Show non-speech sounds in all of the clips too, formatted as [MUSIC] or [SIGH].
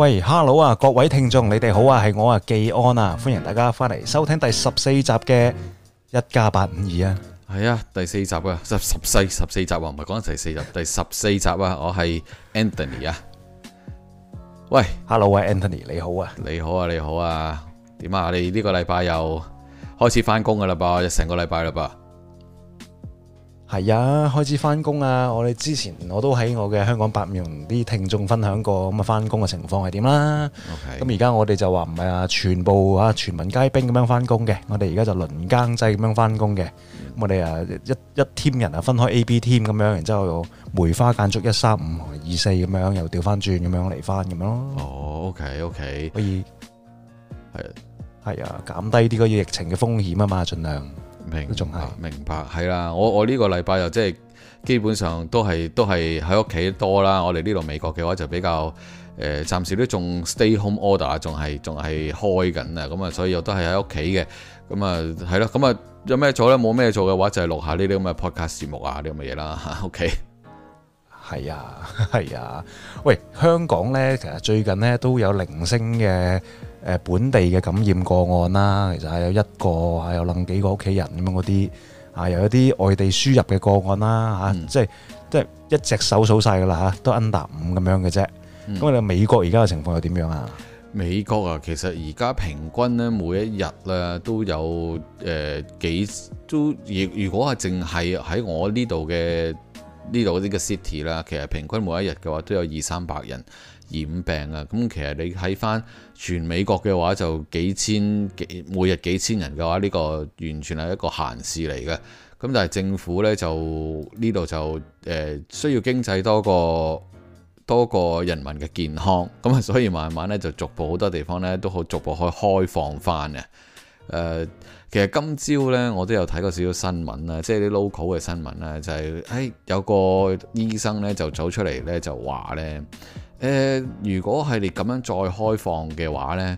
喂，Hello 啊，各位聽眾，你哋好啊，係我啊，紀安啊，歡迎大家翻嚟收聽第十四集嘅一加八五二啊，係啊、哎，第四集啊，十十四十四集啊，唔係講緊第四集，第十四集啊，我係 Anthony 啊，喂，Hello，喂，啊，Anthony，你好啊，你好啊，你好啊，你好啊，點啊，你呢個禮拜又開始翻工噶啦噃，又成個禮拜啦噃。係啊，開始翻工啊！我哋之前我都喺我嘅香港百名啲聽眾分享過咁啊，翻工嘅情況係點啦？咁而家我哋就話唔係啊，全部啊全民皆兵咁樣翻工嘅，我哋而家就輪更制咁樣翻工嘅。咁、嗯、我哋啊一一 team 人啊分開 A、B team 咁樣，然之後梅花間竹一三五二四咁樣又調翻轉咁樣嚟翻咁樣咯。哦、oh，OK OK，可以係係的啊，減低啲個疫情嘅風險啊嘛，儘量。明白，是明白，明白，係啦。我我呢個禮拜又即係基本上都係都係喺屋企多啦。我哋呢度美國嘅話就比較誒、呃，暫時都仲 stay home order，仲係仲係開緊啊。咁啊，所以又都係喺屋企嘅。咁啊，係咯。咁啊，有咩做咧？冇咩做嘅話就係錄下呢啲咁嘅 podcast 節目啊，呢啲咁嘅嘢啦。OK，係啊，係啊。喂，香港咧，其實最近咧都有零星嘅。誒本地嘅感染個案啦，其實係有一個，係有諗幾個屋企人咁樣嗰啲，啊，有一啲外地輸入嘅個案啦，嚇、嗯，即係即係一隻手數晒噶啦嚇，都 under 五咁樣嘅啫。咁、嗯、你美國而家嘅情況又點樣啊？美國啊，其實而家平均咧，每一日咧都有誒、呃、幾都，如果係淨係喺我呢度嘅呢度嗰啲嘅 city 啦，其實平均每一日嘅話都有二三百人。染病啊！咁其實你睇翻全美國嘅話，就幾千幾每日幾千人嘅話，呢、這個完全係一個閒事嚟嘅。咁但係政府呢，就呢度就誒、呃、需要經濟多過多過人民嘅健康，咁啊所以慢慢呢，就逐步好多地方呢，都好逐步可以開放翻嘅。誒、呃，其實今朝呢，我都有睇過少少新聞啊，即係啲 local 嘅新聞啊，就係、是、誒、哎、有個醫生呢，就走出嚟呢，就話呢。誒，如果係你咁樣再開放嘅話呢，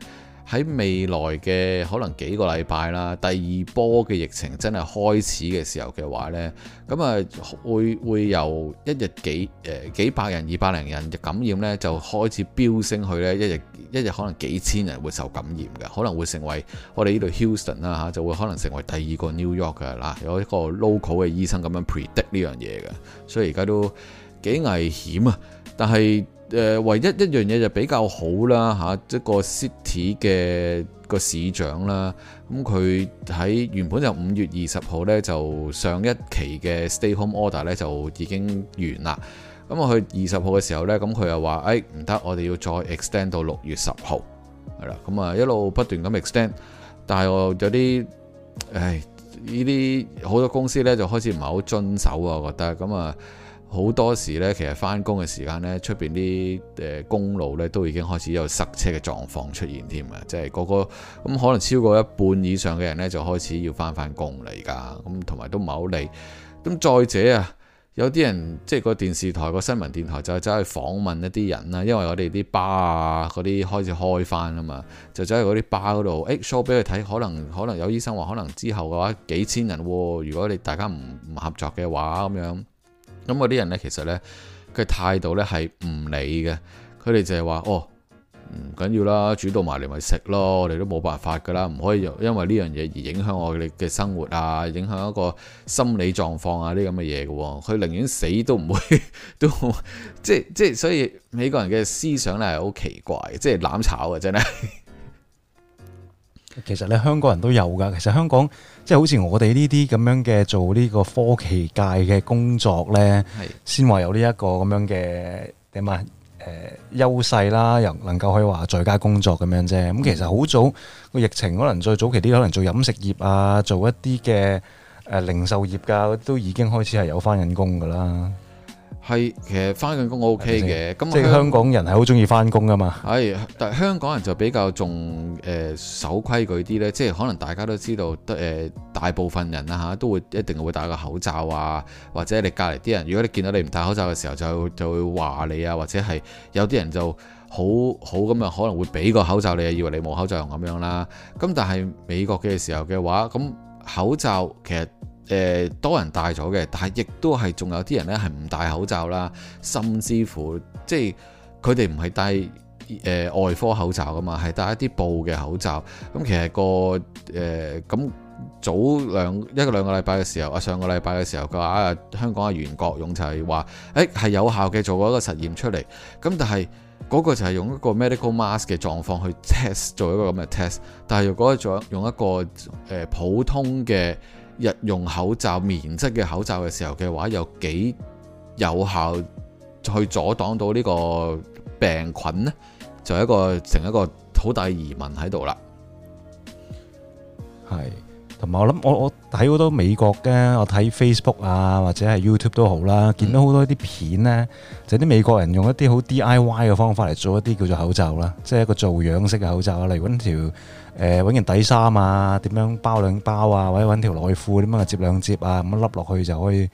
喺未來嘅可能幾個禮拜啦，第二波嘅疫情真係開始嘅時候嘅話呢，咁啊會會由一日幾誒幾百人、二百零人嘅感染呢，就開始飆升去呢，一日一日可能幾千人會受感染嘅，可能會成為我哋呢度 Houston 啦嚇，就會可能成為第二個 New York 嘅嗱，有一個 local 嘅醫生咁樣 predict 呢樣嘢嘅，所以而家都幾危險啊，但係。誒、呃，唯一一樣嘢就比較好啦，嚇、啊，一、這個 city 嘅個市長啦，咁佢喺原本就五月二十號呢，就上一期嘅 stay home order 呢，就已經完啦。咁我去二十號嘅時候呢，咁佢又話：誒唔得，我哋要再 extend 到六月十號，係啦。咁啊一路不斷咁 extend，但係我有啲，誒呢啲好多公司呢，就開始唔係好遵守啊，我覺得咁啊。好多時呢，其實翻工嘅時間呢，出面啲誒、呃、公路呢，都已經開始有塞車嘅狀況出現添啊！即係個個咁、嗯、可能超過一半以上嘅人呢，就開始要翻翻工嚟噶咁，同、嗯、埋都唔係好利。咁、嗯、再者啊，有啲人即係個電視台、個新聞電台就走去訪問一啲人啦，因為我哋啲巴啊嗰啲開始開翻啊嘛，就走去嗰啲巴嗰度，誒 show 俾佢睇，可能可能有醫生話，可能之後嘅話幾千人、哦，如果你大家唔唔合作嘅話咁樣。咁嗰啲人呢，其實呢，佢態度呢係唔理嘅，佢哋就係話：哦，唔緊要啦，煮到埋嚟咪食咯，我哋都冇辦法噶啦，唔可以因為呢樣嘢而影響我哋嘅生活啊，影響一個心理狀況啊啲咁嘅嘢嘅。佢寧願死都唔會，都即係即係，所以美國人嘅思想呢係好奇怪，即係攬炒啊，真係。其實咧，香港人都有噶。其實香港即係好似我哋呢啲咁樣嘅做呢個科技界嘅工作呢，係是的 先話有呢一個咁樣嘅點啊？誒，呃，優勢啦，又能夠可以話在家工作咁樣啫。咁、嗯、其實好早個疫情，可能最早期啲可能做飲食業啊，做一啲嘅誒零售業噶，都已經開始係有翻人工噶啦。係，其實翻緊工我 OK 嘅。咁即係是是香港人係好中意翻工噶嘛。係，但係香港人就比較重誒、呃、守規矩啲呢。即係可能大家都知道，誒、呃、大部分人啊嚇都會一定會戴個口罩啊，或者你隔離啲人，如果你見到你唔戴口罩嘅時候就，就就會話你啊，或者係有啲人就好好咁啊，可能會俾個口罩你，以為你冇口罩咁樣啦。咁但係美國嘅時候嘅話，咁口罩其實。誒、呃，多人戴咗嘅，但係亦都係仲有啲人呢係唔戴口罩啦，甚至乎即係佢哋唔係戴誒、呃、外科口罩噶嘛，係戴一啲布嘅口罩。咁、嗯、其實個誒咁、呃、早兩一兩個禮拜嘅時候啊，上個禮拜嘅時候個啊香港阿袁國勇就係話誒係有效嘅，做過一個實驗出嚟。咁但係嗰個就係用一個 medical mask 嘅狀況去 test 做一個咁嘅 test，但係如果做用一個誒、呃、普通嘅。日用口罩棉質嘅口罩嘅時候嘅話，又幾有效去阻擋到呢個病菌呢？就一個成一個好大疑問喺度啦。係同埋我諗，我我睇好多美國嘅，我睇 Facebook 啊，或者係 YouTube 都好啦，見到好多啲片呢，嗯、就啲美國人用一啲好 DIY 嘅方法嚟做一啲叫做口罩啦，即係一個做樣式嘅口罩，例如嗰條。誒揾件底衫啊，點樣包兩包啊，或者揾條內褲點樣啊摺兩摺啊，咁樣笠落去就可以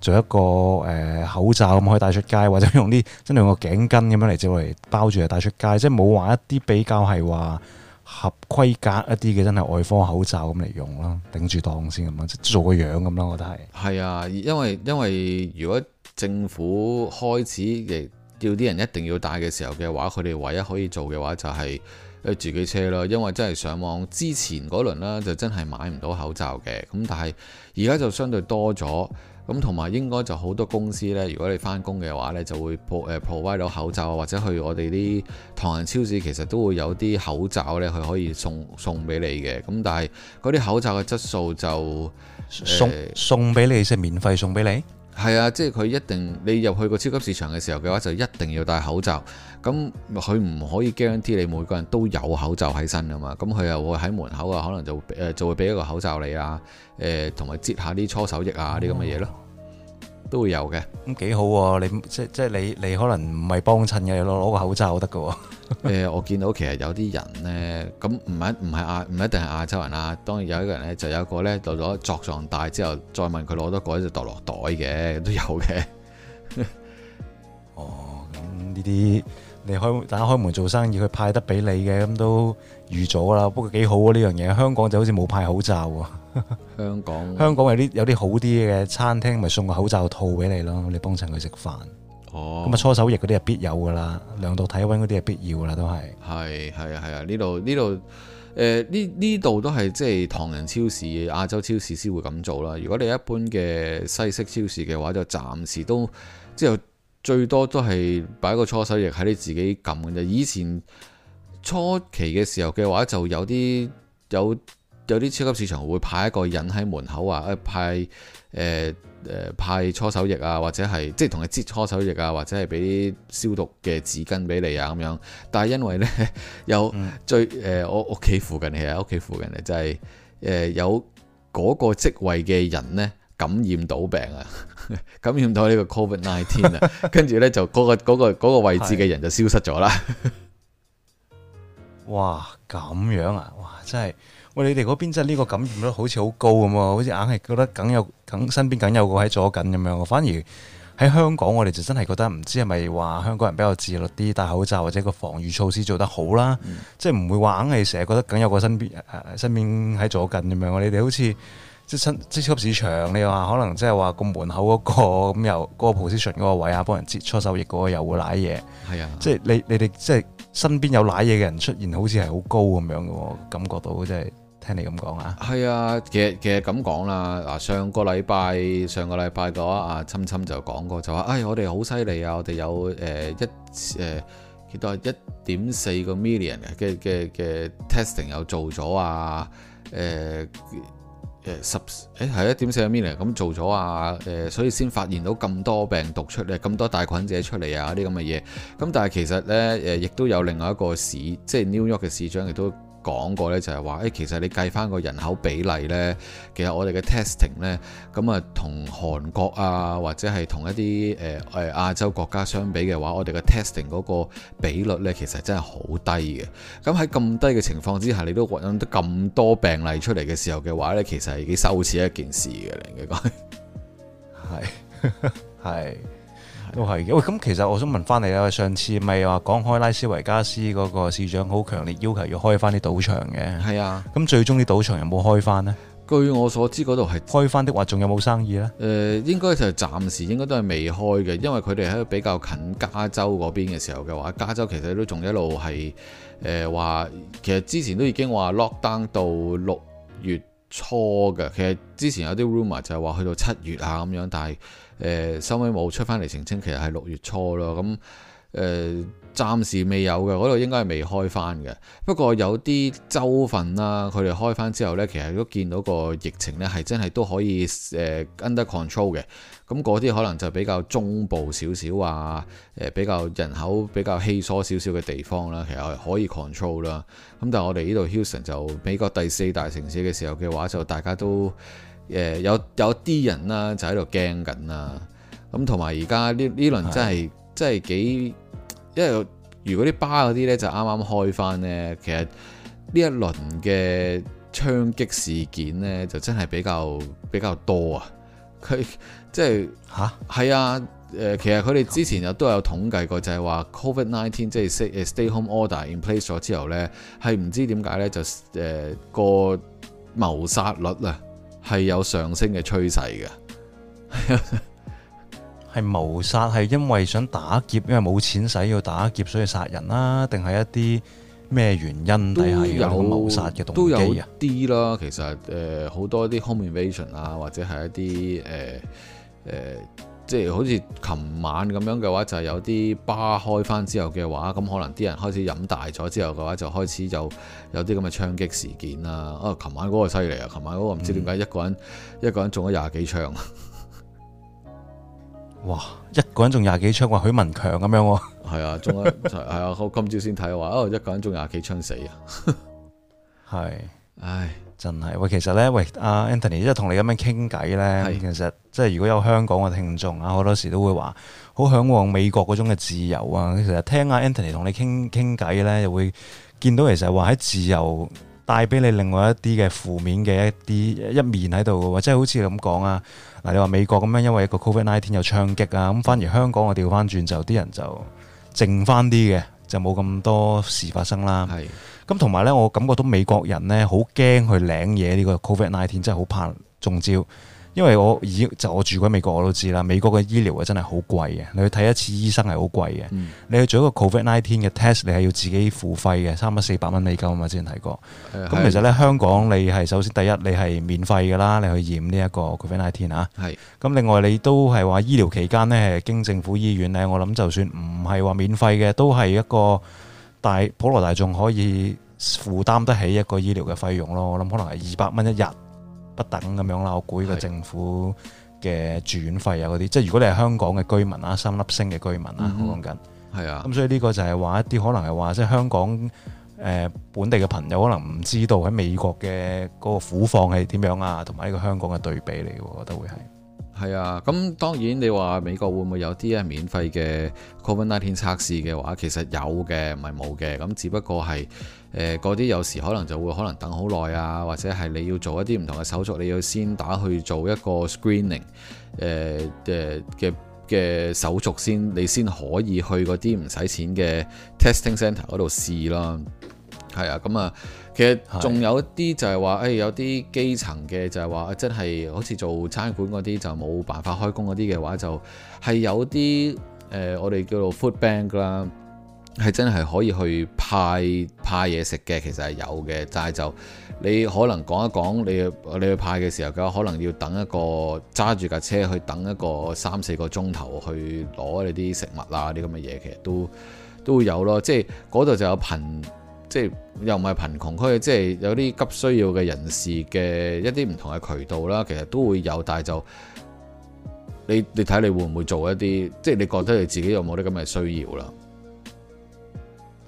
做一個誒、呃、口罩咁，可以帶出街，或者用啲真係用個頸巾咁樣嚟接落嚟包住啊帶出街，即係冇話一啲比較係話合規格一啲嘅真係外科口罩咁嚟用咯，頂住檔先咁樣即做個樣咁咯，我覺得係。係啊，因為因為如果政府開始亦要啲人一定要戴嘅時候嘅話，佢哋唯一可以做嘅話就係、是。自己車啦，因為真係上網之前嗰輪啦，就真係買唔到口罩嘅。咁但係而家就相對多咗，咁同埋應該就好多公司呢，如果你翻工嘅話呢，就會破呃 provide 到口罩或者去我哋啲唐人超市，其實都會有啲口罩呢，佢可以送送俾你嘅。咁但係嗰啲口罩嘅質素就送、呃、送俾你，你，即係免費送俾你。係啊，即係佢一定你入去個超級市場嘅時候嘅話，就一定要戴口罩。咁佢唔可以驚 e 你每個人都有口罩喺身啊嘛。咁佢又會喺門口啊，可能就就會俾一個口罩你，呃、啊，同埋接下啲搓手液啊啲咁嘅嘢咯。都會有嘅，咁幾好喎、啊！你即即你你可能唔係幫襯嘅，你攞攞個口罩得嘅喎。誒，我見到其實有啲人咧，咁唔一唔係亞唔一定係亞洲人啦、啊。當然有一個人咧，就有個咧，到咗作狀大之後，再問佢攞多個就掉落袋嘅都有嘅。哦，咁呢啲你開打開門做生意，佢派得俾你嘅，咁都預咗啦。不過幾好啊呢樣嘢，香港就好似冇派口罩喎、啊。香港、啊、香港有啲有啲好啲嘅餐廳，咪送個口罩套俾你咯。你幫襯佢食飯。哦。咁啊搓手液嗰啲係必有噶啦，量度體溫嗰啲係必要噶啦，都係。係係啊係啊，呢度呢度誒呢呢度都係即係唐人超市、亞洲超市先會咁做啦。如果你一般嘅西式超市嘅話，就暫時都即係最多都係擺個搓手液喺你自己撳嘅啫。以前初期嘅時候嘅話，就有啲有。有啲超級市場會派一個人喺門口啊、呃，派誒誒派搓手液啊，或者係即係同佢擠搓手液啊，或者係俾消毒嘅紙巾俾你啊咁樣。但係因為呢，有最誒、呃，我屋企附近嘅喺屋企附近嘅、就係，就係誒有嗰個職位嘅人呢，感染到病啊，感染到呢個 Covid Nineteen 啊，跟住 [LAUGHS] 呢，就嗰、嗰個嗰、嗰個嗰個嗰個、位置嘅人就消失咗啦。哇，咁樣啊！哇，真係～喂，你哋嗰邊真係呢個感染率好似好高咁喎，好似硬係覺得梗有梗身邊梗有個喺左近咁樣。反而喺香港，我哋就真係覺得唔知係咪話香港人比較自律啲，戴口罩或者個防禦措施做得好啦，嗯、即係唔會話硬係成日覺得梗有個身邊身邊喺左近咁樣。你哋好似即係即超級市場，你話可能即係話個門口嗰、嗰個咁又嗰個 position 嗰個位啊，幫人接搓手液嗰個又會瀨嘢。係啊，即係你你哋即係身邊有瀨嘢嘅人出現好像很，好似係好高咁樣嘅喎，感覺到真係。聽你咁講啊，係啊，其實其實咁講啦，嗱，上個禮拜上個禮拜嗰啊，阿侵侵就講過，就話，哎，我哋好犀利啊，我哋有誒、呃、一誒、呃，幾多一點四個 million 嘅嘅嘅 testing 又做咗啊，誒、呃、誒十誒係一點四個 million 咁做咗啊，誒、呃，所以先發現到咁多病毒出嚟，咁多帶菌者出嚟啊啲咁嘅嘢。咁但係其實咧，誒亦都有另外一個市，即係紐約嘅市長亦都。講過呢就係話誒，其實你計翻個人口比例呢，其實我哋嘅 testing 咧，咁啊同韓國啊或者係同一啲誒誒亞洲國家相比嘅話，我哋嘅 testing 嗰個比率呢，其實真係好低嘅。咁喺咁低嘅情況之下，你都揾得咁多病例出嚟嘅時候嘅話呢，其實係幾羞恥一件事嘅嚟嘅。係係。都係嘅。喂，咁其實我想問翻你啊，上次咪話講開拉斯維加斯嗰個市長好強烈要求要開翻啲賭場嘅。係啊。咁最終啲賭場有冇開翻呢？據我所知，嗰度係開翻的話，仲有冇生意呢？呃，應該就係暫時應該都係未開嘅，因為佢哋喺比較近加州嗰邊嘅時候嘅話，加州其實都仲一路係誒話，其實之前都已經話 lock down 到六月初嘅。其實之前有啲 rumor 就係話去到七月啊咁樣，但係。誒，收尾冇出翻嚟澄清，其實係六月初咯。咁誒、呃，暫時未有嘅，嗰度應該係未開翻嘅。不過有啲州份啦，佢哋開翻之後呢，其實都見到個疫情呢，係真係都可以誒 under control 嘅。咁嗰啲可能就比較中部少少啊、呃，比較人口比較稀疏少少嘅地方啦，其實可以 control 啦。咁但係我哋呢度 Houston 就美國第四大城市嘅時候嘅話，就大家都。誒、呃、有有啲人啦、啊，就喺度驚緊啦。咁同埋而家呢呢輪真係的真係幾，因為如果啲巴嗰啲咧就啱啱開翻咧，其實呢一輪嘅槍擊事件咧就真係比較比較多啊。佢即係嚇係啊誒、啊呃，其實佢哋之前又都有統計過，就係、是、話 Covid nineteen 即係 stay stay home order in place 咗之後咧，係唔知點解咧就誒、呃個謀殺率啊～係有上升嘅趨勢嘅，係謀殺係因為想打劫，因為冇錢使要打劫，所以殺人啦、啊，定係一啲咩原因底下要有謀殺嘅動機都？都有謀殺嘅動機啊，啲啦，其實誒好、呃、多啲 combination 啊，或者係一啲誒誒。呃呃即係好似琴晚咁樣嘅話，就係、是、有啲巴開返之後嘅話，咁可能啲人開始飲大咗之後嘅話，就開始就有啲咁嘅槍擊事件啦、啊。啊，琴晚嗰個犀利啊！琴晚嗰個唔知點解一個人、嗯、一個人中咗廿幾槍。 [LAUGHS] 哇！一個人中廿幾槍，話許文強咁樣喎、啊。係啊，中咗。係啊，好，今朝先睇話，哦，一個人中廿幾槍死啊。係 [LAUGHS] 是，唉。真係喂，其實呢，喂，阿 Anthony 即係同你咁樣傾偈呢。是其實即係如果有香港嘅聽眾啊，好多時都會話好嚮往美國嗰種嘅自由啊。其實聽阿 Anthony 同你傾傾偈呢，又會見到其實話喺自由帶俾你另外一啲嘅負面嘅一啲一面喺度嘅，即係好似咁講啊，嗱，你話美國咁樣因為一個 Covid nineteen 又槍擊啊，咁反而香港我調翻轉就啲人就靜翻啲嘅。就冇咁多事發生啦。咁同埋咧，我感覺到美國人咧好驚去領嘢呢個 Covid 19，真係好怕中招。因為我已就我住喺美國我都知啦，美國嘅醫療啊真係好貴嘅，你去睇一次醫生係好貴嘅。嗯、你去做一個 COVID nineteen 嘅 test，你係要自己付費嘅，差唔多四百蚊美金啊嘛，之前提過。咁、呃、其實咧的香港你係首先第一你係免費㗎啦，你去驗呢一個 COVID nineteen 啊。咁的另外你都係話醫療期間咧，是經政府醫院呢。我諗就算唔係話免費嘅，都係一個大普羅大眾可以負擔得起一個醫療嘅費用咯。我諗可能係二百蚊一日。不等咁樣啦，我估呢個政府嘅住院費啊嗰啲，即係如果你係香港嘅居民啊，三粒星嘅居民啊，嗯、哼我講緊，係啊的，咁所以呢個就係話一啲可能係話，即係香港誒、呃、本地嘅朋友可能唔知道喺美國嘅嗰個苦況係點樣啊，同埋呢個香港嘅對比嚟，我覺得會係。係啊，咁當然你話美國會唔會有啲係免費嘅 COVID-19 測試嘅話，其實有嘅唔係冇嘅，咁只不過係。誒嗰啲有時可能就會可能等好耐啊，或者係你要做一啲唔同嘅手續，你要先打去做一個 screening，誒、呃、誒嘅嘅手續先，你先可以去嗰啲唔使錢嘅 testing centre 嗰度試啦。係啊，咁啊，其實仲有一啲就係話，誒是、哎、有啲基層嘅就係話，真係好似做餐館嗰啲就冇辦法開工嗰啲嘅話，就係、是、有啲誒、呃、我哋叫做 food bank 啦。係真係可以去派派嘢食嘅，其實係有嘅，就係就你可能講一講你你去派嘅時候嘅話，可能要等一個揸住架車去等一個三四個鐘頭去攞你啲食物啊啲咁嘅嘢，其實都都會有咯。即係嗰度就有貧，即係又唔係貧窮區，即係有啲急需要嘅人士嘅一啲唔同嘅渠道啦。其實都會有，但係就你你睇你會唔會做一啲，即係你覺得你自己有冇啲咁嘅需要啦。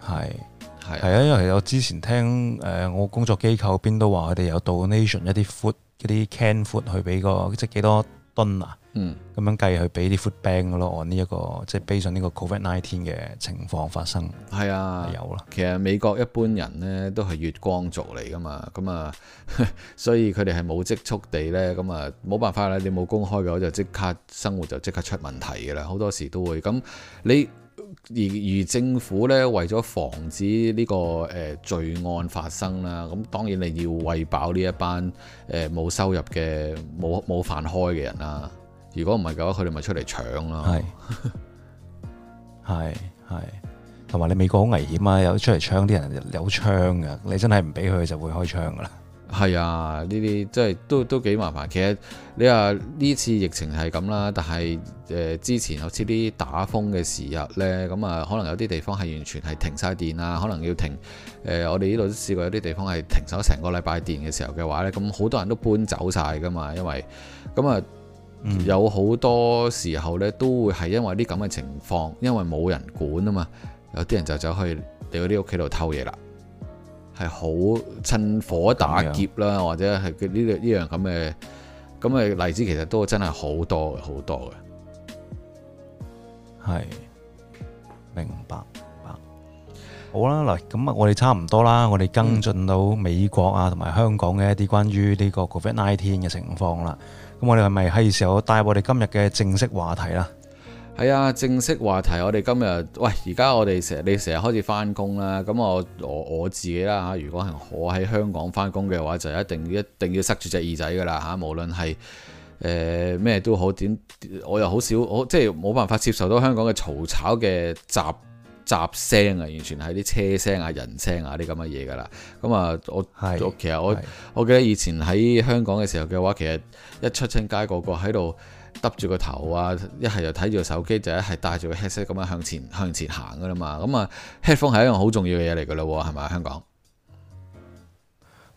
係係啊，因為、啊、我之前聽、呃、我工作機構邊都話佢哋有 donation 一啲 food 一啲 can food 去俾個即幾多噸啊？嗯，咁樣計去俾啲 food bank 咯。按呢一個即 based on 呢個 COVID-19 嘅情況發生，係啊有啦。其實美國一般人呢都係月光族嚟噶嘛，咁啊， [LAUGHS] 所以佢哋係冇積蓄地咧，咁啊冇辦法啦。你冇公開嘅話，就即刻生活就即刻出問題噶啦。好多時都會咁你。而而政府咧，為咗防止呢、這個誒、呃、罪案發生啦，咁當然你要餵飽呢一班誒冇、呃、收入嘅冇冇飯開嘅人啦。如果唔係嘅話，佢哋咪出嚟搶咯是。係係係，同埋你美國好危險啊！有出嚟搶啲人有槍㗎，你真係唔俾佢就會開槍噶啦。係啊，呢啲即係都都幾麻煩。其實你話呢次疫情係咁啦，但係誒、呃、之前好似啲打風嘅時日呢，咁啊可能有啲地方係完全係停晒電啊，可能要停誒、呃、我哋呢度都試過有啲地方係停咗成個禮拜電嘅時候嘅話呢，咁好多人都搬走晒噶嘛，因為咁啊有好多時候呢都會係因為啲咁嘅情況，因為冇人管啊嘛，有啲人就走去你嗰啲屋企度偷嘢啦。係好趁火打劫啦，樣或者係呢個呢樣咁嘅咁嘅例子，其實都真係好多好多嘅。係明白，明白好啦，嚟咁啊，我哋差唔多啦，我哋跟進到美國啊，同埋香港嘅一啲關於呢個 COVID-19 嘅情況啦。咁我哋係咪係時候帶我哋今日嘅正式話題啦？係啊，正式話題，我哋今日喂，而家我哋成，你成日開始返工啦。咁我我我自己啦嚇，如果係我喺香港返工嘅話，就一定一定要塞住隻耳仔㗎啦嚇，無論係誒咩都好點，我又好少，我即係冇辦法接受到香港嘅嘈吵嘅雜雜聲啊，完全係啲車聲啊、人聲啊啲咁嘅嘢噶啦。咁啊，我是其實我是我記得以前喺香港嘅時候嘅話，其實一出親街個個喺度耷住個頭啊，一係又睇住個手機，就一係戴住個 headset 咁樣向前向前行噶啦嘛。咁啊，headphone 係一樣好重要嘅嘢嚟噶咯，係咪香港？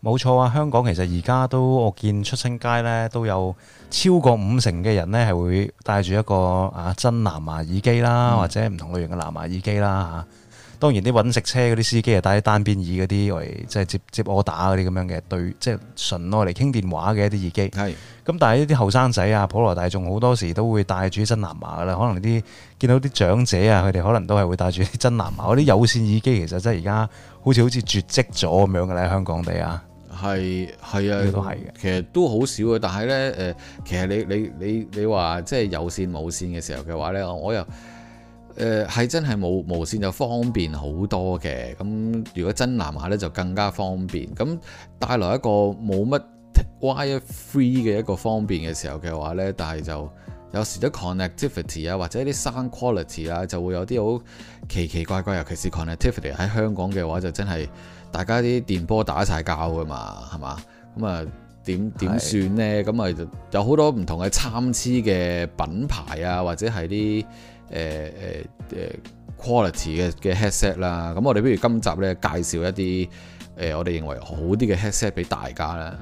冇錯啊！香港其實而家都我見出親街咧，都有超過五成嘅人咧係會帶住一個啊真藍牙耳機啦，嗯、或者唔同類型嘅藍牙耳機啦嚇。當然啲揾食車嗰啲司機係帶啲單邊耳嗰啲，為即係接接 order 嗰啲咁樣嘅。對，即、就、係、是、純攞嚟傾電話嘅一啲耳機。咁是 但係呢啲後生仔啊，普羅大眾好多時都會帶住啲真藍牙噶啦。可能啲見到啲長者啊，佢哋可能都係會帶住啲真藍牙。嗰啲有線耳機其實真係而家好似好似絕跡咗咁樣嘅咧，香港地啊～係係啊，都係嘅。其實都好少嘅，但係呢，誒、呃，其實你你你你話即係有線冇線嘅時候嘅話呢，我又誒係、呃、真係冇無，無線就方便好多嘅。咁如果真藍牙呢，就更加方便，咁帶來一個冇乜 wire-free 嘅一個方便嘅時候嘅話呢，但係就有時啲 connectivity 啊或者啲 sound quality 啊就會有啲好奇奇怪怪，尤其是 connectivity 喺香港嘅話就真係。大家啲電波打曬交㗎嘛，係嘛？咁啊點點算咧？咁啊是的 就有好多唔同嘅參差嘅品牌啊，或者係啲誒誒誒 quality 嘅嘅 headset 啦。咁我哋不如今集咧介紹一啲誒、呃、我哋認為好啲嘅 headset 俾大家啦。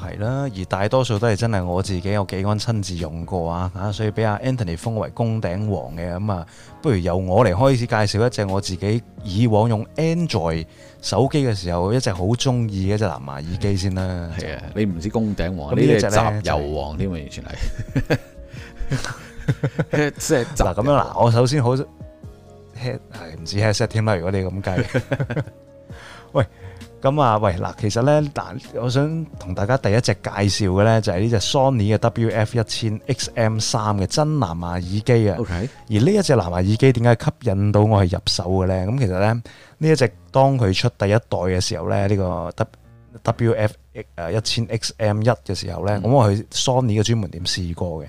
係啦、啊，而大多數都係真係我自己有幾個親自用過啊，嚇，所以俾阿 Anthony 封為攻頂王嘅咁啊，不如由我嚟開始介紹一隻我自己以往用 Android 手機嘅時候一隻好中意嘅一隻藍牙耳機先啦。係啊的就，你唔知「攻頂王，隻呢隻咧油王添啊，就是、完全係 set 咁樣嗱，我首先好 set 係唔止 set 添啦，如果你咁計， [LAUGHS] 喂。咁啊，喂，嗱，其實咧，嗱，我想同大家第一隻介紹嘅咧，就係呢隻 Sony 嘅 WF 一千 XM 三嘅真藍牙耳機啊。Okay. 而呢一隻藍牙耳機點解吸引到我係入手嘅咧？咁其實咧，呢一隻當佢出第一代嘅時候咧，呢個 W WF 誒一千 XM 一嘅時候咧，咁我去 Sony 嘅專門店試過嘅。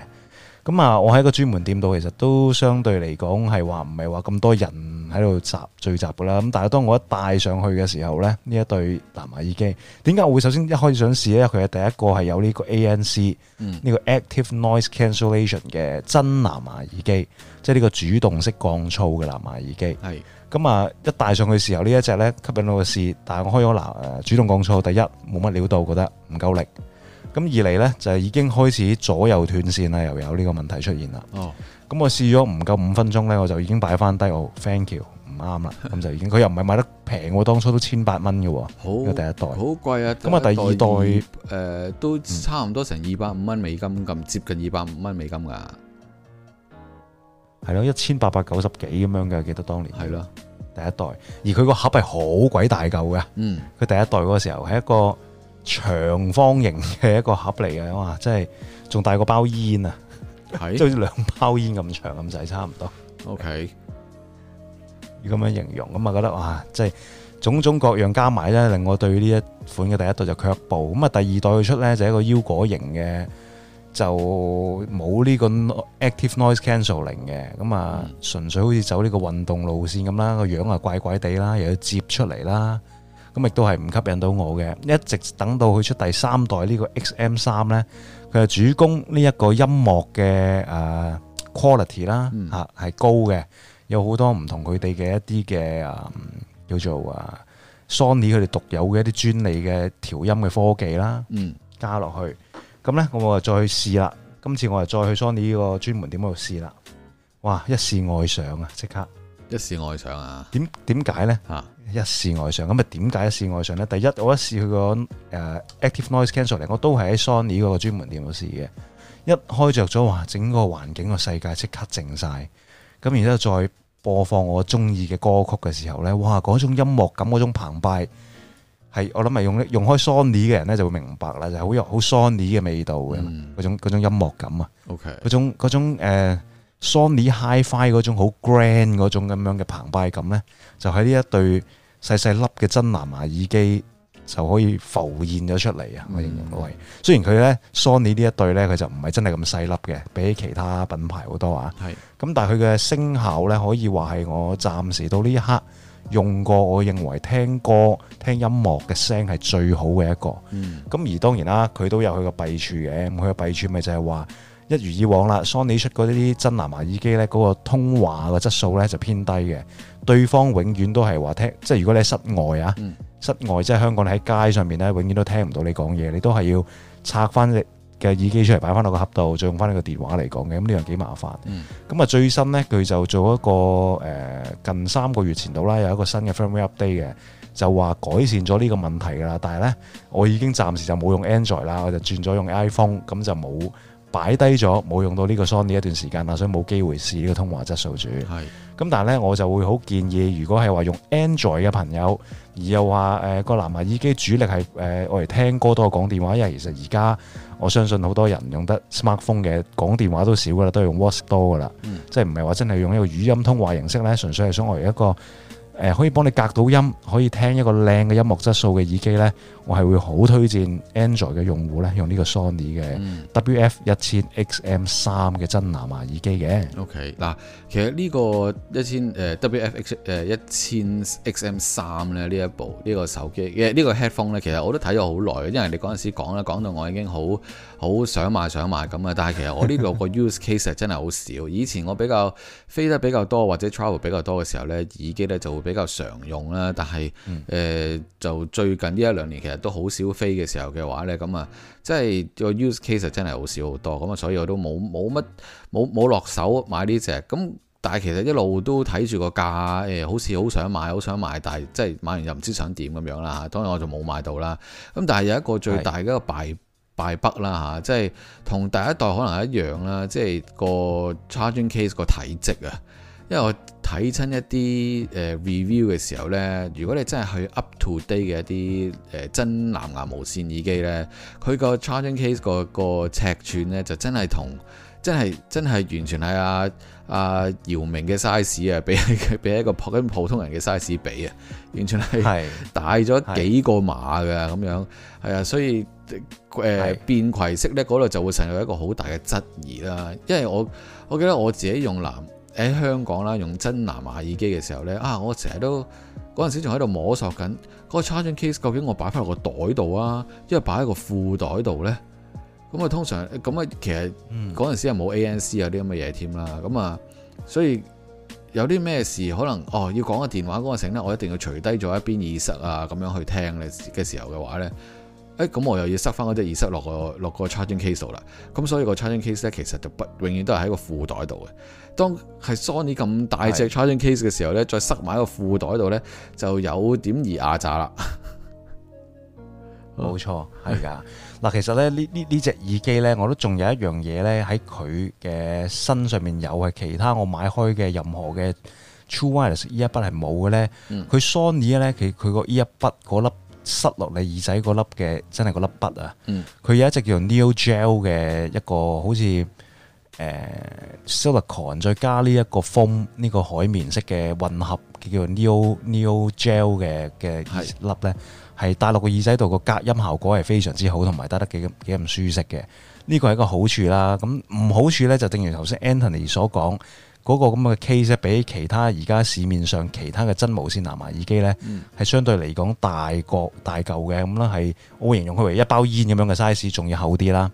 咁啊，我喺個個專門店度，其實都相對嚟講係話唔係話咁多人喺度集聚集嘅啦。咁但係當我一戴上去嘅時候咧，呢一對藍牙耳機，點解我會首先一開始想試咧？因為佢係第一個係有呢個 ANC，呢、嗯、個 Active Noise Cancellation 嘅真藍牙耳機，即係呢個主動式降噪嘅藍牙耳機。係咁啊，一戴上去嘅時候，呢一隻咧吸引我嘅試，但係我開咗藍誒主動降噪，第一冇乜料到，覺得唔夠力。咁二嚟呢，就已經開始左右斷線啦，又有呢個問題出現啦。哦、oh. 嗯，咁我試咗唔夠五分鐘呢，我就已經擺翻低我 Thank you 唔啱啦，咁就已經佢 [LAUGHS] 又唔係買得平喎，當初都千八蚊嘅喎，好第一代，好貴啊。咁啊第二代誒、呃、都差唔多成二百五蚊美金咁、嗯、接近二百五蚊美金㗎，係咯，一千八百九十幾咁樣嘅，記得當年係咯的第一代，而佢個盒係好鬼大嚿嘅，佢、嗯、第一代嗰個時候係一個。長方形嘅一個盒嚟嘅哇，真係仲大過包煙啊，即係是 [LAUGHS] 兩包煙咁長咁細差唔多。OK，咁樣形容咁啊，覺得哇，即係種種各樣加埋咧，令我對呢一款嘅第一代就是卻步。咁啊，第二代去出咧就係、一個腰果型嘅，就冇呢個 active noise cancelling 嘅。咁啊，純粹好似走呢個運動路線咁啦，個樣啊怪怪地啦，又要接出嚟啦。咁亦都係唔吸引到我嘅，一直等到佢出第三代呢個 XM 三咧，佢係主攻呢一個音樂嘅誒 quality 啦吓，係高嘅，有好多唔同佢哋嘅一啲嘅誒叫做啊 Sony 佢哋獨有嘅一啲專利嘅調音嘅科技啦，加落去，咁咧我就再去試啦，今次我就再去 Sony 呢個專門店嗰度試啦，哇！一試愛上啊，即刻一試愛上啊，點點解咧啊？一試愛上咁啊？點解一試愛上呢？第一，我一試佢個誒 Active Noise Cancel 嚟，我都係喺 Sony 嗰個專門店度試嘅。一開着咗哇，整個環境個世界即刻靜晒。咁然之後再播放我中意嘅歌曲嘅時候呢，哇！嗰種音樂感、嗰種澎湃，係我諗係用用開 Sony 嘅人呢就會明白啦，就好、係、有好 Sony 嘅味道嘅嗰、嗯、種，種音樂感啊。OK，嗰種嗰種 Sony Hi-Fi 嗰種好 grand 嗰種咁樣嘅澎湃感呢，就喺、係、呢一對。細細粒嘅真藍牙耳機就可以浮現咗出嚟啊！嗯、我認為，雖然佢呢 Sony 呢一對呢，佢就唔係真係咁細粒嘅，比其他品牌好多啊。係咁是，但係佢嘅聲效呢，可以話係我暫時到呢一刻用過，我認為聽歌、聽音樂嘅聲係最好嘅一個。咁、嗯、而當然啦，佢都有佢嘅弊處嘅，佢嘅弊處咪就係話。一如以往啦，Sony 出嗰啲真藍牙耳機咧，嗰、那個通話嘅質素咧就偏低嘅。對方永遠都係話聽，即係如果你喺室外啊，嗯、室外即係香港你喺街上面咧，永遠都聽唔到你講嘢，你都係要拆翻你嘅耳機出嚟擺翻落個盒度，再用翻你個電話嚟講嘅，咁呢樣幾麻煩。咁啊、嗯、最新咧，佢就做一個誒近三個月前度啦，有一個新嘅 firmware update 嘅，就話改善咗呢個問題啦。但係咧，我已經暫時就冇用 Android 啦，我就轉咗用 iPhone，咁就冇。擺低咗冇用到呢個 Sony 一段時間啦，所以冇機會試呢個通話質素住。係咁是，但係咧，我就會好建議，如果係話用 Android 嘅朋友，而又話誒個藍牙耳機主力係誒我嚟聽歌多過講電話，因為其實而家我相信好多人用得 Smartphone 嘅講電話都少噶啦，都係用 WhatsApp 多噶啦。即係唔係話真係用一個語音通話形式咧，純粹係想我嚟一個誒、呃、可以幫你隔到音，可以聽一個靚嘅音樂質素嘅耳機咧。我係會好推薦 Android 嘅用戶咧，用呢個 Sony 嘅 WF 一千 XM 三嘅真藍牙耳機嘅。OK，嗱，其實呢個一千誒 WF 誒一千 XM 三咧呢一部呢、呢個手機嘅呢個 headphone 咧，其實我都睇咗好耐，因為你嗰陣時講咧，講到我已經好好想買想買咁啊！但係其實我呢度個 use case [LAUGHS] 真係好少。以前我比較飛得比較多或者 travel 比較多嘅時候咧，耳機咧就會比較常用啦。但係誒、嗯呃、就最近呢一兩年其實。都好少飛嘅時候嘅話呢，咁啊，即係個 use case 真係好少好多，咁啊，所以我都冇冇乜冇冇落手買呢隻，咁但係其實一路都睇住個價，欸，好似好想買，好想買，但係即係買完又唔知想點咁樣啦吓，當然我就冇買到啦。咁但係有一個最大嘅一個敗筆啦吓，即係同第一代可能一樣啦，即係個 charging case 個體積啊。因為我睇親一啲誒 review 嘅時候呢，如果你真係去 up to date 嘅一啲誒真藍牙無線耳機呢，佢個 charging case 個尺寸呢，就真係同真係真係完全係阿阿姚明嘅 size 啊，比佢比一個普通人嘅 size 比啊，完全係大咗幾個碼㗎咁樣係啊，是所以誒便攜式呢嗰度就會成為一個好大嘅質疑啦。因為我我記得我自己用藍。喺香港啦，用真藍牙耳機嘅時候咧，啊，我成日都嗰陣時仲喺度摸索緊，嗰個 charging case 究竟我擺翻落個袋度啊，因為擺喺個褲袋度咧。咁啊，通常咁啊，其實嗰陣時又冇 ANC 啊啲咁嘅嘢添啦。咁啊，所以有啲咩事可能哦要講個電話嗰陣時咧，我一定要除低咗一邊耳塞啊，咁樣去聽嘅時候嘅話咧，誒、欸、咁我又要塞翻嗰隻耳塞落、個落個 charging case 度啦。咁所以個 charging case 咧其實就永遠都係喺個褲袋度嘅。當係 Sony 咁大隻 charging case 嘅時候咧，是的 再塞埋喺個褲袋度咧，就有點易壓榨啦。冇錯，係㗎。嗱， [LAUGHS] 其實咧呢呢呢隻耳機咧，我都仲有一樣嘢咧喺佢嘅身上面有，係其他我買開嘅任何嘅 True Wireless e 一筆係冇嘅咧。佢 Sony 咧，其佢個 e 一筆嗰粒塞落你耳仔嗰粒嘅，真係嗰粒筆啊。佢、嗯、有一隻叫 Neo Gel 嘅一個好似。誒 uh, silicone 再加呢一個 foam 呢個海綿式嘅混合，叫做 neo neo gel 嘅嘅粒呢，係戴落個耳仔度，個隔音效果係非常之好，同埋戴得幾幾咁舒適嘅。呢個係一個好處啦。咁唔好處呢，就正如頭先 Anthony 所講。嗰個咁嘅 case 比其他而家市面上其他嘅真無線藍牙耳機呢，係、嗯、相對嚟講大個大舊嘅咁啦，係我形容佢為一包煙咁樣嘅 size，仲要厚啲啦。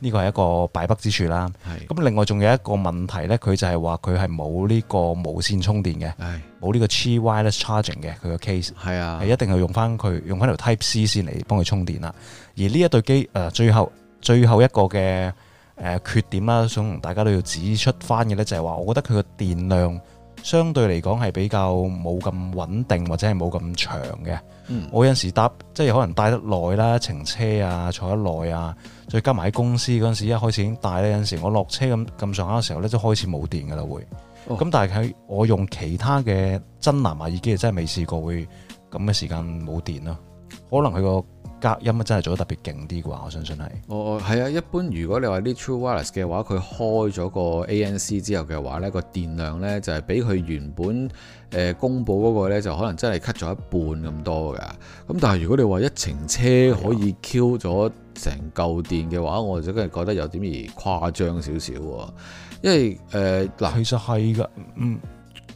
呢個係一個敗筆之處啦。咁是另外仲有一個問題呢，佢就係話佢係冇呢個無線充電嘅，冇呢是個 Qi wireless charging 嘅，佢個 case 係啊，一定要用翻佢用翻條 Type C 先嚟幫佢充電啦。而呢一對機、呃、最後最後一個嘅。呃、缺點啦，想大家都要指出翻嘅咧，就係話，我覺得佢個電量相對嚟講係比較冇咁穩定，或者係冇咁長嘅。嗯、我有陣時搭即係可能帶得耐啦，程車啊，坐得耐啊，再加埋喺公司嗰陣時，一開始已經帶咧，有陣時我落車咁咁上下嘅時候咧，就開始冇電噶啦會。咁、哦、但係喺我用其他嘅真藍牙耳機，真係未試過會咁嘅時間冇電咯。可能佢個。隔音啊真係做得特別勁啲啩，我相信係。哦，係啊，一般如果你話啲 True Wireless 嘅話，佢開咗個 ANC 之後嘅話呢、個電量呢就係、係、比佢原本誒、呃、公佈嗰個咧就可能真係 cut 咗一半咁多㗎。咁但係如果你話一程車可以 Q 咗成嚿電嘅話，啊、我就真係覺得有點而誇張少少喎。因為誒嗱，呃、其實係㗎，嗯。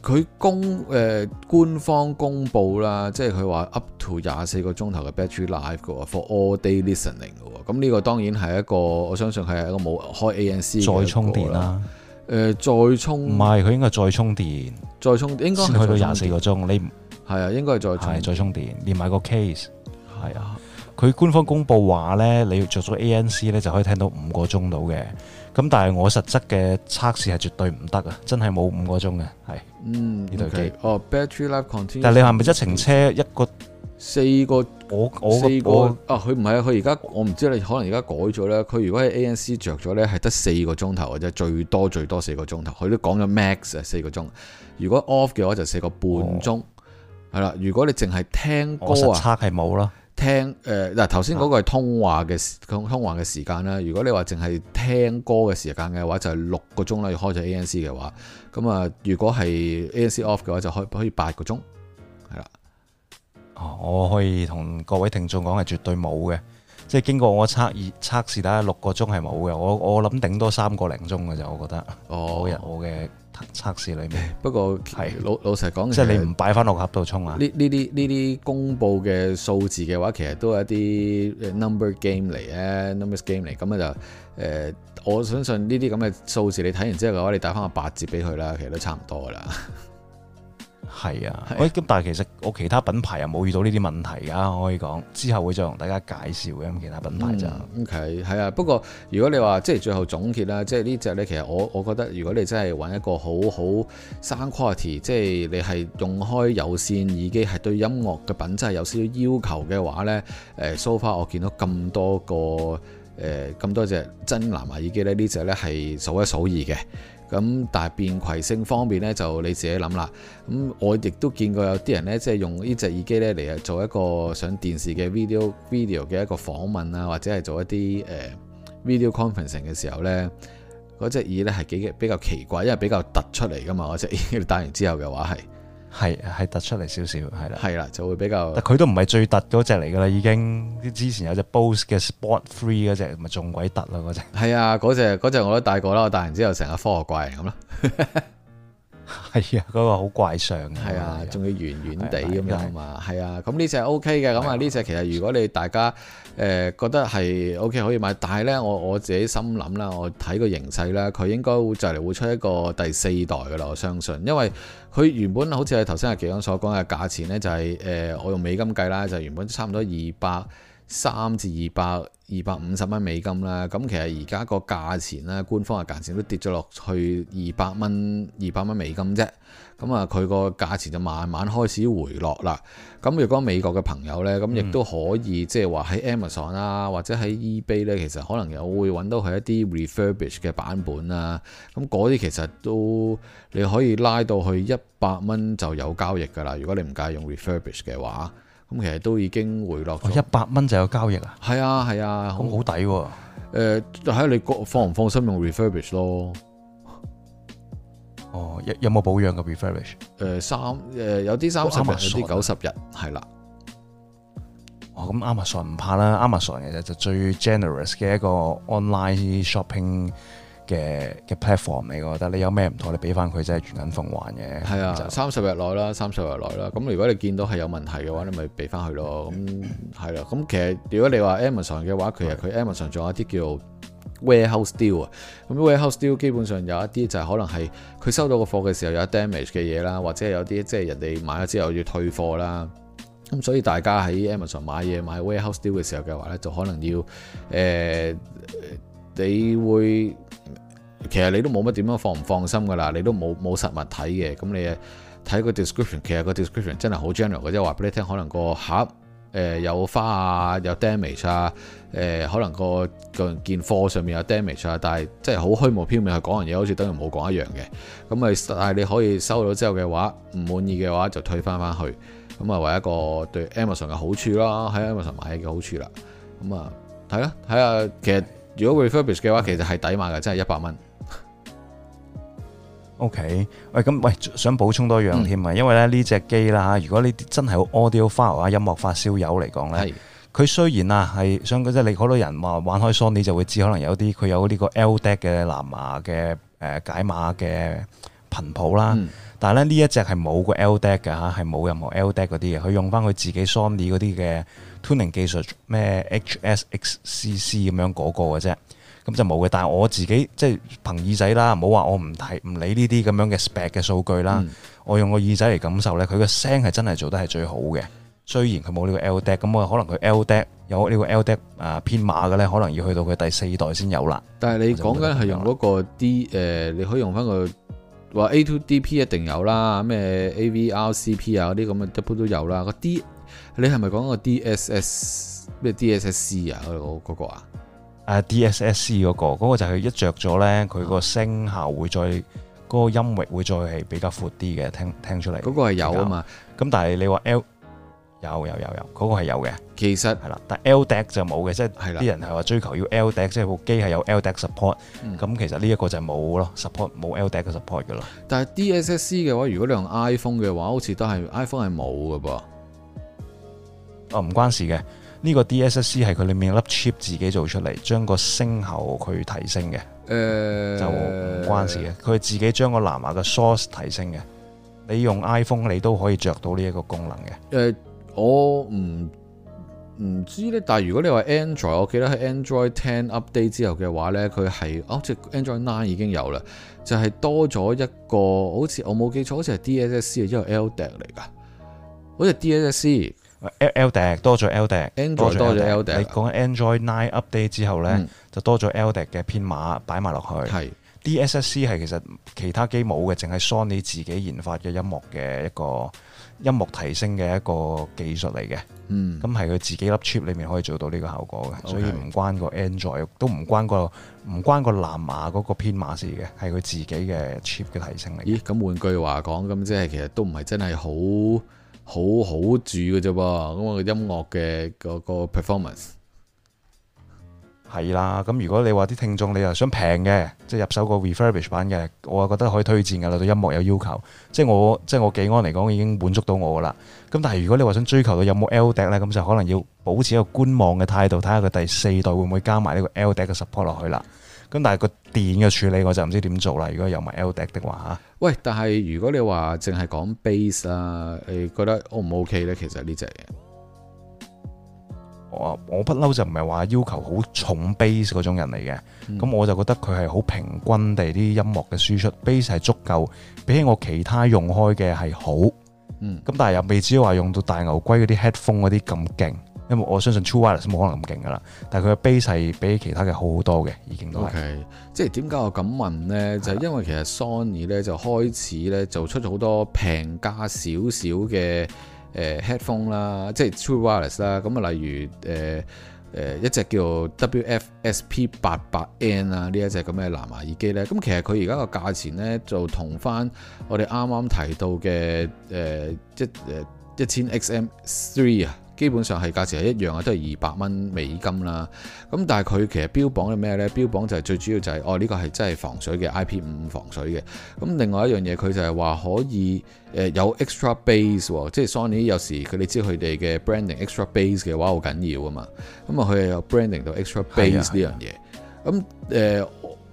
佢公誒、呃、官方公佈啦，即係佢話 up to 廿四個鐘頭嘅 battery life 嘅，for all day listening 嘅。咁呢個當然係一個，我相信係一個冇開 ANC 再充電啦、啊，誒、呃，再充唔係佢應該再充電，再充應該去到廿四個鐘。你係啊，應該係再再充電，連埋個、啊啊、個 case 係啊。佢官方公佈話咧，你要着咗 ANC 咧就可以聽到五個鐘到嘅。咁但係我實質嘅測試係絕對唔得啊，真係冇五個鐘嘅，係。嗯，O.K. 哦、oh,，battery life continue，但係你係咪一程車一個四個？我，我四個我的啊，佢唔係啊，佢而家我唔知你可能而家改咗咧。佢如果喺 A.N.C 着咗咧，係得四個鐘頭或者最多最多四個鐘頭。佢都講咗 max 係四個鐘。如果 off 嘅話就四個半鐘，係啦、哦。如果你淨係聽歌啊，我實測係冇啦。聽誒嗱，頭先嗰個係通話嘅時通通話嘅時間啦，如果你話淨係聽歌嘅時間嘅話，就係六個鐘啦。要開咗 ANC 嘅話，咁啊，如果係 ANC, ANC off 嘅話，就可可以八個鐘，係啦。哦，我可以同各位聽眾講係絕對冇嘅，即係經過我測試測試睇下六個鐘係冇嘅。我我諗頂多三個零鐘嘅啫，我覺得。哦。人我嘅。測試裏面，不過係老 [LAUGHS] 是老實講，即係你唔擺翻落盒度充啊？呢呢啲呢啲公佈嘅數字嘅話，其實都係一啲 number game 嚟咧 [LAUGHS] ，number game 嚟，咁啊就誒、呃，我相信呢啲咁嘅數字你睇完之後嘅話，你帶翻個八折俾佢啦，其實都差唔多啦。 [LAUGHS] 係啊，喂咁、啊、但係其實我其他品牌又冇遇到呢啲問題啊，可以講之後會再同大家介紹嘅，咁其他品牌就 OK 係啊。不過如果你話即係最後總結啦，即係呢隻呢，其實我我覺得如果你真係揾一個好好 sound quality，即係你係用開有線耳機係對音樂嘅品質有少少要求嘅話、呃、So far，我見到咁多個誒咁、呃、多隻真藍牙耳機呢，呢隻呢係數一數二嘅。咁但係便攜性方面咧，就你自己諗啦。咁我亦都見過有啲人咧，即係用呢隻耳機咧嚟，啊，做一個上電視嘅 video video 嘅一個訪問啊，或者係做一啲誒、呃、video conferencing 嘅時候咧，嗰隻耳咧係幾比較奇怪，因為比較突出嚟噶嘛，嗰隻耳戴完之後嘅話係。係係、啊、突出嚟少少，係啦、啊，係啦、啊，就會比較，但佢都唔係最突嗰隻嚟噶啦，已經之前有隻 Bose 嘅 Sport Free 嗰隻，咪仲鬼突啦、啊、嗰隻。係啊，嗰隻嗰隻我都戴過啦，我戴完之後成個科學怪人咁啦。 [LAUGHS] 係啊，嗰、那個好怪相嘅，係啊，仲、啊、要圓圓地咁樣啊嘛，係啊，咁呢隻 O K 嘅，咁啊呢隻其實如果你大家誒、呃、覺得係 O K 可以買，但係呢，我我自己心諗啦，我睇個形勢咧，佢應該會就嚟會出一個第四代噶啦，我相信，因為佢原本好似係頭先阿奇安所講嘅價錢呢，就係、是、誒、呃、我用美金計啦，就是、原本差唔多二百。三至二百二百五十蚊美金啦，咁其實而家個價錢咧，官方嘅價錢都跌咗落去二百蚊二百蚊美金啫，咁啊佢個價錢就慢慢開始回落啦。咁如果美國嘅朋友呢，咁亦都可以、嗯、即係話喺 Amazon 啊，或者喺 eBay 呢，其實可能又會揾到佢一啲 refurbished 嘅版本啊，咁嗰啲其實都你可以拉到去一百蚊就有交易噶啦。如果你唔介意用 refurbished 嘅話。咁其實都已經回落咗一百蚊就有交易係啊？係啊係啊，好好抵喎。誒、啊，睇下、呃、你放唔放心用 refurbish 咯。哦，有有冇保養嘅 refurbish？誒三、呃、有啲三十日，哦、有啲九十日，係、啊啊哦、啦。哦，咁 Amazon 唔怕啦，Amazon 其實就最 generous 嘅一個 online shopping。嘅嘅 platform，你覺得你有咩唔妥，你俾翻佢，真係，原銀奉還嘅。係啊，三十日內啦，三十日內啦。咁如果你見到係有問題嘅話，你咪俾翻佢咯。咁係啦。咁 [COUGHS] 其實如果你話 Amazon 嘅話，其實佢 Amazon 仲有一啲叫做 warehouse deal 啊。咁 warehouse deal 基本上有一啲就係可能係佢收到個貨嘅時候有 damage 嘅嘢啦，或者係有啲即係人哋買咗之後要退貨啦。咁所以大家喺 Amazon 買嘢買 warehouse deal 嘅時候嘅話咧，就可能要誒。呃你會其實你都冇乜點樣放唔放心噶啦，你都冇冇實物睇嘅，咁你睇個 description，其實個 description 真係好 general 嘅，即係話俾你聽，可能個盒有花啊，有 damage 啊，呃、可能個個件貨上面有 damage 啊，但係即係好虛無縹緲去講樣嘢，好似等於冇講一樣嘅。咁咪但係你可以收到之後嘅話唔滿意嘅話就退翻翻去，咁啊為一個對 Amazon 嘅好處啦，喺 Amazon 買嘢嘅好處啦。咁啊睇啦，睇下其實。如果 refurbish 嘅話，其實係抵買嘅，真係一百蚊。OK，喂，咁喂，想補充多樣添啊，嗯、因為咧呢隻機啦吓，如果你真係好 audio file 啊，音樂發燒友嚟講咧，佢雖然啊係想嗰即係你，好多人話玩開 Sony 就會知，可能有啲佢有呢個 L deck 嘅藍牙嘅誒解碼嘅頻譜啦，嗯、但係咧呢一隻係冇個 L deck 嘅吓，係冇任何 L deck 嗰啲嘅，佢用翻佢自己 Sony 嗰啲嘅。Tuning 技術咩 HSXCC 咁樣嗰個嘅啫，咁就冇嘅。但係我自己即係憑耳仔啦，唔好話我唔睇唔理呢啲咁樣嘅 spec 嘅數據啦。嗯、我用個耳仔嚟感受咧，佢嘅聲係真係做得係最好嘅。雖然佢冇呢個 LDAC，咁我可能佢 LDAC 有呢個 LDAC 啊編碼嘅咧，可能要去到佢第四代先有啦。但係你講緊係用嗰個 D 誒、呃，你可以用翻個話 A2DP 一定有啦，咩 AVRCP 啊嗰啲咁啊，一般都有啦個 D。你係咪講個 DSS 咩 DSSC 啊？嗰個嗰個啊、uh？DSSC 嗰、嗰個嗰、嗰個就係一着咗咧，佢個聲效會再嗰、嗰個音域會再係比較闊啲嘅，聽聽出嚟。嗰個係有啊嘛，咁但係你話 L 有有有有嗰、嗰個係有嘅，其實係啦。但 L DAC 就冇嘅，即係啲人係話追求要 L DAC，的即係部機係有 L DAC support、嗯。咁其實呢一個就冇咯，support 冇 L DAC support 㗎啦。但係 DSSC 嘅話，如果你用 iPhone 嘅話，好似都係 iPhone 係冇㗎噃。哦，唔關事嘅。呢、這個 DSS 係佢裏面粒 chip 自己做出嚟，將個聲喉去提升嘅，呃、就唔關事嘅。佢自己將個藍牙嘅 source 提升嘅。你用 iPhone 你都可以着到呢一個功能嘅。誒、呃，我唔唔知咧。但係如果你話 Android，我記得喺 Android Ten update 之後嘅話咧，佢係哦，即 Android Nine 已經有啦，就係、是、多咗一個好似我冇記錯，好似係 DSSC 一個 L DAC 嚟㗎，好似 DSS LDAC，多咗 LDAC，Android 多咗 LDAC，Android 多咗 LDAC。你講 Android Nine Update 之後呢，嗯、就多咗 LDAC 嘅編碼擺埋落去。是 DSSC 係其實其他機冇嘅，淨係 Sony 自己研發嘅音樂嘅一個音樂提升嘅一個技術嚟嘅。咁係佢自己粒 chip 裏面可以做到呢個效果嘅，Okay 所以唔關個 Android，都唔關個唔關個藍牙嗰個編碼事嘅，係佢自己嘅 chip 嘅提升嚟。咦？咁換句話講，咁即係其實都唔係真係好。好好住嘅啫噃，咁、那、啊、個、音樂嘅嗰個 performance 係啦。咁如果你話啲聽眾你又想平嘅，即係入手個 refurbish 版嘅，我啊覺得可以推薦噶啦。對音樂有要求，即係我即係我技安嚟講已經滿足到我噶啦。咁但係如果你話想追求到有冇 LDAC 咧，咁就可能要保持一個觀望嘅態度，睇下佢第四代會唔會加埋呢個 LDAC 嘅 support 落去啦。咁但係個電嘅處理我就唔知點做啦。如果有埋 LDAC 嘅話吓，喂，但係如果你話淨係講 bass 啊，你覺得 O 唔 O K 呢？其實呢隻嘢，我我不嬲就唔係話要求好重 bass 嗰種人嚟嘅。咁、嗯、我就覺得佢係好平均地啲音樂嘅輸出，bass 係足夠。比起我其他用開嘅係好，嗯，咁但係又未至於話用到大牛龜嗰啲 headphone 嗰啲咁勁。因為我相信 True Wireless 冇可能咁勁噶啦，但係佢嘅 base 係比其他嘅好好多嘅，已經都係。O、okay, K，即係點解我咁問咧？ [LAUGHS] 就係因為其實 Sony 咧就開始咧就出咗好多平價少少嘅誒 headphone 啦，呃、Head phone, 即係 True Wireless 啦。咁啊，例如誒誒、呃呃、一隻叫 WF-SP800N 啊呢一隻咁嘅藍牙耳機咧，咁、嗯、其實佢而家個價錢咧就同翻我哋啱啱提到嘅誒、呃、一誒一千 XM Three 啊。呃基本上係價錢係一樣啊，都係二百蚊美金啦。咁但係佢其實標榜係咩呢？標榜就係最主要就係、是、哦呢、呢個係真係防水嘅 I.P 五防水嘅。咁另外一樣嘢佢就係話可以、呃、有 extra base，哦、即係 Sony 有時佢哋知佢哋嘅 branding extra base 嘅話好緊要啊嘛。咁啊佢又有 branding 到 extra base 呢樣嘢。咁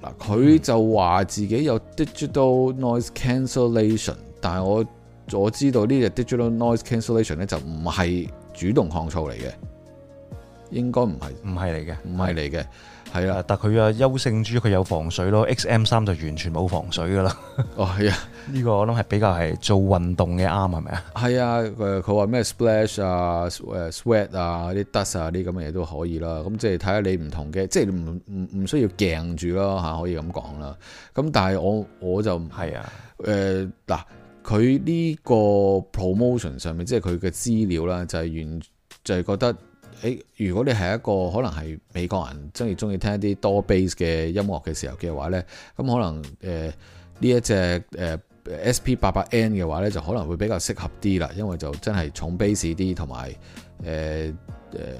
嗱佢就話自己有 digital noise cancellation，但係我我知道呢隻 digital noise cancellation 呢，就唔係。主動抗噪嚟嘅，應該唔係，唔係嚟嘅，唔係嚟嘅，係啦的。係的但佢啊優勝珠佢有防水咯，X M 三就完全冇防水噶啦。哦，係啊，呢個我諗係比較係做運動嘅啱係咪啊？係啊，佢話咩 splash 啊、sweat 啊、啲 dust 啊啲咁嘅嘢都可以啦。咁即係睇下你唔同嘅，即係唔唔唔需要驚住啦嚇，可以咁講啦。咁但係我我就唔係啊，誒嗱的。呃佢呢個 promotion 上面，即係佢嘅資料啦，就係、是、完，就係、是、覺得，誒，如果你係一個可能係美國人，中意中意聽一啲多 base 嘅音樂嘅時候嘅話呢，咁可能誒呢、呃、一隻、呃、SP800N 嘅話呢，就可能會比較適合啲啦，因為就真係重 base 啲，同埋誒誒，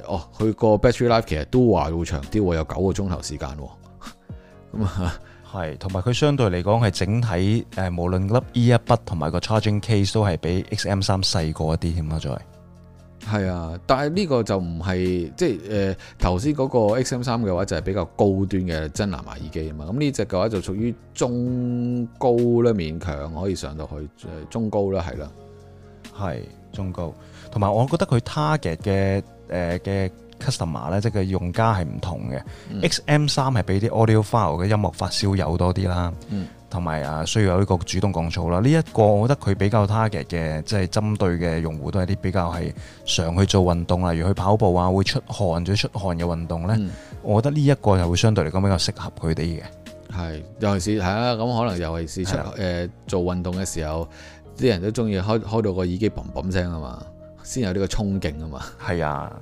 哦，佢個 battery life 其實都話會長啲喎，有九個鐘頭時間喎，咁、哦、啊～ [LAUGHS] 係，同埋佢相對嚟講係整體誒、呃，無論粒 e 一筆同埋個 charging case 都係比 X M 三細過一啲添啦，再係啊！但係呢個就唔係即係誒頭先嗰個 X M 三嘅話就係比較高端嘅真藍牙耳機啊嘛，咁呢隻嘅話就屬於中高咧，勉強可以上到去誒、呃、中高啦，係啦，係中高，同埋我覺得佢 target 嘅誒嘅。呃 customer 咧，Custom ers, 即係佢用家係唔同嘅。XM 三係俾啲 audio file 嘅音樂發燒友多啲啦，同埋啊需要有呢個主動降噪啦。呢、這、一個我覺得佢比較 target 嘅，即、就、係、是、針對嘅用戶都係啲比較係常去做運動，例如去跑步啊，會出汗，仲要出汗嘅運動咧，嗯、我覺得呢一個就會相對嚟講比較適合佢哋嘅。係，尤其是係啊，咁可能尤其是出是、啊呃、做運動嘅時候，啲人都中意開開到個耳機砰砰聲啊嘛，先有呢個衝勁啊嘛。係啊。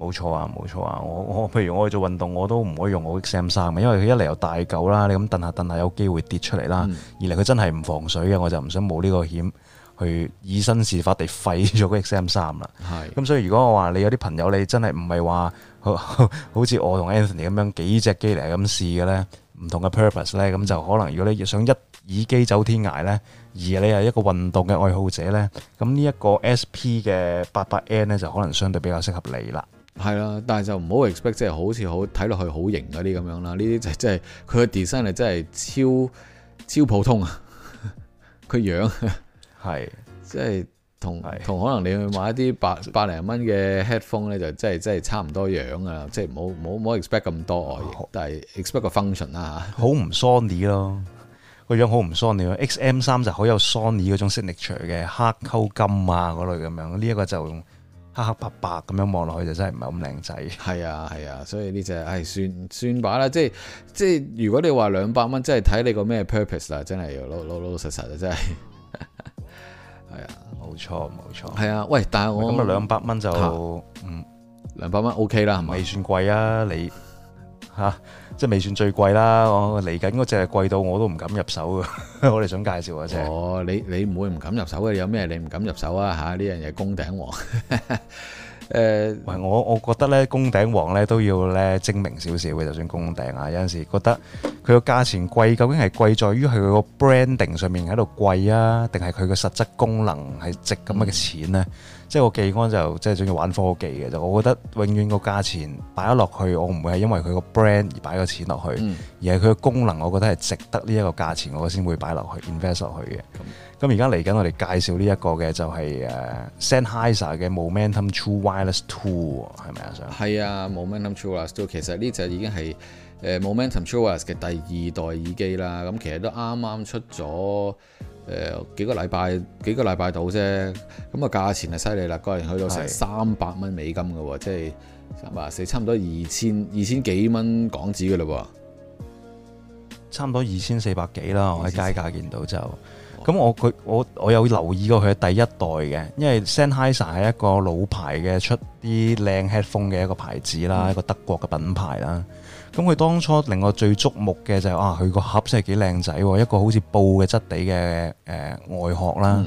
冇錯啊，冇錯啊！我我譬如我去做運動，我都唔可以用我 X M 三啊，因為佢一嚟又大嚿啦，你咁揼下揼下有機會跌出嚟啦；二嚟佢真係唔防水嘅，我就唔想冒呢個險去以身試法地廢咗個 X M 三啦。咁，是的 所以如果我話你有啲朋友你真係唔係話好似我同 Anthony 咁樣幾隻機嚟咁試嘅咧，唔同嘅 purpose 咧，咁就可能如果你要想一耳機走天涯咧，二你係一個運動嘅愛好者咧，咁呢一個 S P 嘅八百 N 咧就可能相對比較適合你啦。係啦、啊，但係就唔、就是、好 expect 即係好似好睇落去好型嗰啲咁樣啦。呢啲就即係佢嘅 design 係真係超超普通啊。佢樣係即係同同可能你去買一啲百百零蚊嘅 headphone 咧，就真係真係差唔多樣、就是、多好是啊。即係唔好唔好 expect 咁多外型，但係 expect 個 function 啦嚇。好唔 Sony 咯，個樣好唔 Sony 啊。啊、XM 三就好有 Sony 嗰種 signature 嘅黑溝金啊嗰類咁樣。呢、這、一個就。黑黑白白咁樣望落去就真係唔係咁靚仔，係啊係啊，所以呢隻係算算把啦，即係即係如果你話兩百蚊，即係睇你個咩 purpose 啦，真係要老老老實實就真係，係啊，冇錯冇錯，係、哎、啊，喂，但係我咁啊兩百蚊就嗯，兩百蚊 OK 啦，係咪未算貴啊，啊你吓。即係未算最貴啦，我嚟緊嗰隻係貴到我都唔敢入手嘅。我哋想介紹啊，即係哦，你你唔會唔敢入手嘅？有咩你唔敢入手啊？嚇呢樣嘢工頂王，誒，唔係我我覺得咧，工頂王咧都要咧精明少少嘅。就算工頂啊，有陣時覺得佢個價錢貴，究竟係貴在於係佢個 branding 上面喺度貴啊，定係佢個實質功能係值咁樣嘅錢咧？即係我技安就即係中意玩科技嘅，就我覺得永遠個價錢擺咗落去，我唔會係因為佢個 brand 而擺個錢落去，嗯、而係佢個功能，我覺得係值得呢一個價錢，我先會擺落去 invest 落去嘅。咁而家嚟緊我哋介紹呢一個嘅就係 Sennheiser 嘅 Momentum True Wireless Two 係咪啊？係啊，Momentum True Wireless Two 其實呢隻已經係 Momentum True Wireless 嘅第二代耳機啦。咁其實都啱啱出咗。誒幾個禮拜幾個禮拜到啫，咁啊價錢係犀利啦，個人去到成三百蚊美金嘅喎，是的 即係三百四，差唔多二千二千幾蚊港紙嘅嘞喎，差唔多二千四百幾啦，我喺街價見到就，咁 24 00 我佢我我，我有留意過佢係第一代嘅，因為 Sennheiser 係一個老牌嘅出啲靚 headphone 嘅一個牌子啦，嗯、一個德國嘅品牌啦。咁佢當初令我最觸目嘅就係、是、啊，佢個盒真係幾靚仔，一個好似布嘅質地嘅外殼啦。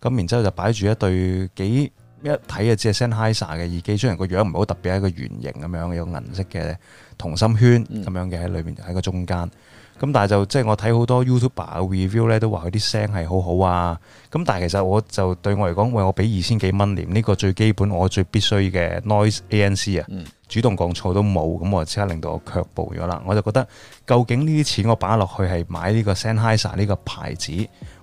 咁、嗯、然之後就擺住一對幾一睇嘅只係 Sennheiser 嘅耳機，雖然個樣唔係好特別，係一個圓形咁樣，有銀色嘅同心圈咁、嗯、樣嘅喺裏面喺個中間。咁但係就即係我睇好多 YouTuber 嘅 review 咧，都話佢啲聲係好好啊。咁但係其實我就對我嚟講，喂，我俾二千幾蚊連呢個最基本我最必須嘅 noise ANC 啊、嗯。主動降噪都冇，咁我就即刻令到我卻步咗啦。我就覺得究竟呢啲錢我擺落去係買呢個 Sennheiser 呢個牌子，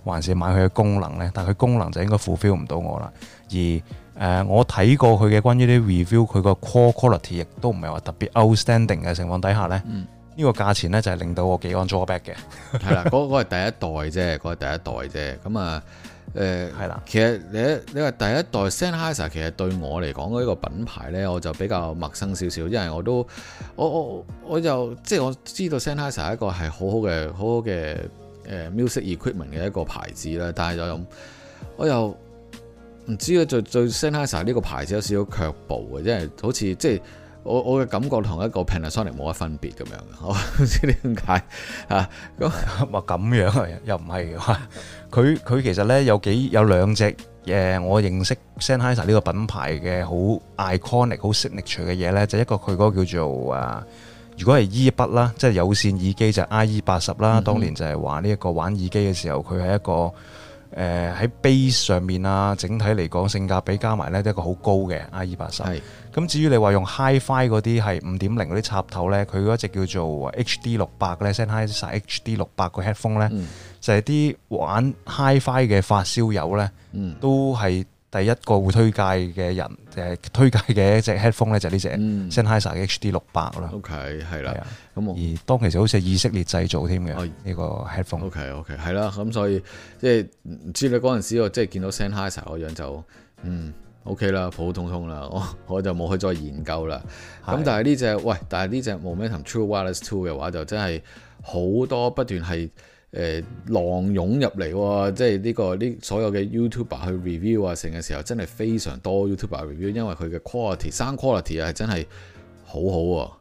還是買佢嘅功能呢？但係佢功能就應該 fulfill 唔到我啦。而誒、呃、我睇過佢嘅關於啲 review，佢個 core quality 亦都唔係話特別 outstanding 嘅情況底下呢。呢、嗯、個價錢呢，就係、是、令到我幾有 drawback 嘅的。係啦，嗰個係第一代啫，嗰、那、係、個、第一代啫，咁、那個、啊。誒係啦，呃、的其實你你話第一代 Sennheiser 其實對我嚟講呢一個品牌呢，我就比較陌生少少，因為我都我我我又即係我知道 Sennheiser 一個係好好嘅好好嘅誒 music equipment 嘅一個牌子啦，但係就咁，我又唔知咧，對對 Sennheiser 呢個牌子有少少卻步嘅，即係好似即係。我我嘅感覺同一個 Panasonic 冇乜分別，咁樣我唔知點解咁啊，咁樣又唔係㗎。佢佢其實咧有幾有兩隻嘢、呃，我認識 Sennheiser 呢個品牌嘅好 iconic、好 iconic, signature 嘅嘢咧，就係，一個佢嗰個叫做啊，如果係耳筆啦，ud，即係有線耳機就係 IE 八十啦。當年就係話呢一個玩耳機嘅時候，佢係一個。誒喺 base 上面啊，整體嚟講性價比加埋咧都係一個好高嘅，IE80。咁是至於你話用 HiFi 嗰啲係五點零啲插頭咧，佢嗰隻叫做 HD 六百咧 Sennheiser HD 六百個 headphone 咧，就係啲玩 HiFi 嘅發燒友咧，嗯、都係。第一個會推介嘅人就推介嘅一隻 headphone 咧，就呢隻 Sennheiser HD 六百啦。OK，係啦。咁的我而當其實好似係以色列製造添嘅呢個 headphone。OK，OK，係啦。咁所以即係唔知你嗰陣時我即係見到 Sennheiser 個樣就嗯 OK 啦，普普通通啦。我我就冇去再研究啦。咁的但係呢隻喂，但係呢隻 Momentum、um、True Wireless Two 嘅話就真係好多不斷係。誒浪湧入嚟喎，即係、這、呢個啲所有嘅 YouTuber 去 review 啊，成個時候真係非常多 YouTuber review，因為佢嘅 quality, quality、啊、聲 quality 啊係真係好好喎。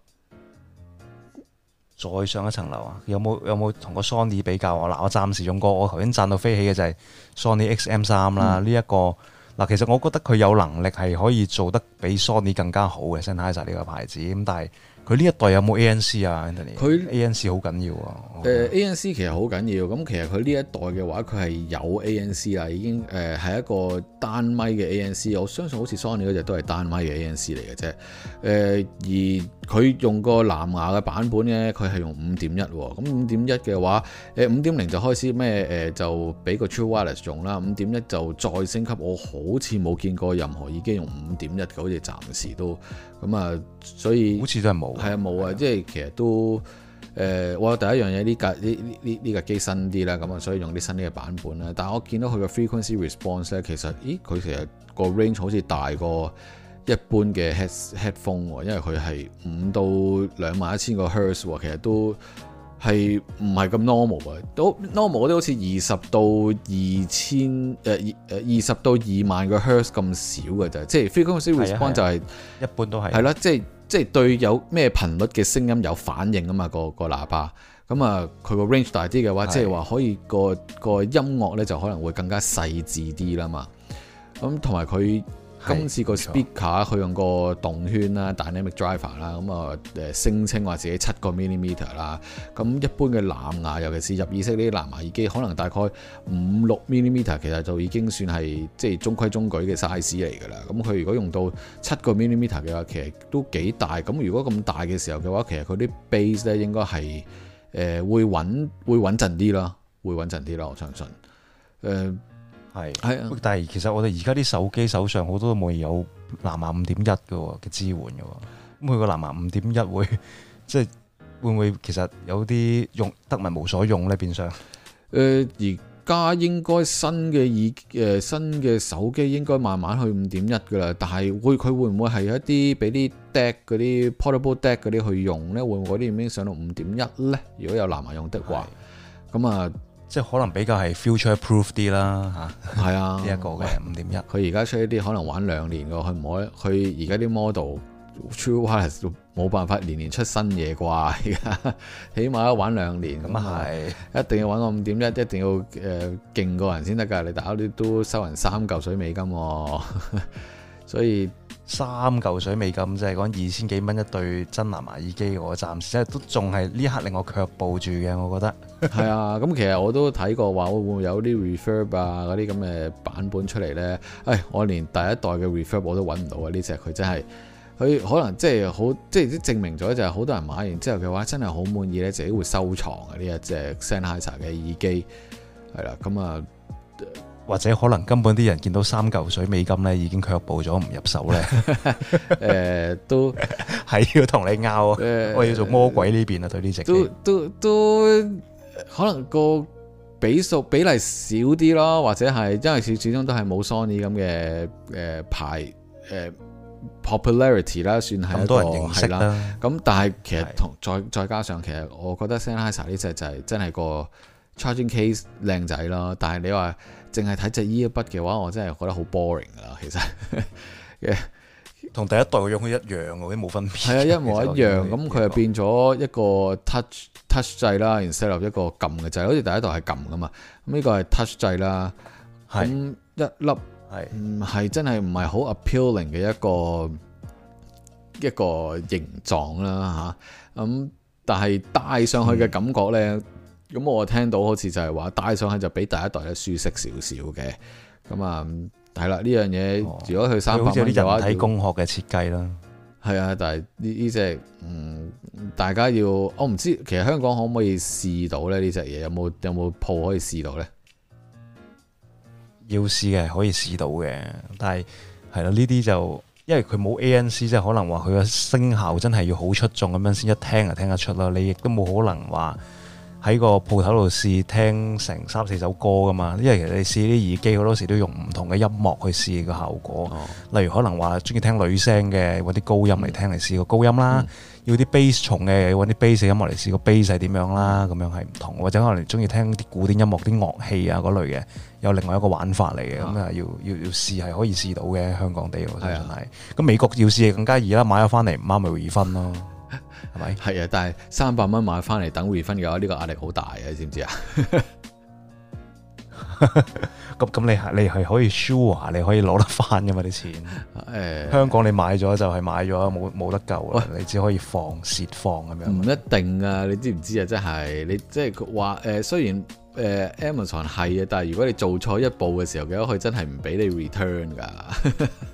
再上一層樓啊，有冇有冇同個 Sony 比較啊？嗱，我暫時用過我頭先讚到飛起嘅就係 Sony XM3 啦，呢一、嗯這個嗱，其實我覺得佢有能力係可以做得比 Sony 更加好嘅，先睇曬呢個牌子咁，但係。佢呢一代有冇 ANC 啊？佢 ANC 好緊要啊！誒，ANC 其實好緊要，咁其實佢呢一代嘅話，佢係有 ANC 啊，已經誒係、uh, 一個單咪嘅 ANC，我相信好似 Sony 嗰隻都係單咪嘅 ANC 嚟嘅啫，誒、uh, 而。佢用個藍牙嘅版本嘅，佢係用五點一喎。咁五點一嘅話，誒五點零就開始咩？誒就俾個 True Wireless 用啦。五點一就再升級，我好似冇見過任何耳機用五點一嘅，好似暫時都咁啊。所以好似都係冇，係啊冇啊。即係其實都誒，哇、呃！我第一樣嘢呢架呢呢呢架機新啲啦，咁啊所以用啲新啲嘅版本啦。但係我見到佢個 frequency response 咧，其實咦佢其實個 range 好似大過。一般嘅 head headphone，因為佢係五到兩萬一千個 hertz，其實都係唔係咁 normal 嘅。都 normal 都好似二十到二千、嗯，誒二誒二十到二萬個 hertz 咁少嘅咋？即係 frequency response 就係、係啊啊、一般都係係啦，即係即係對有咩頻率嘅聲音有反應啊嘛？嗰嗰個個喇叭咁啊，佢、嗰個 range 大啲嘅話，即係話可以、嗰個、嗰個音樂咧就可能會更加細緻啲啦嘛。咁同埋佢。的今次個 speaker 佢用個動圈啦，dynamic driver 啦，咁啊誒聲稱話自己七個 millimeter 啦，咁一般嘅藍牙，尤其是入耳式呢啲藍牙耳機，可能大概五六 millimeter 其實就已經算係即係中規中矩嘅 size 嚟㗎啦。咁佢如果用到七個 millimeter 嘅話，其實都幾大。咁如果咁大嘅時候嘅話，其實佢啲 base 咧應該係誒、呃、會穩會穩陣啲囉，會穩陣啲囉，我相信誒。呃係，但係其實我哋而家啲手機手上好多都冇有藍牙五點一嘅嘅支援嘅喎，咁佢個藍牙五點一會即係會唔會其實有啲用得民冇所用咧？變相誒而家應該新嘅耳誒新嘅手機應該慢慢去五點一㗎啦，但係會佢會唔會係一啲俾啲 DAC 嗰啲 Portable DAC 嗰啲去用咧？會唔會啲已經上到五點一咧？如果有藍牙用的話，咁是的 啊。即係可能比較係 future-proof 啲啦嚇，係啊呢一個嘅五點一，佢而家出一啲可能玩兩年嘅，佢唔可以，佢而家啲 model true wireless 冇辦法年年出新嘢啩？而 [LAUGHS] 家起碼都玩兩年，咁啊係一定要玩個五點一，一定要誒勁、呃、過人先得㗎。你大家都收人三嚿水美金喎、哦， [LAUGHS] 所以。三嚿水未咁，就係講二千幾蚊一對真藍牙耳機，我暫時即係都仲係呢刻令我卻步住嘅，我覺得。係 [LAUGHS] 啊，咁其實我都睇過話會唔會有啲 Refurb 啊嗰啲咁嘅版本出嚟呢？唉，我連第一代嘅 Refurb 我都揾唔到啊！呢隻佢真係佢可能即係好即係證明咗就係好多人買完之後嘅話，真係好滿意呢。自己會收藏啊呢一隻 Sennheiser 嘅耳機係啦，咁啊～或者可能根本啲人見到三嚿水美金咧，已經卻步咗，唔入手咧。誒、 [LAUGHS] 欸，都係 [LAUGHS] 要同你拗，啊、欸，我要做魔鬼呢邊啊。欸、對呢隻都都都可能個比數比例少啲咯，或者係因為始始終都係冇 Sony 咁嘅誒牌誒、呃、popularity 咁多人認識啦，算係一個係啦。咁但係其實同的再再加上其實，我覺得 Sennheiser 呢隻就係真係個 charging case 靚仔啦。但係你話，淨係睇隻 earbud 嘅話，我真係覺得好 boring 噶啦。其實，同 [LAUGHS] 第一代我用佢一樣，我啲冇分別。係啊，一模一樣。咁佢又變咗一個 ouch, touch touch 掣啦，instead of 一個撳嘅掣，好似第一代係撳噶嘛。咁、嗯、呢、這個係 touch 掣啦。咁是、嗯、一粒係唔係真係唔係好 appealing 嘅一個一個形狀啦嚇。咁、啊嗯、但係戴上去嘅感覺咧。嗯咁我聽到好似就係話戴上去就比第一代嘅舒適少少嘅，咁啊係啦，呢樣嘢，哦、如果佢三百蚊嘅話，人體工學嘅設計啦，係啊，但係呢呢隻嗯，大家要我唔、哦、知，其實香港可唔可以試到咧？呢隻嘢有冇有冇鋪可以試到咧？要試嘅，可以試到嘅，但係係啦，呢啲就因為佢冇 ANC，即係可能話佢嘅聲效真係要好出眾咁樣先一聽啊聽得出啦。你亦都冇可能話。喺個鋪頭度試聽成三四首歌噶嘛，因為其實你試啲耳機好多時都用唔同嘅音樂去試個效果。哦、例如可能話中意聽女聲嘅，揾啲高音嚟聽嚟試個高音啦；嗯、要啲 bass 重嘅，要揾啲 bass 音樂嚟試個 bass 係點樣啦。咁樣係唔同的，或者可能中意聽啲古典音樂啲樂器啊嗰類嘅，有另外一個玩法嚟嘅。咁啊、哦，要要要試係可以試到嘅，香港地，我相信係。咁是的 美國要試更加易啦，買咗翻嚟唔啱咪會易分咯。係咪？係啊，但係三百蚊買翻嚟，等 refund 嘅話，呢個壓力好大啊，你知唔知啊？咁 [LAUGHS] 咁 [LAUGHS] 你你係可以 sure 你可以攞得翻噶嘛啲錢？誒、哎，香港你買咗就係買咗，冇冇得救啊！哎、你只可以放蝕放咁樣。唔一定啊，你知唔知啊？即係你即係話誒，雖然誒、呃、Amazon 係啊，但係如果你做錯一步嘅時候嘅話，佢真係唔俾你 return 噶。 [LAUGHS]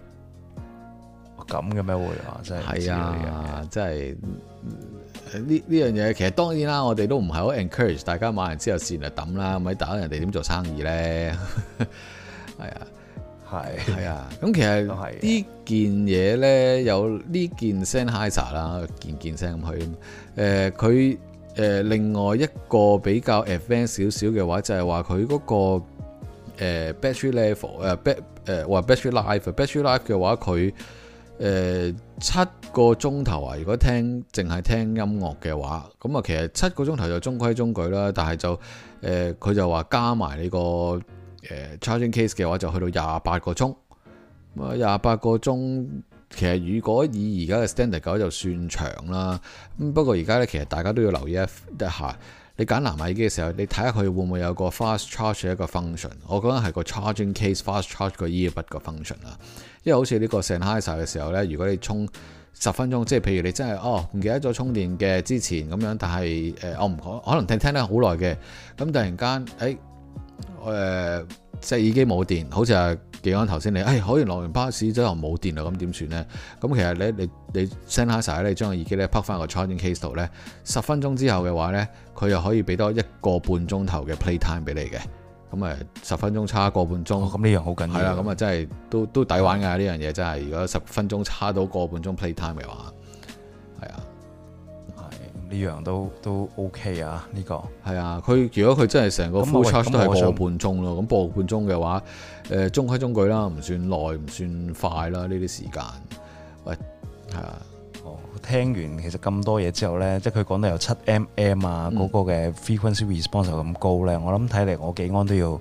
咁嘅咩會啊？真係係啊，真係呢呢樣嘢。其實當然啦，我哋都唔係好 encourage 大家買完之後自然嚟抌啦，咪打人哋點做生意咧？係 [LAUGHS] 啊，係係啊。咁、 [LAUGHS] 嗯、其實、啊、這件事呢件嘢咧，有呢件 Sennheiser 啦，件件聲咁去誒。佢、呃、誒、呃、另外一個比較 advanced 少少嘅話，就係話佢嗰個 battery level 誒 bat 誒或 battery life，battery life 嘅話佢。誒、呃、七個鐘頭啊！如果聽淨係聽音樂嘅話，咁啊其實七個鐘頭就中規中矩啦。但係就佢、呃、就說加、這個呃、話加埋你個 charging case 嘅話，就去到廿八個鐘。廿八個鐘其實如果以而家嘅 standard 嚟講，就算長啦。咁不過而家咧，其實大家都要留意一下。你揀藍牙耳機嘅時候，你睇下佢會唔會有個 fast charge 嘅一個 function。我覺得係個 charging case fast charge 的的一個 earbud function 啦。因為好似呢個 Sennheiser 嘅時候呢，如果你充十分鐘，即係譬如你真係哦唔記得咗充電嘅之前咁樣，但係誒、呃、我唔可可能聽聽得好耐嘅，咁突然間誒誒，隻、哎呃、耳機冇電，好似係記緊頭先你誒，可以落完巴士之後冇電啦，咁點算呢？咁其實咧，你你 Sennheiser 咧，你將個耳機呢撻翻個 charging case 度呢，十分鐘之後嘅話呢，佢又可以俾多一個半鐘頭嘅 playtime 俾你嘅。咁啊，十分鐘差個半鐘，咁呢、哦、樣好緊要。係啦、啊，咁啊真係都都抵玩嘅呢樣嘢，這真係。如果十分鐘差到個半鐘 playtime 嘅話，係啊，係呢樣都都 OK 啊。呢、這個係啊，佢如果佢真係成個 full charge 都係個半鐘咯。咁個半鐘嘅話，誒、呃、中規中矩啦，唔算耐，唔算快啦。呢啲時間，喂係啊。聽完其實咁多嘢之後呢，即係佢講到有七 mm 啊，嗰個嘅 frequency response 咁高呢。我諗睇嚟我幾安都要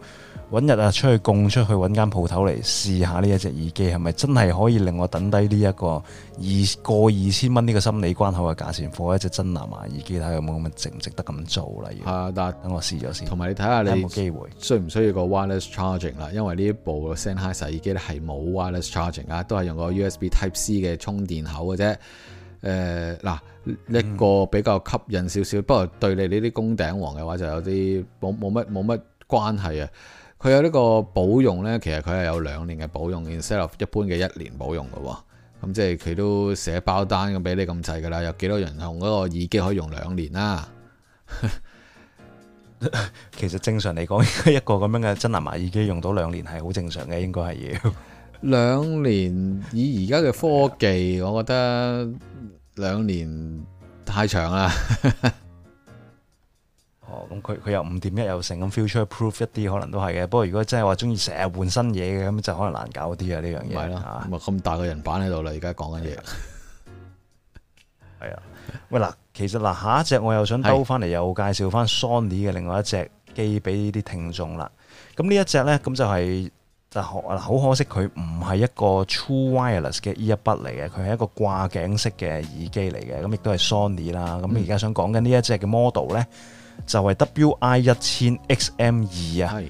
揾日啊出去供出去揾間鋪頭嚟試下呢一隻耳機係咪真係可以令我抌低呢一個二過二千蚊呢個心理關口嘅價錢，火一隻真藍牙耳機，睇下有冇咁值唔值得咁做啦。係啊，但係等我試咗先。同埋你睇下你有冇機會？需唔需要個 wireless charging 啦？因為呢部 Sennheiser 耳機咧係冇 wireless charging 啊，都係用個 USB Type C 嘅充電口嘅啫。誒嗱、呃、一個比較吸引少少，嗯、不過對你呢啲公頂王嘅話就有啲冇冇乜冇乜關係啊！佢有呢個保用呢，其實佢係有兩年嘅保用 instead of 一般嘅一年保用嘅喎。咁即係佢都寫包單咁俾你咁滯嘅啦，有幾多人用嗰個耳機可以用兩年啦，啊？ [LAUGHS] 其實正常嚟講，一個咁樣嘅真藍牙耳機用到兩年係好正常嘅，應該係要 [LAUGHS] 兩年。以而家嘅科技，我覺得。兩年太長啦， [LAUGHS] 哦，咁佢佢又五點一又成，咁 future proof 一啲可能都係嘅。不過如果真係話中意成日換新嘢嘅，咁就可能難搞啲啊呢樣嘢。咪咯，咁大個人版喺度啦，而家講緊嘢。係啊，係啊喂嗱，其實嗱，下一隻我又想兜翻嚟，又介紹翻 Sony 嘅另外一隻機俾啲聽眾啦。咁呢一隻呢，咁就係、係。但好可惜，佢唔係一個 True Wireless 嘅 e 一筆嚟嘅，佢係一個掛頸式嘅耳機嚟嘅，咁亦都係 Sony 啦。咁而家想講緊呢一隻嘅 model 咧，就係 WI 一千 XM 二啊。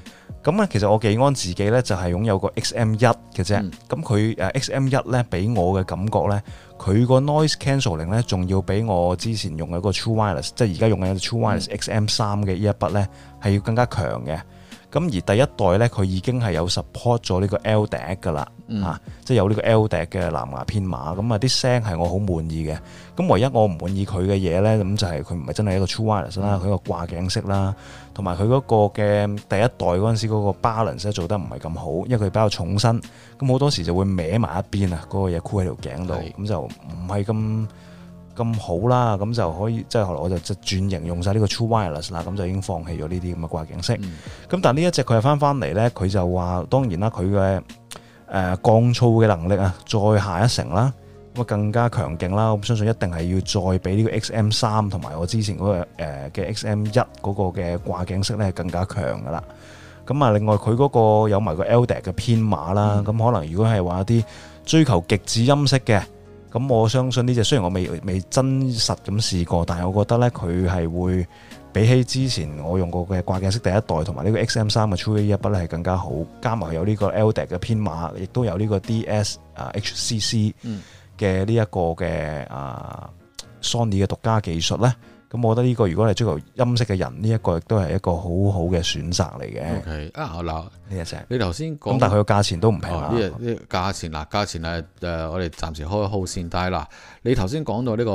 咁啊，其實我幾安自己咧，就係擁有個 XM 一嘅啫。咁佢誒 XM 一咧，俾我嘅感覺咧，佢個 noise cancelling 咧，仲要比我之前用嘅個 True Wireless，即係而家用緊 True Wireless XM 三嘅 e 一筆咧，係要更加強嘅。咁而第一代咧，佢已經係有 support 咗呢個 LDAC 噶啦，嚇、嗯啊，即係有呢個 L DAC 嘅藍牙編碼。咁、嗯、啊，啲聲係我好滿意嘅。咁唯一我唔滿意佢嘅嘢咧，咁就係佢唔係真係一個 true wireless 啦、嗯，佢個掛色個掛頸式啦，同埋佢嗰個嘅第一代嗰陣時嗰個 balance 做得唔係咁好，因為佢比較重身，咁好多時就會歪埋一邊啊，嗰、嗰個嘢箍喺條頸度，咁是就唔係咁。咁好啦，咁就可以，即、就、係、是、後來我就即轉型用晒呢個 True Wireless 啦，咁就已經放棄咗呢啲咁嘅掛鏡式。咁、嗯、但呢一隻佢又翻翻嚟呢，佢就話當然啦，佢嘅誒降噪嘅能力啊，再下一城啦，咁啊更加強勁啦。我相信一定係要再比呢個 XM 三同埋我之前嗰、那個嘅 XM 一嗰個嘅掛鏡式呢，係更加強㗎啦。咁啊，另外佢嗰個有埋個 LDAC 嘅編碼啦，咁、嗯、可能如果係話一啲追求極致音色嘅。咁我相信呢隻，雖然我未未真實咁試過，但係我覺得呢，佢係會比起之前我用過嘅掛頸式第一代同埋呢個 XM 三嘅 two A 一筆咧係更加好，加埋有呢個 LDAC 嘅編碼，亦都有呢個 DS 啊 HCC 嘅呢一個嘅啊 Sony 嘅獨家技術呢。咁我覺得呢個如果係追求音色嘅人，呢、呢個、一個亦都係一個好好嘅選擇嚟嘅。O K 啊嗱，呢你頭先講，但佢嘅價錢都唔平啊！價錢嗱價錢誒誒，我哋暫時開號先。但係你頭先講到呢個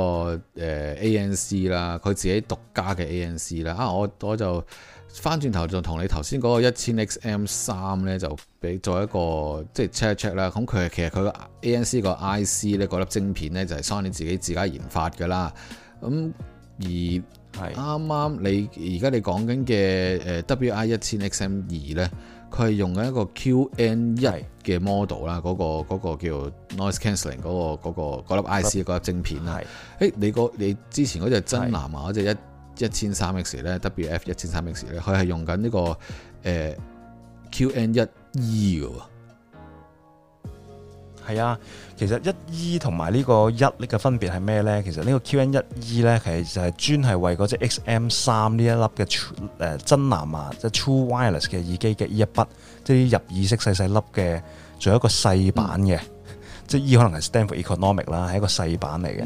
誒 A N C 啦，佢自己獨家嘅 A N C 啦。啊，我我就翻轉頭就同你頭先講個一千 X M 三咧，就俾做一個即係 check 一 check 啦。咁佢其實佢 A N C 個 I C 咧，嗰粒晶片咧就係 Sony 自己自家研發嘅啦。咁、嗯而啱啱你而家你講緊嘅誒 W I 一千 X M 二咧，佢係用緊一個 Q N 一嘅 model 啦，嗰個，個、嗰個叫 noise cancelling，嗰個、嗰粒 I C 嗰粒晶片啊，是誒你個你之前嗰隻真藍牙嗰隻一一千三 X 咧是，W F 一千三 X 咧，佢係用緊呢、呢個誒、呃、Q N 一 e 嘅。係啊，其實一 E 同埋呢個一呢個分別係咩呢？其實呢個 QN 一 E 呢，其實就係專係為嗰隻 XM 三呢一粒嘅誒真藍牙即係、就是、True Wireless 嘅耳機嘅呢一筆，即係啲入耳式細細粒嘅，仲有一個細版嘅。即係、e、可能係 Stanford Economic 啦，係一個細版嚟嘅。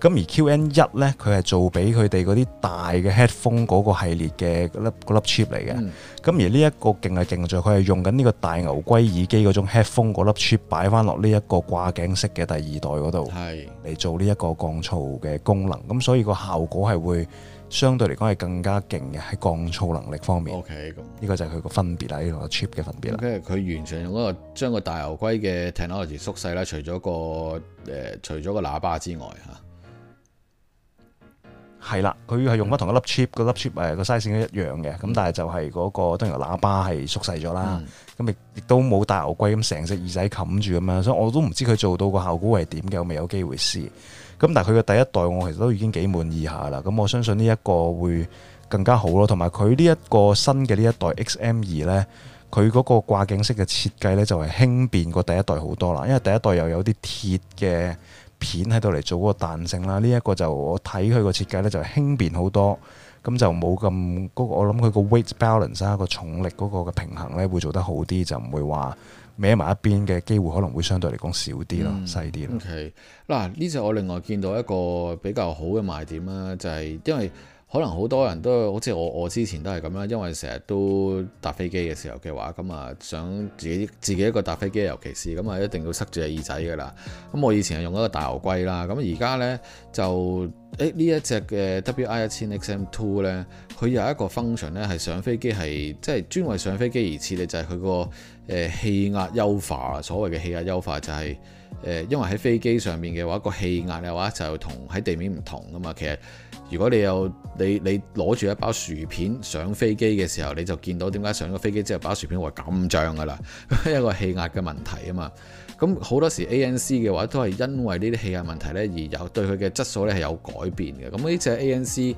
咁、嗯、而 QN1 呢，佢係做俾佢哋嗰啲大嘅 headphone 嗰個系列嘅粒粒 chip 嚟嘅。咁、嗯、而呢一個勁係勁在，佢係用緊呢個大牛龜耳機嗰種 headphone 嗰粒 chip 擺翻落呢一個掛頸式嘅第二代嗰度，係嚟是的 做呢一個降噪嘅功能。咁所以個效果係會。相對嚟講係更加勁嘅喺降噪能力方面。OK，咁呢個就係佢個分別啦，呢個 chip 嘅分別啦。即係佢、okay，完全用嗰、那個將個大牛龜嘅 t 聽筒嚟縮細啦，除咗個誒、呃，除咗個喇叭之外吓，係啦，佢係用翻同一粒 chip，粒 chip 誒個 size 應該一樣嘅，咁但係就係嗰、那個當然喇叭係縮細咗啦。咁亦亦都冇大牛龜咁成隻耳仔冚住咁樣，所以我都唔知佢做到個效果係點嘅，我未有機會試。咁但係佢嘅第一代我其實都已經幾滿意下啦，咁我相信呢一個會更加好咯，同埋佢呢一個新嘅呢一代 X M 二呢，佢嗰個掛頸式嘅設計呢，就係輕便過第一代好多啦，因為第一代又有啲鐵嘅片喺度嚟做個彈性啦，呢一個就我睇佢個設計呢，就輕便好多，咁就冇咁我諗佢個 weight balance 啊個重力嗰個嘅平衡呢，會做得好啲，就唔會話，孭埋一邊嘅機會可能會相對嚟講少啲咯，嗯、細啲咯。OK，嗱呢隻我另外見到一個比較好嘅賣點啦，就係、是、因為。可能好多人都好似我，我之前都係咁啦，因為成日都搭飛機嘅時候嘅話，咁啊想自己自己一個搭飛機，尤其是咁啊，一定要塞住耳仔㗎啦。咁我以前係用一個大牛龜啦，咁而家呢，就誒呢、欸、一隻嘅 WI 一千 XM Two 咧，佢有一個 function 呢，係上飛機係即係專為上飛機而設咧，就係佢個誒氣壓優化，所謂嘅氣壓優化就係、是、誒、呃、因為喺飛機上面嘅話，個氣壓嘅話就同喺地面唔同噶嘛，其實。如果你有你你攞住一包薯片上飛機嘅時候，你就見到點解上咗飛機之後，包薯片會咁脹㗎喇？一個氣壓嘅問題啊嘛。咁好多時 ANC 嘅話都係因為呢啲氣壓問題呢，而有對佢嘅質素呢係有改變嘅。咁呢隻 ANC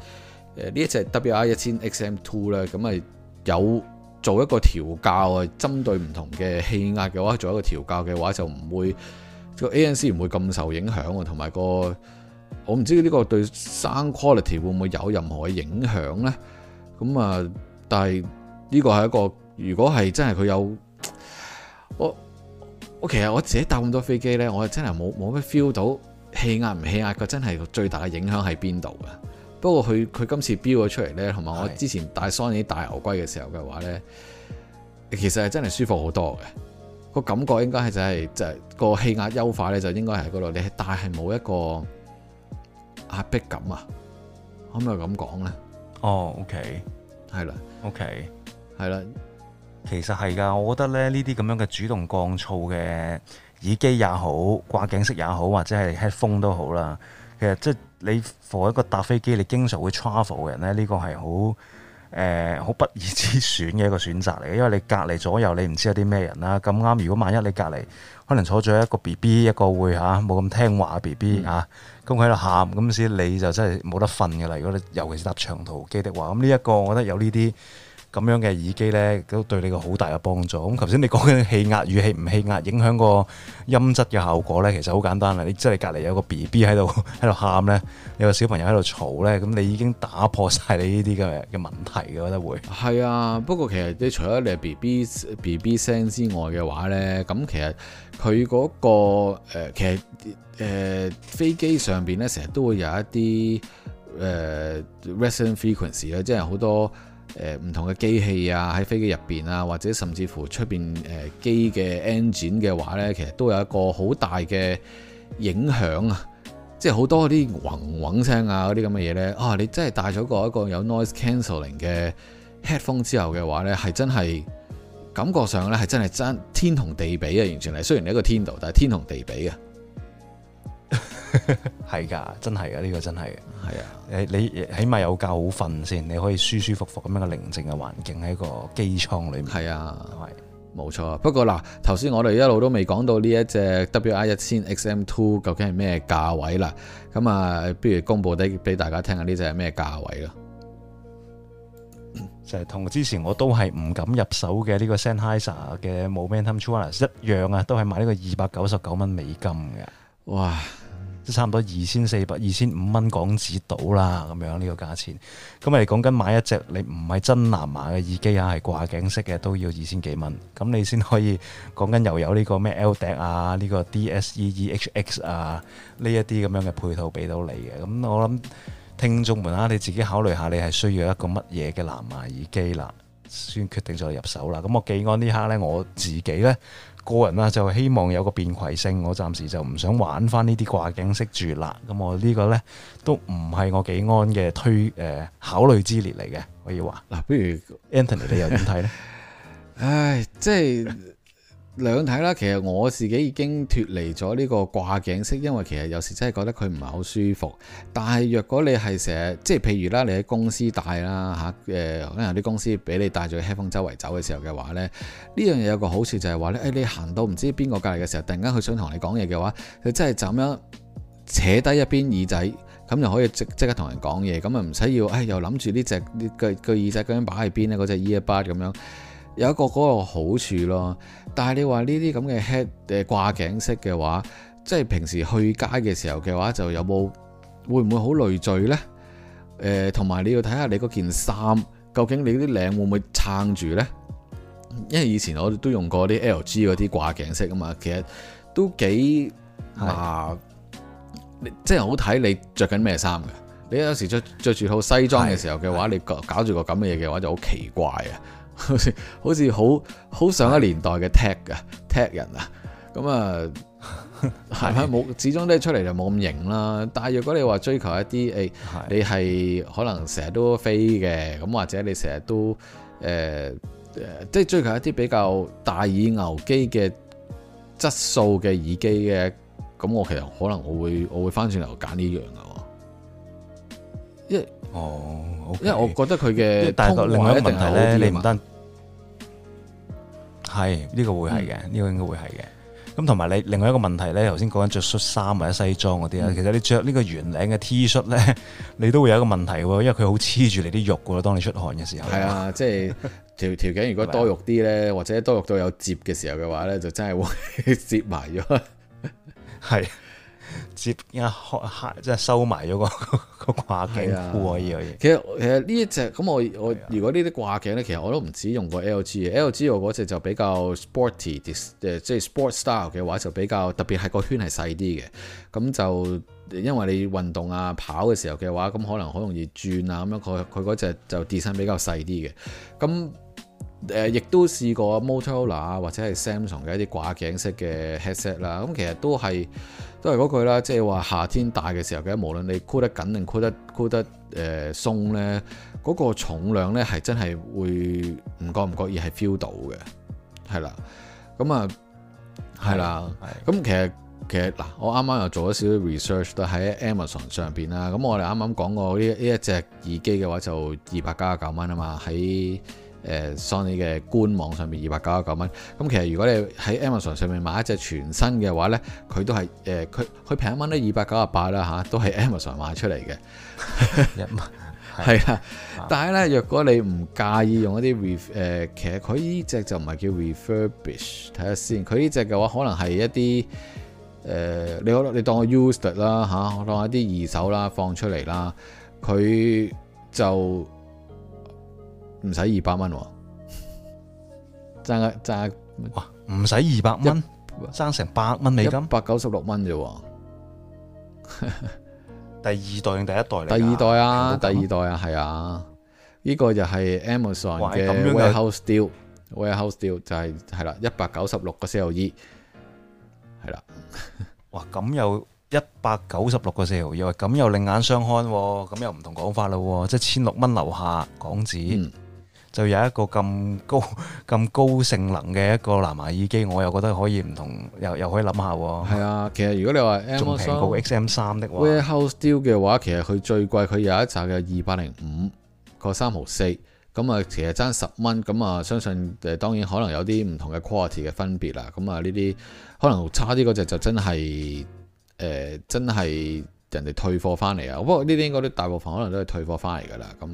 呢一隻 WI 一千 XM Two 咧，咁、這、係、個、有做一個調校啊，針對唔同嘅氣壓嘅話，做一個調校嘅話就不，就唔會個 ANC 唔會咁受影響啊，同埋個。我唔知呢個對 sound quality 會唔會有任何嘅影響咧？咁啊，但係呢個係一個，如果係真係佢有我我其實我自己搭咁多飛機咧，我真係冇冇乜 feel 到氣壓唔氣壓佢真係最大嘅影響喺邊度嘅。不過佢佢今次標咗出嚟咧，同埋我之前帶 Sony 大牛龜嘅時候嘅話咧，是的 其實係真係舒服好多嘅。個感覺應該係就係就係個氣壓優化咧，就，是、就應該喺嗰度。你帶係冇一個。壓、啊、迫感啊，可唔可以咁講呢？哦，OK，係啦，OK，係啦。其實係噶，我覺得咧，呢啲咁樣嘅主動降噪嘅耳機也好，掛頸式也好，或者係 headphone 都好啦。其實即係你坐一個搭飛機，你經常會 travel 嘅人咧，呢、這個係好誒好不易之選嘅一個選擇嚟。因為你隔籬左右你唔知有啲咩人啦。咁啱，如果萬一你隔籬可能坐咗一個 B B，一個會吓冇咁聽話嘅 B B 吓。咁佢喺度喊，咁先你就真係冇得瞓㗎啦！如果你尤其是搭長途機的話，咁呢一個我覺得有呢啲。咁樣嘅耳機咧，都對你個好大嘅幫助。咁頭先你講緊氣壓與氣唔氣壓影響個音質嘅效果咧，其實好簡單啦。你即係你隔籬有個 B B 喺度喺度喊咧，有個小朋友喺度嘈咧，咁你已經打破晒你呢啲嘅嘅問題嘅，我覺得會係啊。不過其實，除咗你係 B B B B 聲之外嘅話咧，咁其實佢嗰、那個誒、呃，其實誒、呃，飛機上邊咧成日都會有一啲誒 resonance frequency 啊，呃、frequency, 即係好多。誒唔、呃、同嘅機器啊，喺飛機入面啊，或者甚至乎出面誒機嘅 engine 嘅話呢，其實都有一個好大嘅影響啊！即係好多嗰啲嗡嗡聲啊，嗰啲咁嘅嘢呢，啊你真係戴咗個一個有 noise cancelling 嘅 headphone 之後嘅話呢，係真係感覺上呢，係真係真天同地比啊！完全係雖然你一個天道，但係天同地比啊！係噶， [LAUGHS] 真係噶，呢、呢個真係，係啊，你起碼有覺好瞓先，你可以舒舒服服咁樣嘅寧靜嘅環境喺個機艙裏面，係啊，係，冇錯。不過嗱，頭先我哋一路都未講到呢一隻 WI 一千 XM Two 究竟係咩價位啦，咁啊，不如公布啲俾大家聽下呢隻係咩價位咯？就係同之前我都係唔敢入手嘅呢個 Sennheiser 嘅 Momentum、um、Two 一樣啊，都係買呢個二百九十九蚊美金嘅。哇，都差唔多二千四百、二千五蚊港紙到啦，咁樣呢個價錢。咁咪講緊買一隻你唔係真藍牙嘅耳機啊，係掛頸式嘅都要二千幾蚊。咁你先可以講緊又有呢個咩 L 頂啊，呢個 DSEEHX 啊，呢一啲咁樣嘅配套俾到你嘅。咁我諗聽眾們啊，你自己考慮下，你係需要一個乜嘢嘅藍牙耳機啦，先決定就入手啦。咁我記安呢刻呢，我自己呢。個人啊，就希望有個便攜性，我暫時就唔想玩翻呢啲掛頸式住啦。咁我呢個呢都唔係我幾安嘅推、呃、考慮之列嚟嘅，可以話。嗱、啊，不如 Anthony [LAUGHS] 你又點睇呢？唉、哎，即係。 [LAUGHS] 兩睇啦，其實我自己已經脫離咗呢個掛頸式，因為其實有時真係覺得佢唔係好舒服。但係若果你係成日，即係譬如啦，你喺公司戴啦、啊呃、可能有啲公司俾你戴咗 headphone 周圍走嘅時候嘅話呢，呢樣嘢有個好處就係話呢，你行到唔知邊個隔離嘅時候，突然間佢想同你講嘢嘅話，佢真係咁樣扯低一邊耳仔，咁就可以即即刻同人講嘢，咁啊唔使要誒、哎、又諗住呢隻個個耳仔究竟擺喺邊咧，嗰隻 earbud 咁樣。有一個嗰個好處咯，但係你話呢啲咁嘅 head 誒掛頸式嘅話，即係平時去街嘅時候嘅話，就有冇會唔會好累贅咧？誒、呃，同埋你要睇下你嗰件衫究竟你啲領會唔會撐住咧？因為以前我都用過啲 LG 嗰啲掛頸式啊嘛，其實都幾是的 啊，是的 即係好睇你着緊咩衫嘅。你有時着著住套西裝嘅時候嘅話，是的 你搞搞住個咁嘅嘢嘅話就好奇怪啊！好似好似好好上一年代嘅 tag 啊，tag 人啊，咁啊係咪冇 [LAUGHS] 的始終都係出嚟就冇咁型啦？但係若果你話追求一啲誒，的你係可能成日都飛嘅，咁或者你成日都誒誒，即、呃、係、就是、追求一啲比較大耳牛機嘅質素嘅耳機嘅，咁我其實可能我會我會翻轉頭揀呢樣噶。Yeah. 哦，oh, okay. 因為我覺得佢嘅，但係另外一個問題咧，好你唔單係呢、呢個會係嘅，呢、嗯、個應該會係嘅。咁同埋你另外一個問題咧，頭先講緊着恤衫或者西裝嗰啲啊，嗯、其實你着呢個圓領嘅 T 恤咧，你都會有一個問題喎，因為佢好黐住你啲肉噶喎，當你出汗嘅時候。係啊，即係條條頸如果多肉啲咧， [LAUGHS] 或者多肉到有摺嘅時候嘅話咧，就真係會摺埋咗。係。接一開即係收埋咗個、啊、個掛頸褲、呃、啊！呢樣嘢其實其實呢一隻咁我我如果呢啲掛頸咧，其實我都唔止用過 LG 嘅 LG 我嗰隻就比較 sporty 啲即係 sport style 嘅話就比較特別係個圈係細啲嘅。咁就因為你運動啊跑嘅時候嘅話，咁可能好容易轉啊咁樣佢佢嗰隻就 design 比較細啲嘅。咁誒亦都試過 Motorola 或者係 Samsung 嘅一啲掛頸式嘅 headset 啦。咁其實都係。都係嗰句啦，即係話夏天戴嘅時候嘅，無論你箍得緊定箍得箍得誒鬆咧，嗰個重量咧係真係會唔覺唔覺意係 feel 到嘅，係啦，咁啊係啦，咁其實其實嗱，我啱啱又做咗少少 research，都喺 Amazon 上邊啦，咁我哋啱啱講過呢呢一隻耳機嘅話就二百九啊九蚊啊嘛，喺。誒 Sony 嘅官網上面二百九十九蚊，咁其實如果你喺 Amazon 上面買一隻全新嘅話咧，佢都係誒佢佢平一蚊都二百九十八啦嚇，都係 Amazon 買出嚟嘅，一蚊係啦。的嗯、但係咧，若果你唔介意用一啲 ref 誒、呃，其實佢呢隻就唔係叫 refurbish，睇下先。佢呢隻嘅話，可能係一啲誒、呃，你可你當我 used 啦嚇、啊，當一啲二手啦，放出嚟啦，佢就。唔使二百蚊喎，爭啊爭啊！哇，唔使二百蚊，爭成百蚊美金，百九十六蚊啫喎。哈哈，第二代定第一代？第二代啊，啊第二代啊，係啊，呢個就係 Amazon 嘅 Warehouse Deal，Warehouse Deal 就係係啦，一百九十六個 C L E，係啦。哇，咁又一百九十六個 C L E，咁又另眼相看，咁又唔同講法啦，即係千六蚊樓下港紙。嗯就有一個咁高咁高性能嘅一個藍牙耳機，我又覺得可以唔同，又又可以諗下喎。係啊，其實如果你話 m o s XM 三的話 h o u s e e a l 嘅話，其實佢最貴佢有一隻嘅二百零五個三毫四，咁啊其實爭十蚊，咁啊相信誒、呃、當然可能有啲唔同嘅 quality 嘅分別啦。咁啊呢啲可能差啲嗰隻就真係誒、呃、真係人哋退貨翻嚟啊。不過呢啲應該都大部分可能都係退貨翻嚟㗎啦。咁誒。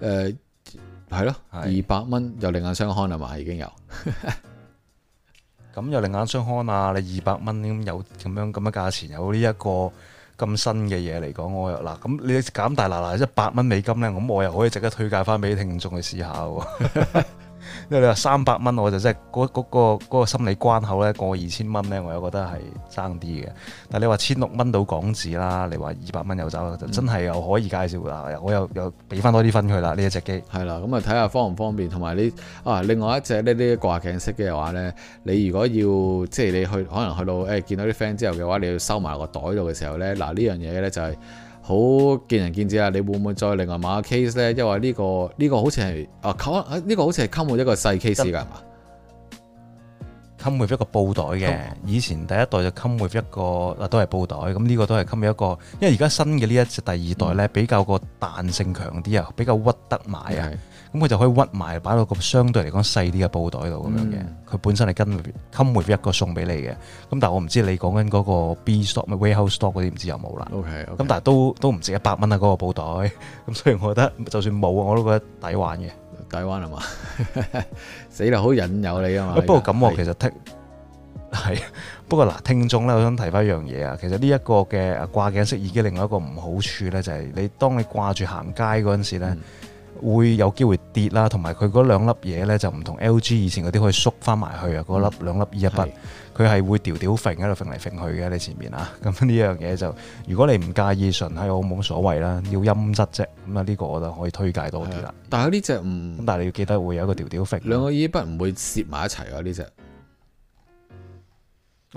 呃係咯，二百蚊又另眼相看啊嘛，已經有，咁又另眼相看啊！你二百蚊咁有咁樣咁嘅價錢，有呢一個咁新嘅嘢嚟講，我又嗱，咁你減大嗱嗱一百蚊美金呢，咁我又可以值得推介翻俾聽眾去試下啊。 [LAUGHS] [LAUGHS] 因為你話三百蚊我就真係嗰嗰個、嗰個嗰個心理關口咧過二千蚊咧，我又覺得係爭啲嘅。但係你話千六蚊到港紙啦，你話二百蚊又走，就真係又可以介紹啦。嗯、我又又俾翻多啲分佢啦呢一隻機。係啦，咁啊睇下方唔方便，同埋你啊另外一隻呢呢掛頸式嘅話咧，你如果要即係你去可能去到誒、哎、見到啲 friend 之後嘅話，你要收埋個袋度嘅時候咧，嗱呢樣嘢咧就係、係。好見仁見智啊！你會唔會再另外買個 case 呢？因為呢個呢個好似係啊，呢個好似係 come with 一個細 case 㗎，係嘛？come with 一個布袋嘅，come 以前第一代就 come with 一個，都係布袋。咁呢個都係 come with 一個，因為而家新嘅呢一隻第二代呢，比較個彈性強啲啊，比較屈得埋啊。咁佢就可以屈埋，擺到個相對嚟講細啲嘅布袋度咁樣嘅。佢、嗯、本身係跟 come with 一個送俾你嘅。咁但係我唔知你講緊嗰個 B stop, s t o p 咪 Warehouse okay . s t o p 嗰啲唔知有冇啦。O K，咁但係都都唔值一百蚊啊！嗰個布袋。咁所以我覺得，就算冇我都覺得抵玩嘅，抵玩係 [LAUGHS] 嘛？死啦，好引誘你啊嘛！不過咁我其實聽係，不過嗱聽眾咧，我想提翻一樣嘢啊。其實呢一個嘅啊掛頸式耳機，另外一個唔好處咧，就係你當你掛住行街嗰陣時咧。嗯會有機會跌啦，還有它同埋佢嗰兩粒嘢咧就唔同 LG 以前嗰啲可以縮翻埋去啊！嗰、那、粒、個、兩粒耳骨，佢係是的 會調調揈喺度揈嚟揈去嘅你前面啊！咁呢樣嘢就如果你唔介意純係我冇所謂啦，要音質啫。咁啊呢個我就可以推介多啲啦。但係呢隻唔但係你要記得會有一個調調揈兩個、e、不會在耳骨唔會攝埋一齊啊！呢隻。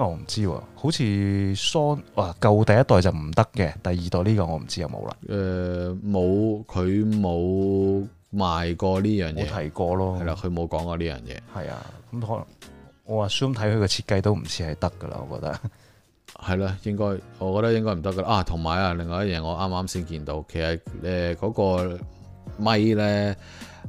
我唔知喎，好似 Sony 舊第一代就唔得嘅，第二代呢個我唔知有冇啦。誒冇、呃，佢冇賣過呢樣嘢。冇提過咯，係啦，佢冇講過呢樣嘢。係啊，咁可能我話 Sony 睇佢個設計都唔似係得噶啦，我覺得。係啦，應該，我覺得應該唔得噶啦。啊，同埋啊，另外一樣我啱啱先見到，其實誒嗰個咪咧。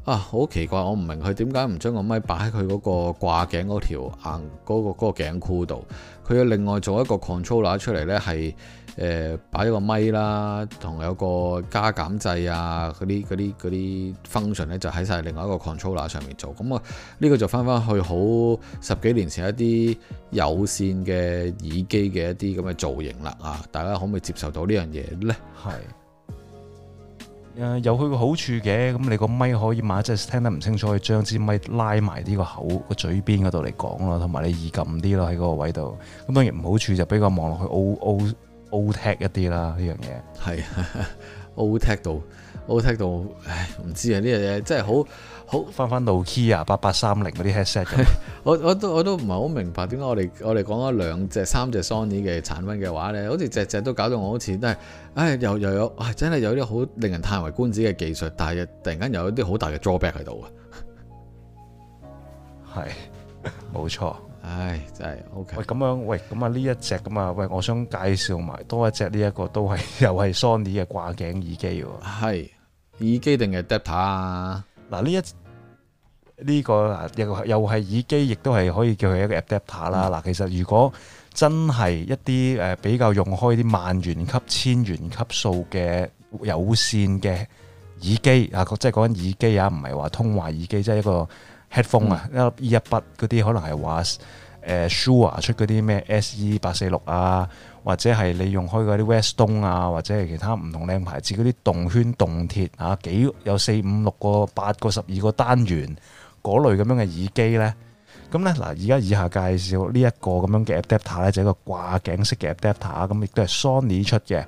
啊，好奇怪，我唔明佢點解唔將個咪擺喺佢嗰個掛頸嗰條硬嗰、嗰個嗰個頸箍度，佢要另外做一個 controller 出嚟呢係、呃、擺一個咪啦，同有個加減掣啊，嗰啲嗰啲嗰啲 function 呢就喺晒另外一個 controller 上面做，咁啊呢個就翻翻去好十幾年前一啲有線嘅耳機嘅一啲咁嘅造型啦，啊大家可唔可以接受到呢樣嘢呢？係。誒有佢個好處嘅，咁你個咪可以買，即係聽得唔清楚，可以將支咪拉埋呢個口個嘴邊嗰度嚟講咯，同埋你易撳啲咯喺個位度。咁當然唔好處就比較望落去 O O O Tech 一啲啦呢樣嘢。係 O Tech 度，O Tech 度，唉，唔知啊呢樣嘢真係好。好翻翻 Nokia 八八三零嗰啲 headset。我都我都我都唔係好明白點解我哋我哋講咗兩隻三隻 Sony 嘅產品嘅話咧，好似隻隻都搞到我好似都係，唉、哎、又又有、哎、真係有啲好令人歎為觀止嘅技術，但係突然間有一啲好大嘅 drawback 喺度嘅。係冇錯，唉、 [LAUGHS] 哎、真係 OK。喂咁樣，喂咁啊呢一隻咁啊，喂我想介紹埋多一隻呢、這、一個都係又係 Sony 嘅掛頸耳機喎。係耳機定係 decoder 啊？嗱，呢一呢、呢個又又係耳機，亦都係可以叫佢一個 adapter 啦、嗯。嗱，其實如果真係一啲比較用開啲萬元級、千元級數嘅有線嘅耳機啊，即係講緊耳機啊，唔係話通話耳機，即、就、係、係、一個 headphone、嗯 e、啊，一一筆嗰啲可能係話誒 Shure 出嗰啲咩 SE 八四六啊。或者係你用開嗰啲 Westone 啊，或者係其他唔同靚牌子嗰啲動圈動鐵啊，幾有四五六個、八個、十二個單元嗰類咁樣嘅耳機咧？咁咧嗱，而家以下介紹、呢個、呢呢一個咁樣嘅 adapter 咧，就係、一個掛頸式嘅 adapter 啊，咁亦都係 Sony 出嘅。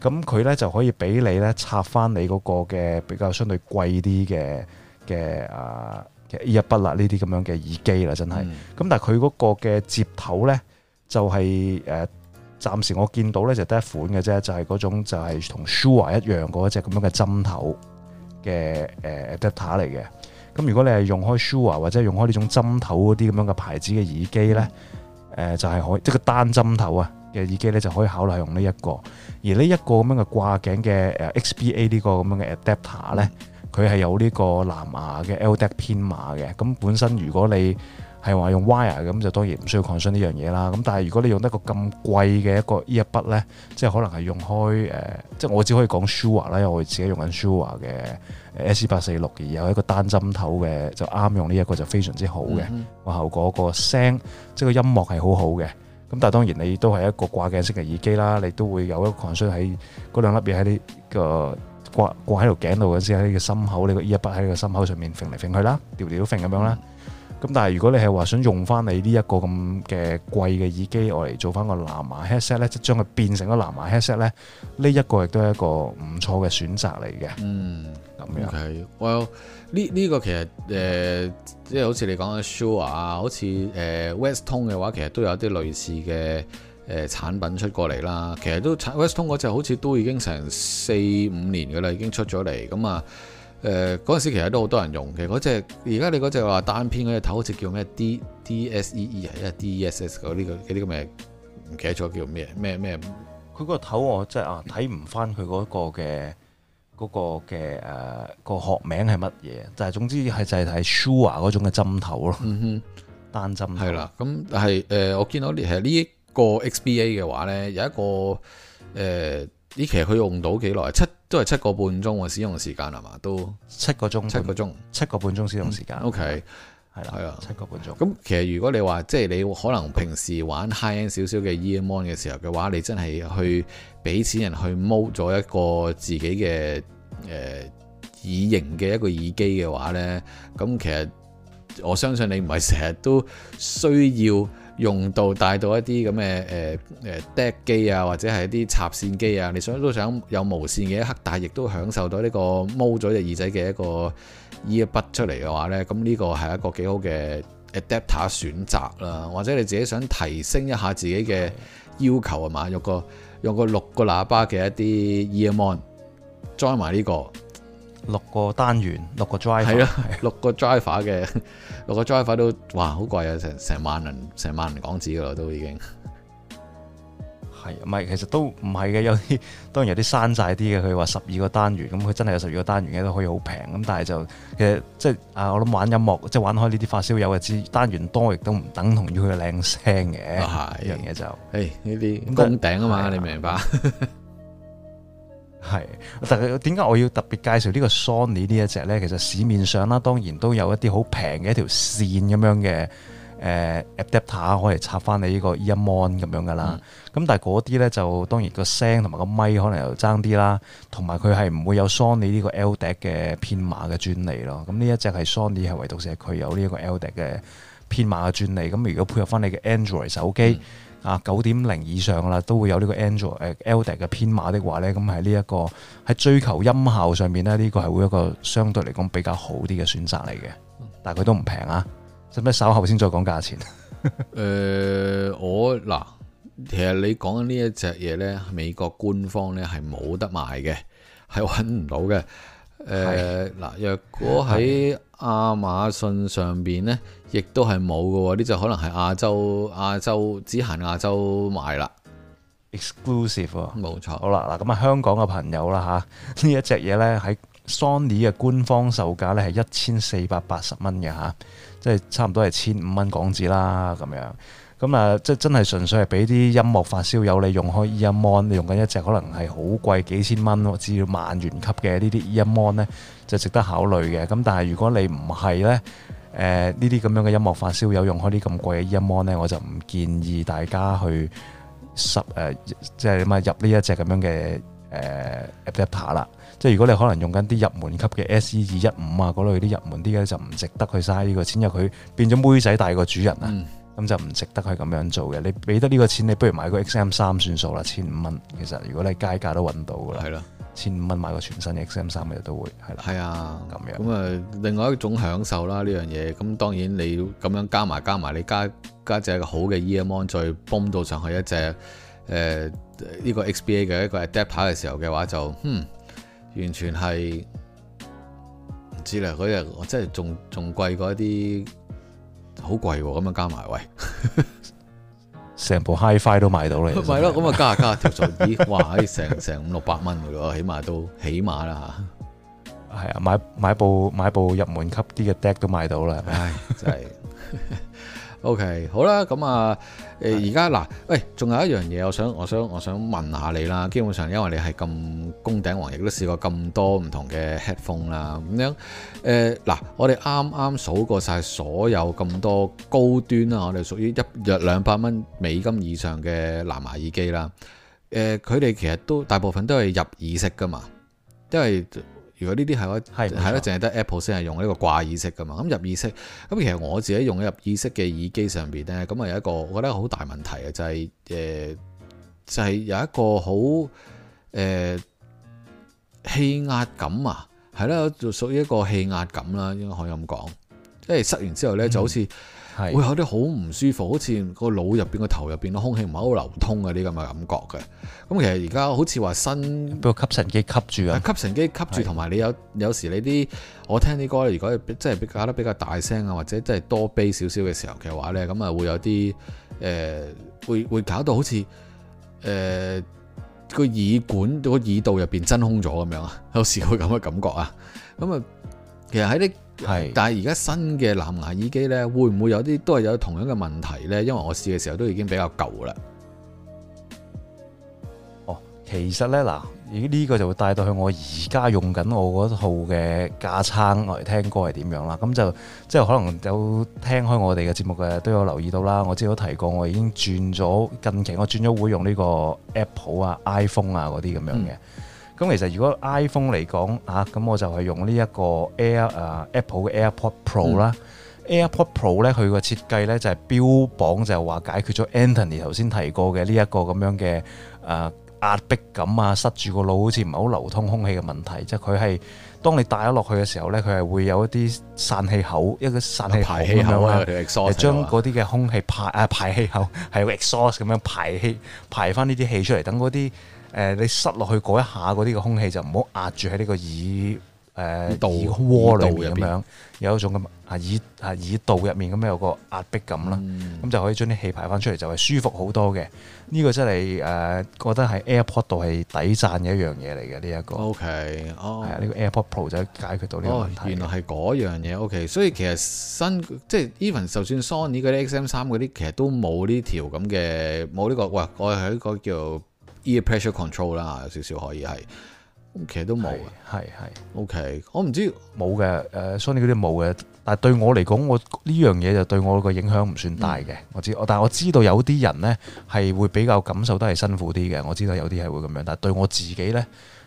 咁佢咧就可以俾你咧插翻你嗰個嘅比較相對貴啲嘅嘅啊嘅一骨啦，呢啲咁樣嘅耳機啦，真係。咁、嗯、但係佢嗰個嘅接頭咧就係、係、誒。呃暫時我見到咧就得一款嘅啫，就係、是、嗰種就係同 Shure 一樣嗰隻咁樣嘅針頭嘅 adapter 嚟嘅。咁如果你係用開 Shure 或者用開呢種針頭嗰啲咁樣嘅牌子嘅耳機咧，就係、是、可以，即、就、係、是、個單針頭啊嘅耳機咧就可以考慮用呢一個。而呢一個咁樣嘅掛頸嘅 XBA 呢個咁樣嘅 adapter 咧，佢係有呢個藍牙嘅 LDAC 編碼嘅。咁本身如果你係話用 wire 嘅，咁就當然唔需要 concern 呢樣嘢啦。咁但係如果你用得個咁貴嘅一個 earbud 咧、呃，即係可能係用開誒，即係我只可以講 Shure 啦，因為我自己用緊 Shure 嘅 SC 八四六，而有一個單針頭嘅就啱用呢、這、一個就非常之好嘅。哇、mm，效、hmm. 果、那個聲即係個音樂係好好嘅。咁但係當然你都係一個掛頸式嘅耳機啦，你都會有一個 concern 喺嗰兩粒嘢喺呢個掛掛喺條頸度嗰時喺個心口呢個 earbud 喺個心口上面揈嚟揈去啦，調調揈咁樣啦。Mm hmm. 咁但係如果你係話想用翻你呢一個咁嘅貴嘅耳機，我嚟做翻個藍牙 headset 咧，即將佢變成個藍牙 headset 咧，呢一個亦都係一個唔錯嘅選擇嚟嘅。嗯，咁樣 OK，呢、well, 呢、呢個其實即係、呃就是、好似你講嘅 Shure 啊，好、呃、似 Westone 嘅話，其實都有啲類似嘅、呃、產品出過嚟啦。其實都 Westone 嗰隻好似都已經成四五年㗎啦，已經出咗嚟咁啊。誒嗰陣時其實都好多人用嘅，嗰隻而家你嗰隻話單片嗰隻頭好似叫咩 D D S E E 啊，一係 D ESS，這個這個、S S 嗰啲嘅嗰啲唔記得咗叫咩咩咩？佢個頭我真係啊睇唔翻佢嗰個嘅嗰、那個嘅誒、啊那個學名係乜嘢？但係總之係就係係 Shure 嗰種嘅針頭咯。嗯哼，單針係啦。咁、啊、但係、呃、我見到其實呢個 X B A 嘅話咧有一個誒呢、呃、其實佢用到幾耐七？都係七個半鐘的使用時間係嘛，都七個鐘，七個鐘，七個半鐘使用時間。OK 係啦，係啊，七個半鐘。咁其實如果你話即係你可能平時玩 high end 少少嘅 E M o n 嘅時候嘅話，你真係去俾錢人去 m 摸咗一個自己嘅誒、呃、耳型嘅一個耳機嘅話呢，咁其實我相信你唔係成日都需要。用到帶到一啲咁嘅誒誒 DAC 機啊，或者係一啲插線機啊，你想都想有無線嘅一刻，但係亦都享受到呢個踎咗隻耳仔嘅一個 earbud 出嚟嘅話咧，咁、嗯、呢、這個係一個幾好嘅 adapter 選擇啦，或者你自己想提升一下自己嘅要求啊嘛、嗯，用個用個六個喇叭嘅一啲 earphone 裝埋呢個六個單元，六個 driver 係咯、啊， [LAUGHS] 六個 driver 嘅。落個 drive 都哇，好貴啊，成成萬人成萬銀港紙噶啦都已經。係唔係？其實都唔係嘅，有啲當然有啲山寨啲嘅。佢話十二個單元，咁佢真係有十二個單元嘅都可以好平。咁但係就其實即係啊，我諗玩音樂即係玩開呢啲發燒友嘅，知單元多亦都唔等同於佢嘅靚聲嘅。呢樣嘢就，誒呢啲工頂啊嘛，是你明白？ [LAUGHS] 係，但係點解我要特別介紹呢個 Sony 呢一隻呢，其實市面上啦，當然都有一啲好平嘅一條線咁樣嘅誒 adapter，可以插翻你呢個 Emon 咁樣噶啦。咁、嗯、但係嗰啲呢，就當然個聲同埋個咪可能又爭啲啦，同埋佢係唔會有 Sony 呢個 LDAC 嘅編碼嘅專利咯。咁呢一隻係 Sony 係唯獨係佢有呢一個 LDAC 嘅編碼嘅專利。咁如果配合翻你嘅 Android 手機，嗯啊，九點零以上啦，都會有呢個 Android 誒 LDAC 嘅編碼的話呢，咁喺呢一個喺追求音效上面呢，呢、這個係會一個相對嚟講比較好啲嘅選擇嚟嘅，但係佢都唔平啊，使唔使稍後先再講價錢？誒 [LAUGHS] 呃，我嗱，其實你講緊呢一隻嘢呢，美國官方呢係冇得賣嘅，係揾唔到嘅。誒嗱是、呃，若果喺亞馬遜上邊呢，是的亦都係冇嘅喎，呢就可能係亞洲亞洲只限亞洲買啦，exclusive。冇錯 lusive。錯好啦，嗱咁啊，香港嘅朋友啦吓，呢一隻嘢呢，喺 Sony 嘅官方售價呢，係一千四百八十蚊嘅吓，即係差唔多係千五蚊港紙啦咁樣。咁啊，即係真係純粹係俾啲音樂發燒友你用開音 mon，你用緊一隻可能係好貴幾千蚊至要萬元級嘅呢啲音 mon 呢，就值得考慮嘅。咁但係如果你唔係咧，誒呢啲咁樣嘅音樂發燒友用開啲咁貴嘅音 mon 呢，我就唔建議大家去十誒、呃，即係入呢一隻咁樣嘅誒、呃、adapter 啦。即係如果你可能用緊啲入門級嘅 S E 二一五啊嗰類啲入門啲咧，就唔值得去嘥呢個錢，因為佢變咗妹仔大過主人啊！嗯咁就唔值得去咁樣做嘅。你俾得呢個錢，你不如買個 X M 三算數啦，千五蚊。其實如果你街價都揾到噶啦，千五蚊買個全新嘅 X M 三嘅都會，係啦。係啊的，咁樣。咁啊、嗯，另外一種享受啦呢樣嘢。咁、這個、當然你咁樣加埋加埋，你加加隻好嘅 E M on 再崩到上去一隻，誒、呃、呢、這個 X B A 嘅一個 Adapter 嘅時候嘅話就，就、嗯、哼，完全係唔知咧。嗰日即真係仲仲貴過一啲。好貴喎、啊，咁啊加埋位，成 [LAUGHS] 部 Hi-Fi 都買到啦，咪咯，咁啊 [LAUGHS] 加一加下條座椅， [LAUGHS] 哇，成成五六百蚊嘅喎，起碼都起碼啦嚇，係啊，買買部買部入門級啲嘅 Deck 都買到啦，唉 [LAUGHS] 真係 [LAUGHS] [LAUGHS] OK，好啦，咁啊。誒而家嗱，喂，仲有一樣嘢，我想我想我想問下你啦。基本上因為你係咁攻頂王亦都試過咁多唔同嘅 headphone 啦，咁樣誒嗱，我哋啱啱數過晒所有咁多高端啦，我哋屬於一約兩百蚊美金以上嘅藍牙耳機啦。誒、呃，佢哋其實都大部分都係入耳式㗎嘛，因為。如果呢啲係我係啦，淨係得 Apple 先係用呢個掛耳式噶嘛。咁入耳式，咁其實我自己用咗入耳式嘅耳機上邊咧，咁啊有一個，我覺得好大問題啊，就係誒，就係有一個好誒氣壓感啊，係啦，就屬於一個氣壓感啦，應該可以咁講，即係塞完之後咧，就好似。嗯是會有啲好唔舒服，好似個腦入邊個頭入邊個空氣唔係好流通啊！啲咁嘅感覺嘅，咁其實而家好似話新個吸塵機吸住啊，吸塵機吸住，同埋是你有有時你啲我聽啲歌如果真係搞得比較大聲啊，或者真係多悲少少嘅時候嘅話呢，咁啊會有啲誒、呃、會會搞到好似誒、呃個耳管、個耳道入邊真空咗咁樣啊，有時會咁嘅感覺啊，咁啊、嗯、其實喺啲。係，是但係而家新嘅藍牙耳機呢，會唔會有啲都係有同樣嘅問題呢？因為我試嘅時候都已經比較舊啦。哦，其實呢，嗱，呢個就會帶到去我而家用緊我嗰套嘅架撐我嚟聽歌係點樣啦？咁就即係可能有聽開我哋嘅節目嘅，都有留意到啦。我之前都提過，我已經轉咗，近期我轉咗會用呢個 Apple 啊、iPhone 啊嗰啲咁樣嘅。嗯咁其實如果 iPhone 嚟講啊，咁我就係用呢一個 Air 啊 Apple 嘅 AirPod Pro 啦，AirPod Pro 咧，佢個設計咧，就係標榜就係話解決咗 Anthony 頭先提過嘅呢一個咁樣嘅誒壓迫感啊，塞住個腦好似唔係好流通空氣嘅問題，即係佢係當你戴咗落去嘅時候咧，佢係會有一啲散氣口，一個散氣排氣口啦，就將嗰啲嘅空氣排啊，排氣口係會 exhaust 咁樣排氣排翻呢啲氣出嚟，等嗰啲。誒，你塞落去嗰一下嗰啲嘅空氣就唔好壓住喺呢個耳誒耳窩裏邊咁樣，子有一種咁啊耳啊耳道入面咁有一個壓迫感啦，咁、嗯、就可以將啲氣排翻出嚟，就係舒服好多嘅。呢、這個真係誒覺得喺 AirPod 度係抵讚嘅一樣嘢嚟嘅呢一個。O K，哦，係啊，呢個 AirPod Pro 就解決到呢個問題。Oh, 原來係嗰樣嘢。O、okay, K，所以其實新即係 Even 就算 Sony 嗰啲 X M 三嗰啲，其實都冇呢條咁嘅冇呢個喂，我係一個叫。pressure control 啦，有少少可以係，其實，okay，都冇，係係，OK，我唔知冇嘅，誒 Sony 嗰啲冇嘅，但係對我嚟講，我呢樣嘢就對我個影響唔算大嘅，嗯、我知，但係我知道有啲人咧係會比較感受得係辛苦啲嘅，我知道有啲係會咁樣，但係對我自己咧。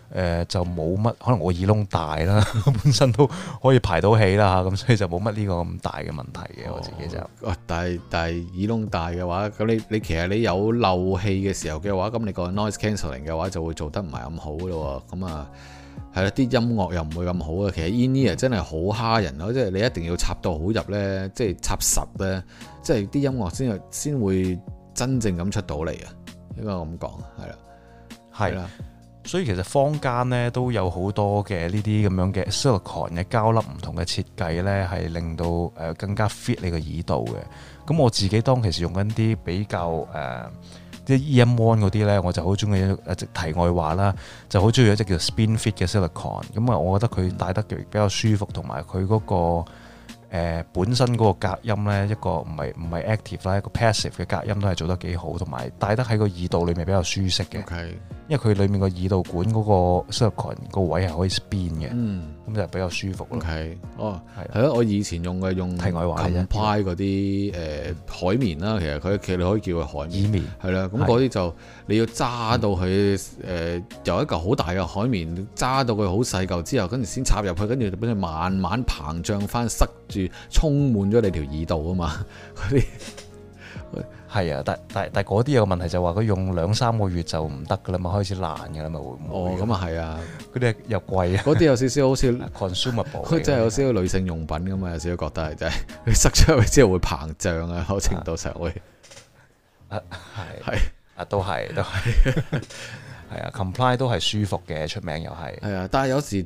誒、呃、就冇乜，可能我耳窿大啦，本身都可以排到氣啦，咁所以就冇乜呢個咁大嘅問題嘅，哦、我自己就。但係但係耳窿大嘅話，咁你你其實你有漏氣嘅時候嘅話，咁你個 noise canceling 嘅話就會做得唔係咁好咯喎，咁啊係啦，啲音樂又唔會咁好啊。其實呢啲啊真係好蝦人咯，即係你一定要插到好入咧，即係插實咧，即係啲音樂先先會真正咁出到嚟啊！應該咁講係啦，係啦。是所以其實坊間咧都有好多嘅呢啲咁樣嘅 silicone 嘅膠粒唔同嘅設計咧，係令到誒更加 fit 你個耳度嘅。咁我自己當其時用緊啲比較誒即係 earphone 嗰啲咧，我就好中意一隻題外話啦，就好中意一隻叫 spin fit 嘅 silicone 咁啊，我覺得佢戴得比較舒服，同埋佢嗰個。誒、呃、本身嗰個隔音咧，一個唔係唔係 active 啦，一個 passive 嘅隔音都係做得幾好，同埋帶得喺個耳道裏面比較舒適嘅。Okay. 因為佢裏面個耳道管嗰個 surround 個位係可以變嘅，咁、嗯、就比較舒服咯。哦 Okay .、oh, 的，係係咯，我以前用嘅用體的外玩 Comply 嗰啲誒海綿啦，其實佢佢你可以叫佢海綿，係啦、e，咁嗰啲就的你要揸到佢誒、嗯呃、有一嚿好大嘅海綿，揸到佢好細嚿之後，跟住先插入去，跟住俾佢慢慢膨脹翻塞住充滿咗你條耳道啊嘛，嗰啲係啊，但但但嗰啲有個問題就話佢用兩三個月就唔得噶啦嘛，開始爛噶啦嘛會唔會？哦咁啊係啊，嗰啲又貴啊，嗰啲有少少好 [LAUGHS] Cons、um、able 似 consumer 寶，佢真係有少少女性用品咁嘛。有少少覺得係真係， [LAUGHS] 塞出去之後會膨脹啊，好程度上會啊係係是啊都係都係。 [LAUGHS] 係啊，Comply 都係舒服嘅，出名又係。係啊，但係有時，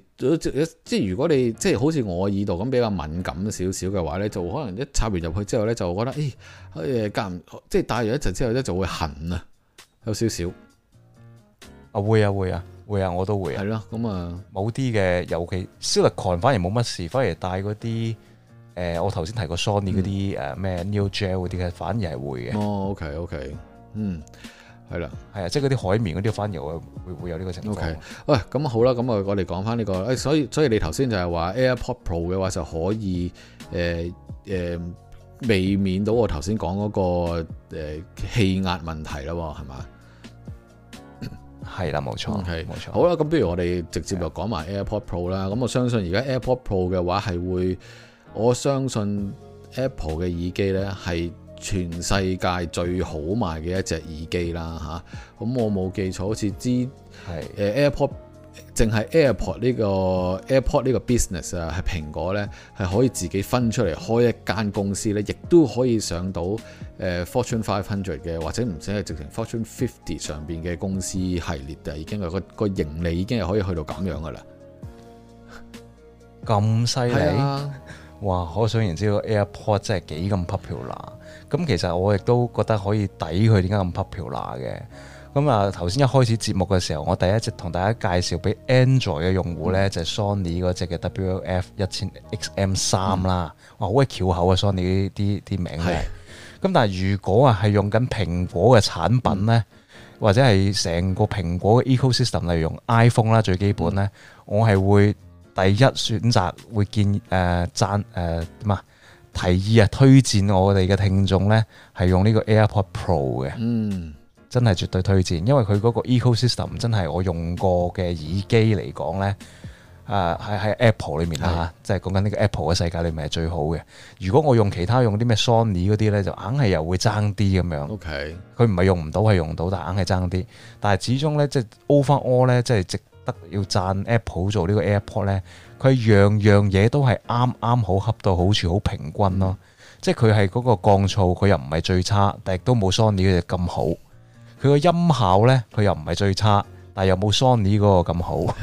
即如果你即好似我的耳度咁比較敏感少少嘅話咧，就可能一插完入去之後咧，就覺得，誒隔唔，即戴完一陣之後咧，就會痕啊，有少少。啊會啊會啊會啊，我都會。係咯，咁啊，啊啊某啲嘅，尤其 silicone 反而冇乜事，反而戴嗰啲，誒、呃、我頭先提過 Sony 嗰啲誒咩 new gel 嗰啲嘅，反而係會嘅。哦，OK OK，嗯。係啦，係啊，即係嗰啲海綿嗰啲翻油啊，會會有呢個情況。O K，喂，咁好啦，咁我我哋講翻呢個，哎，所以所以你頭先就係話 AirPods Pro 嘅話就可以，誒、呃、誒、避、呃、免到我頭先講嗰個誒氣壓問題啦，係嘛？係啦，冇錯，冇錯 Okay，冇錯。好啦，咁不如我哋直接就講埋 AirPods Pro 啦。咁係我相信而家 AirPods Pro 嘅話係會，我相信 Apple 嘅耳機咧係。全世界最好賣嘅一隻耳機啦，嚇、啊！咁我冇記錯，好似知誒係、呃、AirPod，淨係 AirPod 呢、呢個 AirPod 呢個 business 啊，係蘋果咧係可以自己分出嚟開一間公司咧，亦都可以上到誒、呃、Fortune Five Hundred 嘅，或者唔使係直情 Fortune Fifty 上邊嘅公司系列啊，已經係、嗰個、嗰個盈利已經係可以去到咁樣噶啦，咁犀利！啊、哇！可想而知個 AirPod 真係幾咁 popular。咁其實我亦都覺得可以抵佢點解咁 popular 嘅。咁啊，頭先一開始節目嘅時候，我第一隻同大家介紹俾 Android 嘅用戶呢，就係 Sony 嗰隻嘅 WF 一千 XM 三啦。哇，好鬼巧口啊，Sony 啲啲名嚟。咁的但係如果啊係用緊蘋果嘅產品呢，嗯、或者係成個蘋果嘅 ecosystem 例如用 iPhone 啦，最基本呢，嗯、我係會第一選擇會建議誒贊誒提議啊，推薦我哋嘅聽眾呢，係用呢個 AirPod Pro 嘅，嗯，真係絕對推薦，因為佢嗰個 ecosystem 真係我用過嘅耳機嚟講呢，啊、呃，係喺 Apple 裏面啦嚇，即係講緊呢個 Apple 嘅世界裏面係最好嘅。如果我用其他用啲咩 Sony 嗰啲呢，就硬係又會爭啲咁樣。OK，佢唔係用唔到係用到，但硬係爭啲。但係始終呢，即係 overall 呢，即係值得要讚 Apple 做呢個 AirPod 呢。佢樣樣嘢都係啱啱好恰到好處，好平均咯。即係佢係嗰個降噪，佢又唔係最差，但係都冇 Sony 嘅咁好。佢個音效呢，佢又唔係最差，但係又冇 Sony 嗰個咁好。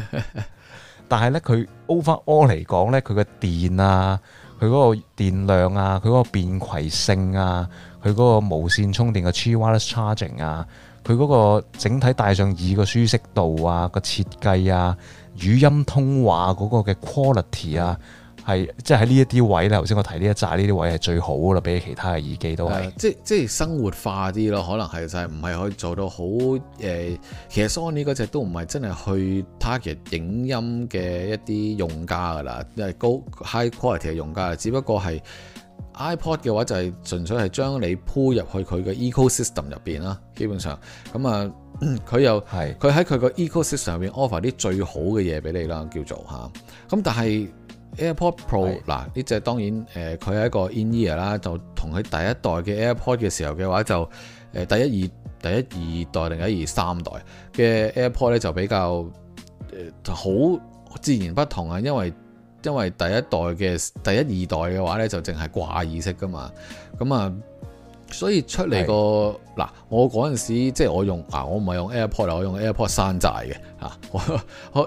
但係呢，佢 Overall 嚟講呢，佢嘅電啊，佢嗰個電量啊，佢嗰個便攜性啊，佢嗰個無線充電嘅 true wireless charging 啊，佢嗰個整體戴上耳嘅舒適度啊，個設計啊。語音通話嗰個嘅 quality 啊，係即係喺呢一啲位咧，頭先我提呢一扎呢啲位係最好㗎喇，比起其他嘅耳機都係。即即係生活化啲咯，可能係就係唔係可以做到好誒、呃。其實 Sony 嗰隻都唔係真係去 target 影音嘅一啲用家㗎喇，係高 high quality 嘅用家。只不過係 iPod 嘅話就係純粹係將你鋪入去佢嘅 ecosystem 入邊啦。基本上咁啊。佢又，佢喺佢個 ecosystem 上面 offer 啲最好嘅嘢俾你啦，叫做吓。咁、啊、但係 AirPod Pro 嗱呢隻當然誒，佢、呃、係一個 in ear 啦，就同佢第一代嘅 AirPod 嘅時候嘅話就誒、呃、第一二第一第二代定一二三代嘅 AirPod 咧就比較誒好、呃、自然不同啊，因為因為第一代嘅第一二代嘅話咧就淨係掛耳式㗎嘛，咁、嗯、啊。所以出嚟個嗱是，我嗰陣時即係我用、啊、我唔係用 AirPod 我用 AirPod 山寨嘅、啊、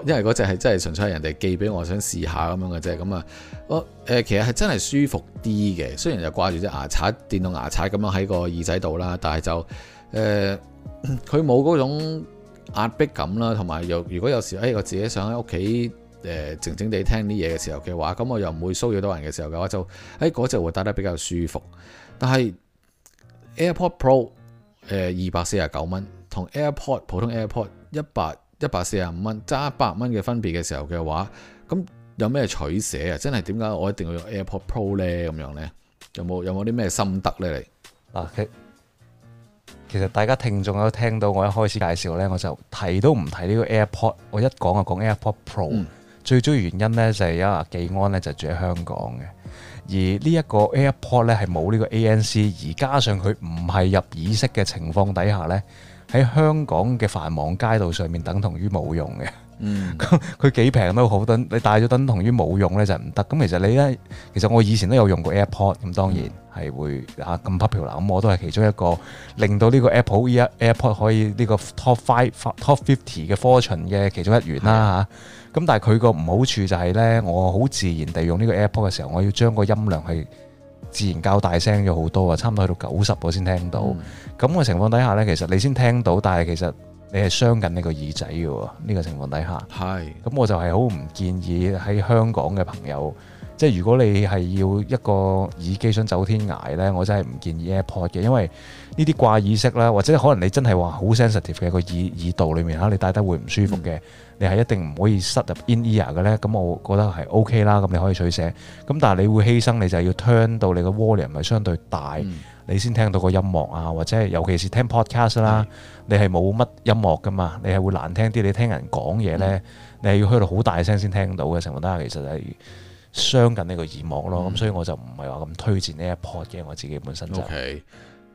因為嗰隻係真係純粹係人哋寄俾我想試，想試下咁樣嘅啫。咁啊、呃，其實係真係舒服啲嘅，雖然就掛住隻牙刷、電動牙刷咁樣喺個耳仔度啦，但係就誒佢冇嗰種壓迫感啦，同埋又如果有時誒、哎、我自己想喺屋企誒靜靜地聽啲嘢嘅時候嘅話，咁我又唔會騷擾到人嘅時候嘅話，就誒嗰、哎、只會打得比較舒服，但係。AirPod Pro，誒二百四十九蚊，同 AirPod 普通 AirPod 一百一百四十五蚊，爭一百蚊嘅分別嘅時候嘅話，咁有咩取捨啊？真係點解我一定要用 AirPod Pro 咧？咁樣咧，有冇有冇啲咩心得咧？你嗱，其實大家聽眾都聽到我一開始介紹咧，我就提都唔提呢個 AirPod，我一講就講 AirPod Pro。嗯、最主要原因咧就係、是、因為紀安咧就住喺香港嘅。而呢一個 AirPod 咧係冇呢個 ANC，而加上佢唔係入耳式嘅情況底下呢，喺香港嘅繁忙街道上面等同於冇用嘅。嗯，佢幾平都好，等你戴咗等同於冇用呢，就唔得。咁其實你呢，其實我以前都有用過 AirPod，咁當然係會嚇咁、嗯啊、popular。咁我都係其中一個令到呢個 Apple AirPod Air 可以呢個 top five、top fifty 嘅 fortune 嘅其中一員啦嚇。咁但係佢個唔好處就係、是、呢，我好自然地用呢個 AirPod 嘅時候，我要將個音量係自然較大聲咗好多啊，差唔多去到九十我先聽到咁嘅、嗯、情況底下呢，其實你先聽到，但係其實你係傷緊你個耳仔嘅喎。呢、這個情況底下係咁，是我就係好唔建議喺香港嘅朋友，即係如果你係要一個耳機想走天涯呢，我真係唔建議 AirPod 嘅，因為。呢啲掛耳式啦，或者可能你真係話好 sensitive 嘅個耳耳道裏面嚇，你戴得會唔舒服嘅，嗯、你係一定唔可以塞入 in ear 嘅咧。咁我覺得係 OK 啦，咁你可以取捨。咁但係你會犧牲，你就要 turn 到你個 volume 係相對大，嗯、你先聽到個音樂啊，或者係尤其是聽 podcast 啦，嗯、你係冇乜音樂噶嘛，你係會難聽啲。你聽人講嘢咧，嗯、你係要去到好大聲先聽到嘅情況下，其實係傷緊你個耳膜咯。咁、嗯、所以我就唔係話咁推薦呢一 part 嘅，我自己本身就是。Okay.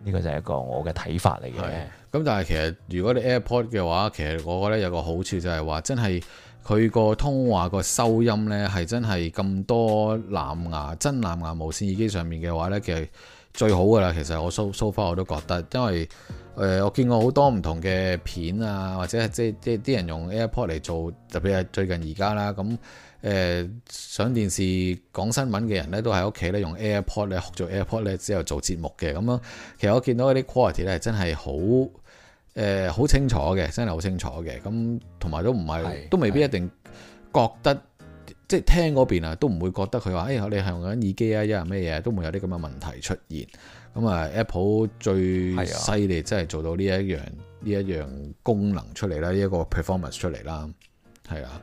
呢個就係一個我嘅睇法嚟嘅。咁但係其實如果你 AirPod 嘅話，其實我覺得有個好處就係話，真係佢個通話個收音呢，係真係咁多藍牙真藍牙無線耳機上面嘅話呢，其實最好噶啦。其實我 so so far 我都覺得，因為誒、呃、我見過好多唔同嘅片啊，或者係即係啲人用 AirPod 嚟做，特別係最近而家啦咁。誒、呃、上電視講新聞嘅人咧，都喺屋企咧用 AirPod 咧，學做 AirPod 咧之後做節目嘅咁樣。其實我見到嗰啲 quality 咧，真係好誒，好、呃、清楚嘅，真係好清楚嘅。咁同埋都唔係，是都未必一定覺得的即係聽嗰邊啊，都唔會覺得佢話誒，你係用緊耳機啊，一係咩嘢都會有啲咁嘅問題出現。咁、嗯、啊，Apple 最犀利，真係做到呢一樣呢的一樣功能出嚟啦，呢、這、一個 performance 出嚟啦，係啊。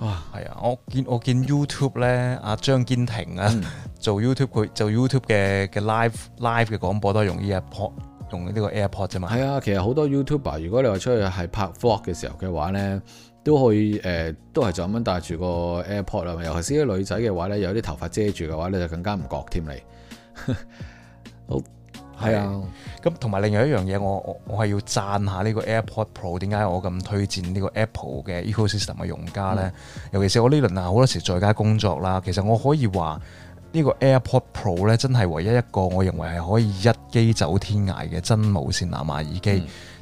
哇，係唉啊！我見我見 YouTube 咧，阿張堅庭啊，嗯、做 YouTube 佢做 YouTube 嘅嘅 live live 嘅廣播都係用 AirPod，用呢個 AirPod 啫嘛。係啊，其實好多 YouTuber，如果你話出去係拍 Vlog 嘅時候嘅話咧，都可以誒，都係就咁樣帶住個 AirPod 啊。尤其是啲女仔嘅話咧，有啲頭髮遮住嘅話咧，就更加唔覺添嚟。你 [LAUGHS] 好。係啊，咁同埋另外一樣嘢，我我係要讚下呢個 AirPod Pro。點解我咁推薦呢個 Apple 嘅 Ecosystem 嘅用家呢？嗯、尤其是我呢輪啊好多時在家工作啦，其實我可以話呢個 AirPod Pro 咧，真係唯一一個我認為係可以一機走天涯嘅真無線藍牙耳機。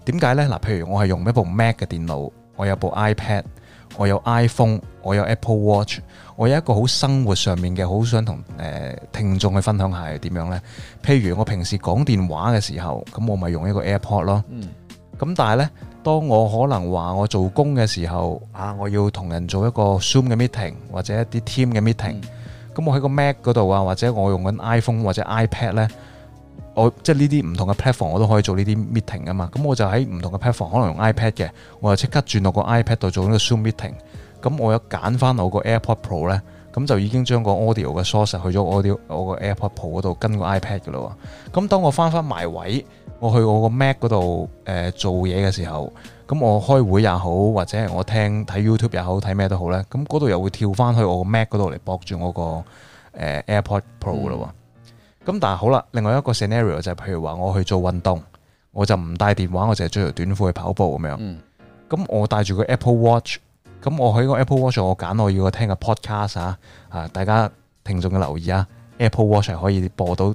點解、嗯、呢？嗱，譬如我係用一部 Mac 嘅電腦，我有部 iPad。我有 iPhone，我有 Apple Watch，我有一個好生活上面嘅，好想同誒、呃、聽眾去分享下係點樣呢？譬如我平時講電話嘅時候，咁我咪用一個 AirPod 咯。咁、嗯、但係呢，當我可能話我做工嘅時候，啊，我要同人做一個 Zoom 嘅 meeting 或者一啲 Team 嘅 meeting，咁我喺個 Mac 度啊，或者我用緊 iPhone 或者 iPad 呢。我即係呢啲唔同嘅 platform，我都可以做呢啲 meeting 啊嘛。咁我就喺唔同嘅 platform，可能用 iPad 嘅，我就即刻轉落個 iPad 度做一個 meeting, 一呢個 Zoom meeting。咁我一揀翻我個 AirPod Pro 咧，咁就已經將個 audio 嘅 source 去咗我啲我 Air 個 AirPod Pro 度跟個 iPad 噶啦。咁當我翻翻埋位，我去我個 Mac 度誒、呃、做嘢嘅時候，咁我開會也好，或者我聽睇 YouTube 也好，睇咩都好呢。咁嗰度又會跳翻去我個 Mac 度嚟駁住我個、呃、AirPod Pro 噶咁但係好啦，另外一個 scenario 就係譬如話我去做運動，我就唔帶電話，我淨係着條短褲去跑步咁樣。咁、嗯、我帶住個 Apple Watch，咁我喺個 Apple Watch 上我揀我要聽個 podcast 啊，啊大家聽眾嘅留意啊，Apple Watch 係可以播到。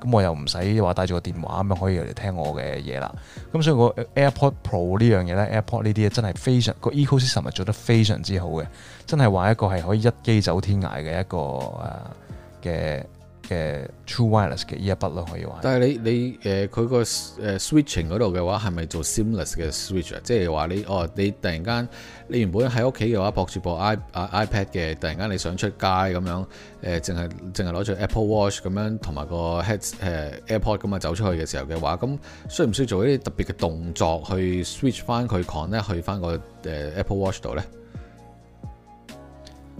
咁我又唔使話帶住個電話咁樣，可以嚟聽我嘅嘢啦。咁所以個 AirPod Pro 個呢樣嘢呢 AirPod 呢啲嘢真係非常、個 ecosystem 係做得非常之好嘅，真係話一個係可以一機走天涯嘅一個誒嘅。啊嘅 True Wireless 嘅依一筆咯，可以、呃、話。但係你你誒佢個誒 Switching 嗰度嘅話，係咪做 Seamless 嘅 Switch 啊？即係話你哦，你突然間你原本喺屋企嘅話，博住部 i、啊、iPad 嘅，突然間你想出街咁樣，誒、呃，淨係淨係攞住 Apple Watch 咁樣，同埋個 Head 誒 AirPod 咁啊，走出去嘅時候嘅話，咁需唔需要做一啲特別嘅動作去 Switch 翻佢 Connect 咧、那個，去翻個誒 Apple Watch 度咧？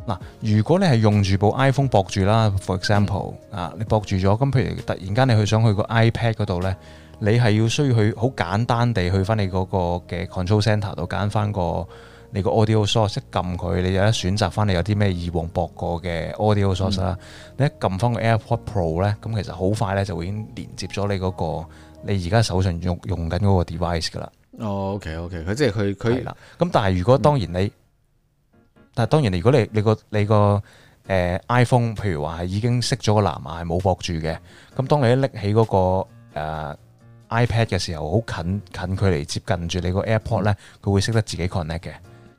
嗱，如果你係用住部 iPhone 駁住啦，for example，、嗯、啊，你駁住咗，咁譬如突然間你去想去個 iPad 嗰度呢，你係要需要去好簡單地去翻你嗰個嘅 Control Center 度揀翻個你個 Audio Source，一撳佢，你有得選擇翻你有啲咩以往駁過嘅 Audio Source 啦、嗯，你一撳翻個 AirPod Pro 呢，咁其實好快呢就會已經連接咗你嗰個你而家手上用用緊嗰個 device 噶啦。哦，OK，OK，、okay, okay, 佢即係佢佢，咁但係如果當然你。嗯但當然，如果你你個你個誒、呃、iPhone，譬如話係已經熄咗個藍牙，係冇駁住嘅。咁當你一拎起嗰、那個、呃、iPad 嘅時候，好近近距離接近住你個 AirPod 咧，佢會識得自己 connect 嘅。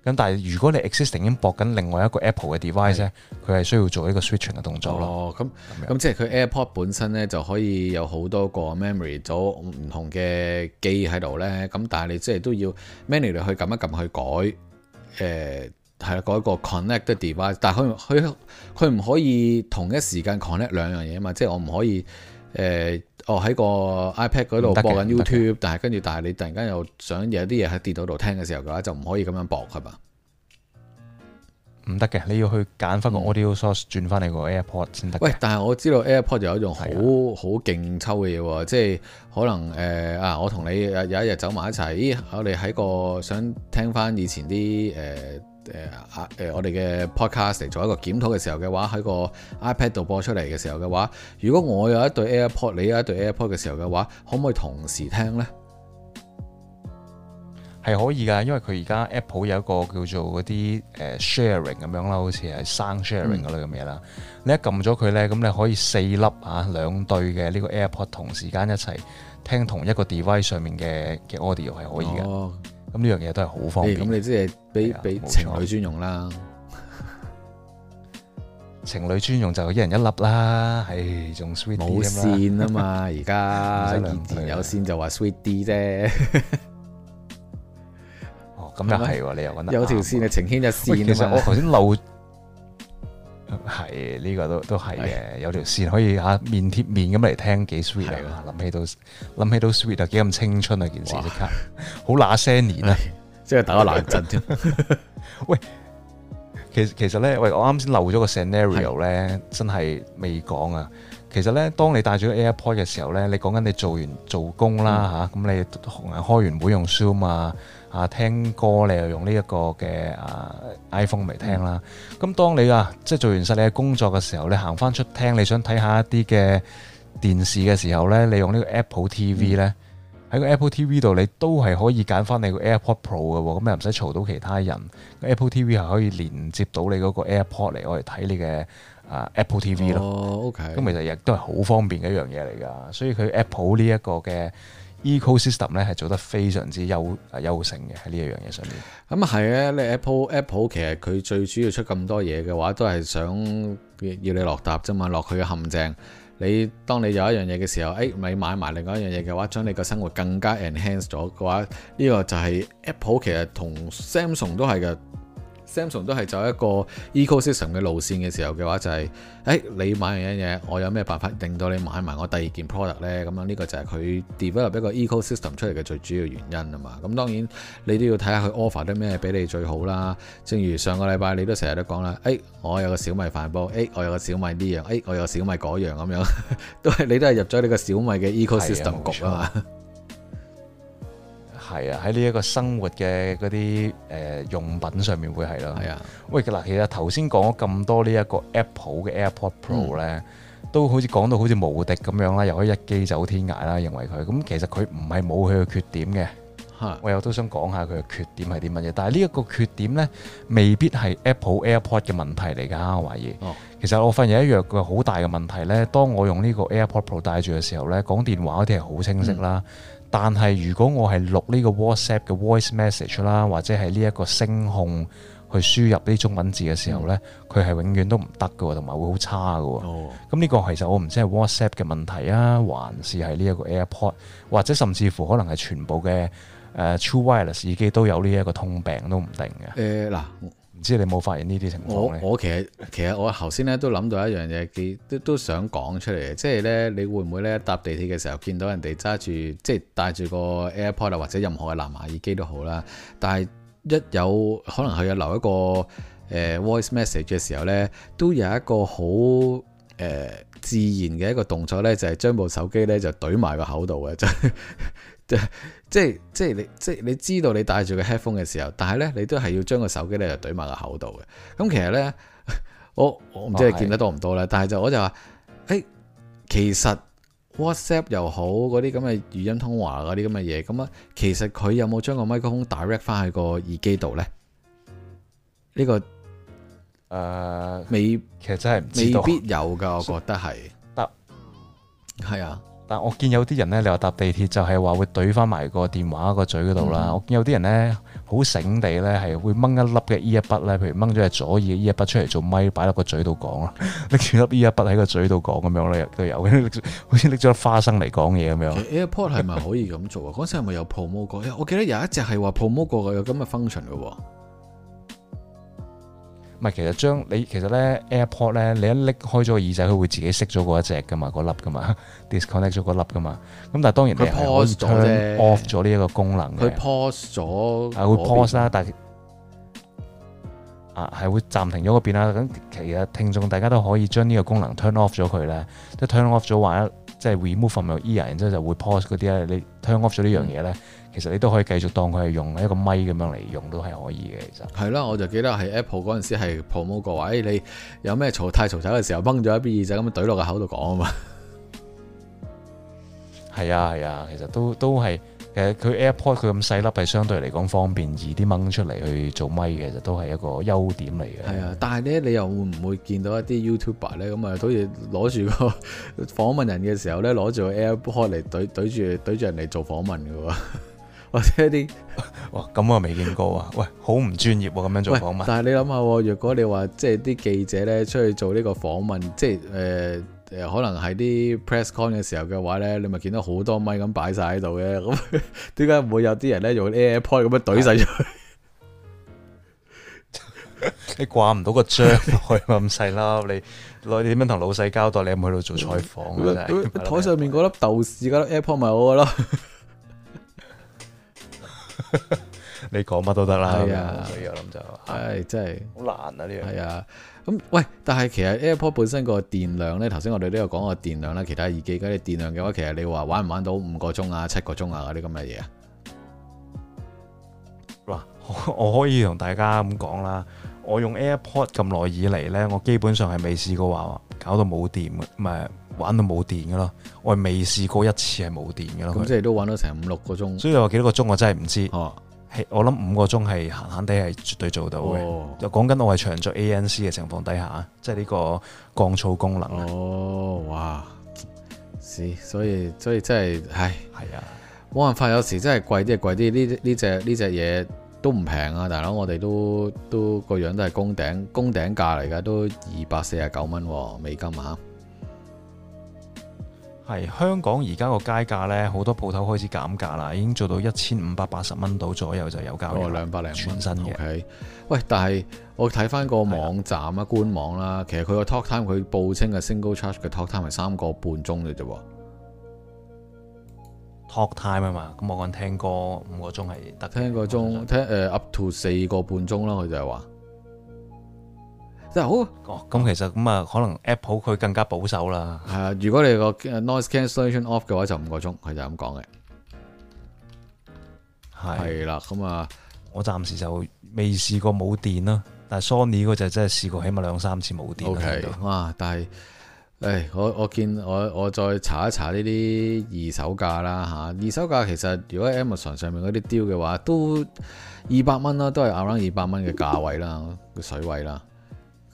咁但係如果你 existing 已經駁緊另外一個 Apple 嘅 device 咧，佢係需要做一個 switching 嘅動作咯。咁咁、哦、樣即係佢 AirPod 本身咧就可以有好多個 memory，做唔同嘅機喺度咧。咁但係你即係都要 manually 去撳一撳去改誒。呃係啦，改、嗰個 connect device 但係佢佢佢唔可以同一時間 connect 兩樣嘢啊嘛，即係我唔可以誒，我、呃、喺、哦、個 iPad 嗰度播緊 YouTube，但係跟住，但係你突然間又想有啲嘢喺電腦度聽嘅時候嘅話，就唔可以咁樣播係嘛？唔得嘅，你要去揀翻個 audio source 轉翻你個 AirPod 先得。喂，但係我知道 AirPod 有一種好好勁抽嘅嘢，即係可能誒、呃、啊，我同你有一日走埋一齊，咦，我哋喺個想聽翻以前啲誒。呃誒啊！誒、呃呃、我哋嘅 podcast 做一個檢討嘅時候嘅話，喺個 iPad 度播出嚟嘅時候嘅話，如果我有一對 AirPod，你有一對 AirPod 嘅時候嘅話，可唔可以同時聽呢？係可以噶，因為佢而家 Apple 有一個叫做嗰啲誒 sharing 咁樣啦，好似係 Sound Sharing 嗰類嘅嘢啦。你一撳咗佢呢，咁你可以四粒啊，兩對嘅呢個 AirPod 同時間一齊聽同一個 device 上面嘅嘅 audio 係可以嘅。哦咁呢樣嘢都係好方便嘅。咁、欸、你即係俾俾情侶專用啦，情侶專用就一人一粒啦。係仲 sweet 啲啊嘛，而家有線就話 sweet 啲啫。哦，咁啊係喎，嗎你又覺得有條線啊、呃，呈現一條線。呃、其實我頭先漏。嗯呢個都都係嘅，的有條線可以吓面貼面咁嚟聽，幾 sweet 嚟咯，諗起到諗起都 sweet 啊，幾咁青春啊，哇件事即刻好那些年啊，即係打個冷震添。 [LAUGHS] 喂，其實其實咧，喂，我啱先漏咗個 scenario 咧，的真係未講啊。其實咧，當你帶咗 AirPod 嘅時候咧，你講緊你做完做工啦吓，咁、嗯啊、你同人開完會用 Zoom 啊。啊，聽歌你又用呢一個嘅啊 iPhone 嚟聽啦。咁當你啊即係做完晒你嘅工作嘅時候，你行翻出廳你想睇下一啲嘅電視嘅時候呢，你用呢個 Apple TV 呢，嗯，喺個 Apple TV 度，你都係可以揀翻你個 AirPod Pro 嘅喎。咁又唔使嘈到其他人。Apple TV 係可以連接到你嗰個 AirPod 嚟，我嚟睇你嘅啊 Apple TV 咯。咁，okay，其實亦都係好方便嘅一樣嘢嚟㗎。所以佢 Apple 呢一個嘅。Ecosystem 咧係做得非常之優優勝嘅喺呢一樣嘢上面。咁啊係嘅，你 Apple Apple 其實佢最主要出咁多嘢嘅話，都係想要你落搭啫嘛，落佢嘅陷阱。你當你有一樣嘢嘅時候，哎咪買埋另外一樣嘢嘅話，將你個生活更加 enhance 咗嘅話，呢個就係 Apple 其實同 Samsung 都係嘅。Samsung 都係走一個 ecosystem 嘅路線嘅時候嘅話，就係，就、哎、係，誒你買完一樣嘢，我有咩辦法令到你買埋我第二件 product 呢？咁樣呢個就係佢 develop 一個 ecosystem 出嚟嘅最主要原因啊嘛。咁當然你都要睇下佢 offer 啲咩俾你最好啦。正如上個禮拜你都成日都講啦，哎，我有個小米飯煲，誒、哎、我有個小米呢樣，誒、哎、我有小米嗰樣，咁樣都係你都係入咗呢個小米嘅 [LAUGHS] ecosystem 係呀局啊嘛。係啊，喺呢一個生活嘅嗰啲誒用品上面會係咯。係啊，喂，嗱，其實頭先講咗咁多這呢一個 Apple 嘅 AirPod Pro 咧，嗯、都好似講到好似無敵咁樣啦，又可以一機走天涯啦，認為佢。咁其實佢唔係冇佢嘅缺點嘅。係、啊，我又都想講下佢嘅缺點係啲乜嘢。但係呢一個缺點咧，未必係 Apple AirPod 嘅問題嚟㗎。我懷疑。哦、其實我發現一樣佢好大嘅問題咧，當我用呢個 AirPod Pro 帶住嘅時候咧，講電話嗰啲係好清晰啦。嗯但係如果我係錄呢個 WhatsApp 嘅 voice message 啦，或者係呢一個聲控去輸入呢中文字嘅時候呢，佢係、嗯、永遠都唔得嘅，同埋會好差嘅。咁呢、哦、個其實我唔知係 WhatsApp 嘅問題啊，還是係呢一個 AirPod 或者甚至乎可能係全部嘅、呃、True Wireless 耳機都有呢一個通病都唔定嘅。呃嗱唔知你冇發現呢啲情況，我我其實其實我頭先咧都諗到一樣嘢，都都想講出嚟嘅。即係咧，你會唔會咧搭地鐵嘅時候見到人哋揸住，即係帶住個 AirPod 或者任何嘅藍牙耳機都好啦，但係一有可能佢有留一個誒、呃、voice message 嘅時候咧，都有一個好誒、呃、自然嘅一個動作咧，就係將部手機咧就懟埋個口度嘅就。 [LAUGHS] 即係即係你即係你知道你戴住個 headphone 嘅時候，但係呢，你都係要將個手機呢就懟埋個口度嘅。咁其實呢，我我唔知你見得多唔多啦。哎、但係就我就話，誒、哎，其實 WhatsApp 又好嗰啲咁嘅語音通話嗰啲咁嘅嘢，咁啊，其實佢有冇將個麥克風 direct 翻去個耳機度呢？呢、呢個誒、呃、未，其實真係未必有噶，我覺得係。得，係啊。但我見有啲人咧，你話搭地鐵就係話會懟翻埋個電話個嘴嗰度啦。嗯、我見有啲人咧，好醒地咧係會掹一粒嘅 e 一筆咧，譬如掹咗係左耳 e 一筆出嚟做咪，擺落個嘴度講啦，拎住粒 e 一筆喺個嘴度講咁樣咧都有嘅，好似拎咗粒花生嚟講嘢咁樣。AirPod 係咪可以咁做啊？嗰陣 [LAUGHS] 時係咪有 promo 過？我記得有一隻係話 promo 過嘅有咁嘅 function 嘅。唔係，其實將你其實咧 AirPod 咧，你一拎開咗個耳仔，佢會自己熄咗嗰一隻噶嘛，嗰粒噶嘛，disconnect 咗嗰粒噶嘛。咁 [LAUGHS] 但係當然你係 pause 咗 off 咗呢一個功能佢 pause 咗，係、啊、會 pause 啦，但係啊，係會暫停咗嗰邊啦。咁其實聽眾大家都可以將呢個功能 turn off 咗佢咧，即 turn off 咗話。即係 remove from ear，然之後就會 pause 嗰啲咧。你 turn off 咗呢樣嘢咧，其實你都可以繼續當佢係用一個咪咁樣嚟用都係可以嘅。其實係啦，我就記得喺 Apple 嗰陣時係 promote 話，位、哎，你有咩嘈太嘈雜嘅時候，掹咗一邊耳仔咁樣懟落個口度講啊嘛。係啊係啊，其實都都係。其實佢 AirPod 佢咁細粒係相對嚟講方便，易啲掹出嚟去做咪嘅，其實都係一個優點嚟嘅。係啊，但係咧，你又會唔會見到一啲 YouTuber 咧咁啊？好似攞住個訪問人嘅時候咧，攞住個 AirPod 嚟懟懟住懟住人嚟做訪問喎？ [LAUGHS] 或者一啲哇，咁我未見過 [LAUGHS] 啊！喂，好唔專業咁、啊、樣做訪問。但係你諗下，若果你話即係啲記者咧出去做呢個訪問，即係誒。呃誒，可能喺啲 press con 嘅時候嘅話咧，你咪見到好多咪咁擺晒喺度嘅，咁點解唔會有啲人咧用 AirPod 咁樣懟晒咗？ [LAUGHS] 你掛唔到個張啊嘛，咁細粒，你你點樣同老細交代？你有冇喺度做採訪？台上面嗰粒豆豉嗰粒 AirPod 咪我噶咯？ [LAUGHS] [LAUGHS] 你講乜都得啦，係啊，所以我諗就很，唉、啊，真係好難啊呢樣，係啊。咁喂？但係其實 AirPod 本身個電量呢，頭先我哋都有講過電量啦。其他耳機嗰啲電量嘅話，其實你話玩唔玩到五個鐘啊、七個鐘啊嗰啲咁嘅嘢啊？嗱、啊，我可以同大家咁講啦。我用 AirPod 咁耐以嚟呢，我基本上係未試過話搞到冇電嘅，唔係玩到冇電嘅咯。我係未試過一次係冇電嘅咯。咁即係都玩咗成五六個鐘，所以話幾多個鐘我真係唔知。啊我諗五個鐘係閒閒哋係絕對做到嘅、哦。就講緊我係長着 ANC 嘅情況底下，即係呢個降噪功能。哦，哇，是，所以所以真係，唉，係啊，冇辦法，有時候真係貴啲就貴啲。呢呢隻呢隻嘢都唔平啊，大佬，我哋都都個樣子都係公頂公頂價嚟㗎，都二百四十九蚊美金啊。係香港而家個街價呢，好多鋪頭開始減價啦，已經做到一千五百八十蚊到左右就有交易啦。全新 k、okay. 喂，但係我睇翻個網站啊、是的官網啦，其實佢個 talk time 佢報稱係 single charge 嘅 talk time 係三個半鐘嘅啫喎。talk time 啊嘛，咁我講聽歌五個鐘係，聽一個鐘，聽，聽、uh, up to 四個半鐘啦，佢就係話。真係好哦。咁其實咁啊，可能 Apple 佢更加保守啦。係啊，如果你個 noise cancellation off 嘅話就，就五個鐘。佢就咁講嘅係係啦。咁啊，嗯、我暫時就未試過冇電啦。但係、嗯、但 Sony 嗰隻真係試過，起碼兩三次冇電。O K 哇！但係誒，我我見我我再查一查呢啲二手價啦嚇、啊。二手價其實如果 Amazon 上面嗰啲 deal 嘅話，都二百蚊啦，都係 around 二百蚊嘅價位啦，個水位啦。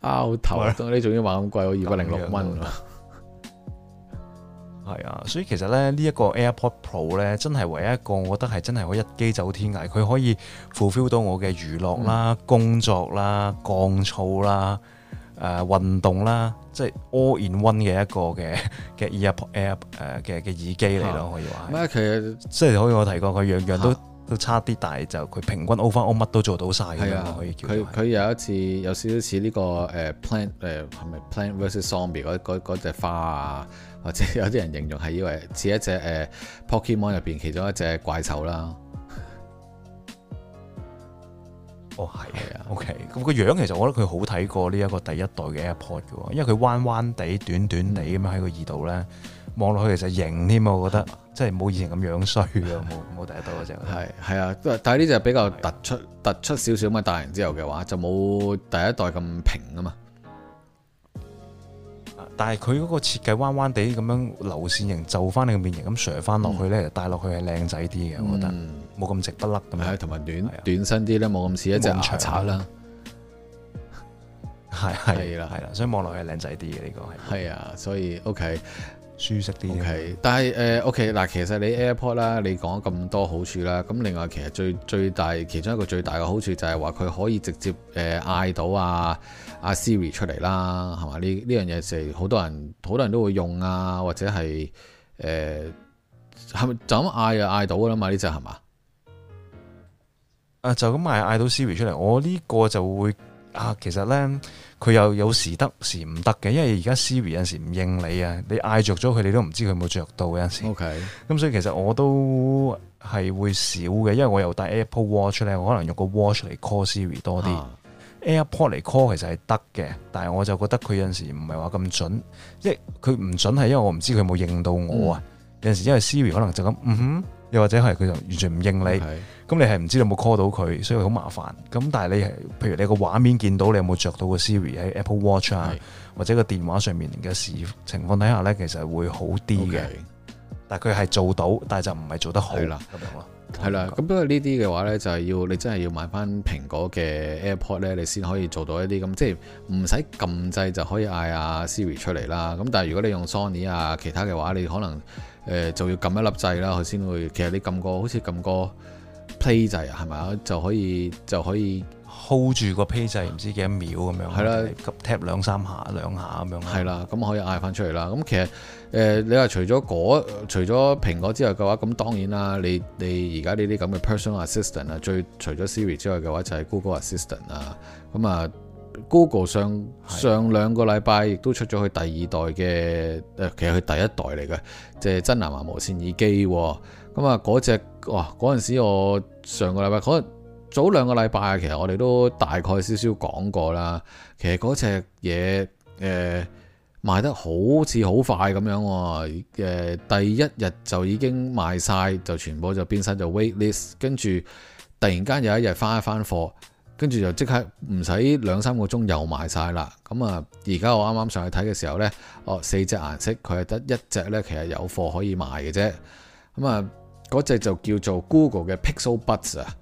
包、啊、頭，你仲是要買咁貴，我二百零六蚊。係啊，所以其實咧呢一、這個 AirPod Pro 咧，真係唯一一個，我覺得係真係可以一機走天涯。佢可以 fulfill 到我嘅娛樂啦、嗯、工作啦、降噪啦、誒、呃、運動啦，即係 all in one 嘅一個嘅嘅 AirPod Air 誒嘅嘅耳機嚟咯，啊、可以話。唔係，其實即係好似我提過，佢樣樣都。啊都差啲，但係就佢平均 al all 翻，我乜都做到晒。嘅、啊，可佢。佢有一次有少少似呢個誒 plant 誒係咪 plant vs zombie 嗰嗰嗰隻花啊？或者有啲人形容係以為似一隻誒 Pokemon 入邊其中一隻怪獸啦。 [LAUGHS] 哦，係啊，OK。咁、那個樣其實我覺得佢好睇過呢一個第一代嘅 AirPod 嘅，因為佢彎彎地、嗯、短短地咁樣喺個耳度咧。望落去其實型添啊，我覺得，即係冇以前咁樣衰咯，冇冇第一代嗰隻。係係 [LAUGHS] 啊，但係呢隻比較突出、啊、突出少少咁嘅大型之後嘅話，就冇第一代咁平啊嘛。但係佢嗰個設計彎彎地咁樣流線型就翻你嘅面型，咁削翻落去咧，嗯、戴落去係靚仔啲嘅，我覺得，冇咁直筆甩咁樣，同埋、嗯啊、短、啊、短身啲咧，冇咁似一隻牙刷咁長啦。係係啦係啦，所以望落去係靚仔啲嘅呢個係。係啊，啊，所以 OK。舒適啲。Okay, 但係誒，O K，嗱，呃、okay, 其實你 AirPod 啦，你講咗咁多好處啦，咁另外其實最最大其中一個最大嘅好處就係話佢可以直接誒嗌、呃、到啊啊 Siri 出嚟啦，係嘛？呢呢樣嘢就係好多人好多人都會用啊，或者係誒係咪就咁嗌就嗌到啦嘛？呢隻係嘛？啊，就咁嗌嗌到 Siri 出嚟，我呢個就會啊，其實呢。佢又有時得時唔得嘅，因為而家 Siri 有陣時唔應你啊，你嗌着咗佢，你都唔知佢有冇着到有陣時。OK，咁、嗯、所以其實我都係會少嘅，因為我又戴 Apple Watch 咧，我可能用個 Watch 嚟 call Siri 多啲，AirPod 嚟 call 其實係得嘅，但係我就覺得佢有陣時唔係話咁準，即係佢唔準係因為我唔知佢有冇應到我啊，有陣時因為 Siri 可能就咁嗯哼。又或者係佢就完全唔應你，咁是你係唔知有冇 call 到佢，所以好麻煩。咁但係你係，譬如你個畫面見到你有冇着到個 Siri 喺 Apple Watch 啊，是或者個電話上面嘅事情況底下呢，其實會好啲嘅。Okay 但係佢係做到，但係就唔係做得好啦。咁樣囉，係啦，咁不過呢啲嘅話呢，就係、是、要你真係要買翻蘋果嘅 AirPod 呢，你先可以做到一啲咁，即係唔使撳掣就可以嗌啊 Siri 出嚟啦。咁但係如果你用 Sony 啊其他嘅話，你可能。誒、呃、就要撳一粒掣啦，佢先會。其實你撳個好似撳個 Play 掣啊，係咪啊？就可以就可以 hold 住個 Play 掣，唔知幾多秒咁樣。係啦，急 tap 兩三下，兩下咁樣。係啦，咁可以嗌翻出嚟啦。咁其實誒、呃，你話除咗果，除咗蘋果之外嘅話，咁當然啦，你你而家呢啲咁嘅 personal assistant 啊，最除咗 Siri 之外嘅話，就係 Google Assistant 啊，咁啊。Google 上的上兩個禮拜亦都出咗佢第二代嘅。誒、呃，其實佢第一代嚟嘅，即係真藍牙無綫耳機。咁、哦、啊，嗰、那、隻、個、哇，嗰陣時我上個禮拜，可能早兩個禮拜啊，其實我哋都大概少少講過啦。其實嗰隻嘢誒賣得好似好快咁樣，誒、呃，第一日就已經賣晒，就全部就變晒就 waitlist，跟住突然間有一日翻一翻貨。跟住就即刻唔使兩三個鐘又賣晒啦。咁啊，而家我啱啱上去睇嘅時候呢，哦，四隻顏色佢係得一隻呢。其實有貨可以賣嘅啫。咁啊，嗰隻就叫做 Google 嘅 Bud、呃、Pixel Buds 啊。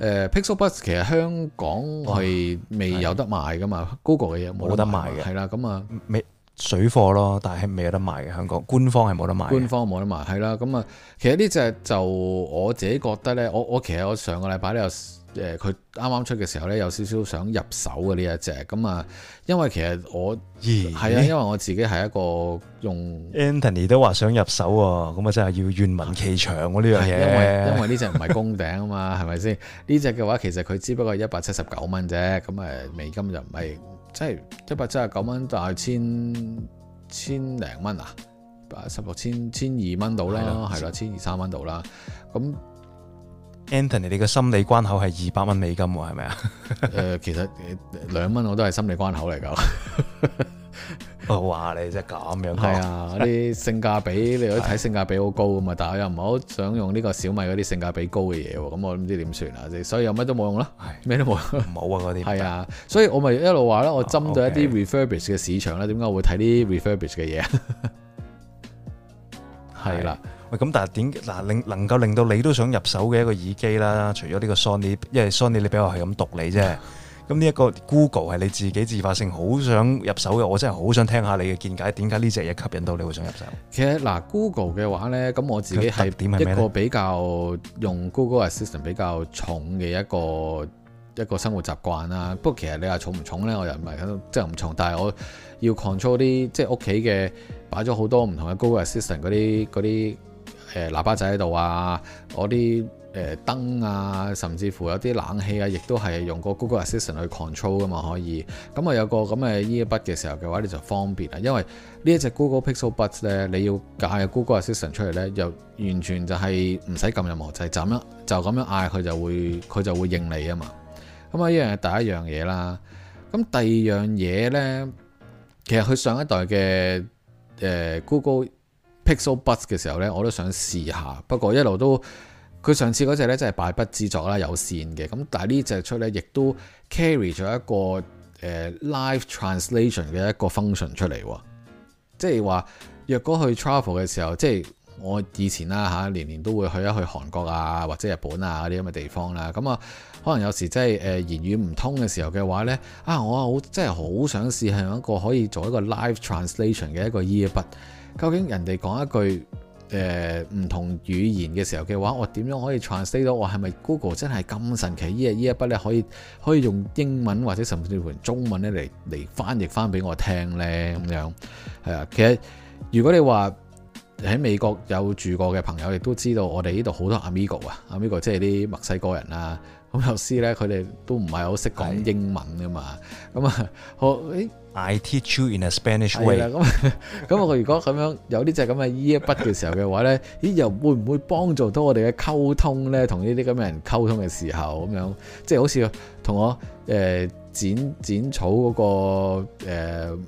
誒，Pixel Buds 其實香港係未有得賣㗎嘛。哇 Google 嘅嘢冇得賣嘅。係啦，咁啊，未、嗯、水貨咯，但係未有得賣嘅香港官方係冇得，得賣。官方冇得賣，係啦。咁啊，其實呢隻就我自己覺得呢。我我其實我上個禮拜咧又。誒，佢啱啱出嘅時候咧，有少少想入手嘅呢一隻咁啊，因為其實我係、欸、啊，因為我自己係一個用 Anthony 都話想入手喎、啊，咁啊真係要願聞其詳喎呢樣嘢。因為因為呢隻唔係公頂啊嘛，係咪先？呢隻嘅話其實佢只不過係一百七十九蚊啫，咁、嗯、誒美金就唔係即係一百七十九蚊，大概千千零蚊啊，十六千千二蚊度啦。係啦，千二三蚊度啦，咁。Antony，你嘅心理關口係二百蚊美金喎，係咪啊？誒、 [LAUGHS] 呃，其實兩蚊我都係心理關口嚟㗎。我話 [LAUGHS] 你啫，咁樣係啊？啲 [LAUGHS] 性價比，你可以睇性價比好高啊嘛，的但係我又唔好想用呢個小米嗰啲性價比高嘅嘢喎，咁我唔知點算啊！所以又乜都冇用咯，咩的都冇，冇啊嗰啲。係 [LAUGHS] 那些 啊，所以我咪一路話咯，我針對一啲 refurbished 嘅市場咧，點解、啊 okay、我會睇啲 refurbished 嘅嘢啊？係 [LAUGHS] 啦的。咁但係點嗱，令能夠令到你都想入手嘅一個耳機啦，除咗呢個 Sony，因為 Sony 你畀我係咁讀你啫。咁呢一個 Google 係你自己自發性好想入手嘅，我真係好想聽下你嘅見解，點解呢隻嘢吸引到你會想入手？其實嗱、啊，Google 嘅話咧，咁我自己係一個比較用 Google Assistant 比較重嘅一個一個生活習慣啦。不過其實你話重唔重咧，我又唔係即係唔重，但係我要 control 啲即係屋企嘅擺咗好多唔同嘅 Google Assistant 啲嗰啲嗰啲誒、呃、喇叭仔喺度啊，嗰啲誒燈啊，甚至乎有啲冷氣啊，亦都係用個 Google Assistant 去 control 噶嘛，可以。咁啊有個咁嘅 earbud 嘅時候嘅話，你就方便啦，因為只呢一隻 Google Pixel Buds 咧，你要嗌 Google Assistant 出嚟咧，又完全就係唔使撳任何掣，就咁樣就咁樣嗌佢就會佢就會應你啊嘛。咁啊，呢樣係第一樣嘢啦。咁第二樣嘢咧，其實佢上一代嘅誒、呃、Google Pixel Buds 嘅時候呢，我都想試下。不過一路都佢上次嗰隻咧，真係敗筆之作啦，有線嘅。咁但係呢隻出咧，亦都 carry 咗一個誒、呃、live translation 嘅一個 function 出嚟。即係話，若果去 travel 嘅時候，即係我以前啦、啊、嚇、啊，年年都會去一去韓國啊，或者日本啊嗰啲咁嘅地方啦、啊。咁啊，可能有時真係誒言語唔通嘅時候嘅話呢，啊我好真係好想試係一個可以做一個 live translation 嘅一個 earbud。究竟人哋講一句誒唔、呃、同語言嘅時候嘅話，我點樣可以 translate 到？我係咪 Google 真係咁神奇？呢啊依一筆咧，可以可以用英文或者甚至乎中文咧嚟嚟翻譯翻俾我聽咧咁樣？係啊，其實如果你話喺美國有住過嘅朋友，亦都知道我哋呢度好多 Amigo 啊，Amigo 即係啲墨西哥人啊。咁有時咧，佢哋都唔係好識講英文㗎嘛。咁啊是，我誒。I teach you in a Spanish way。啦、嗯，咁咁我如果咁樣有呢隻咁嘅 earbud 嘅時候嘅話咧，咦 [LAUGHS] 又會唔會幫助到我哋嘅溝通咧？同呢啲咁嘅人溝通嘅時候咁樣，即係好似同我誒、呃、剪剪草嗰、嗰個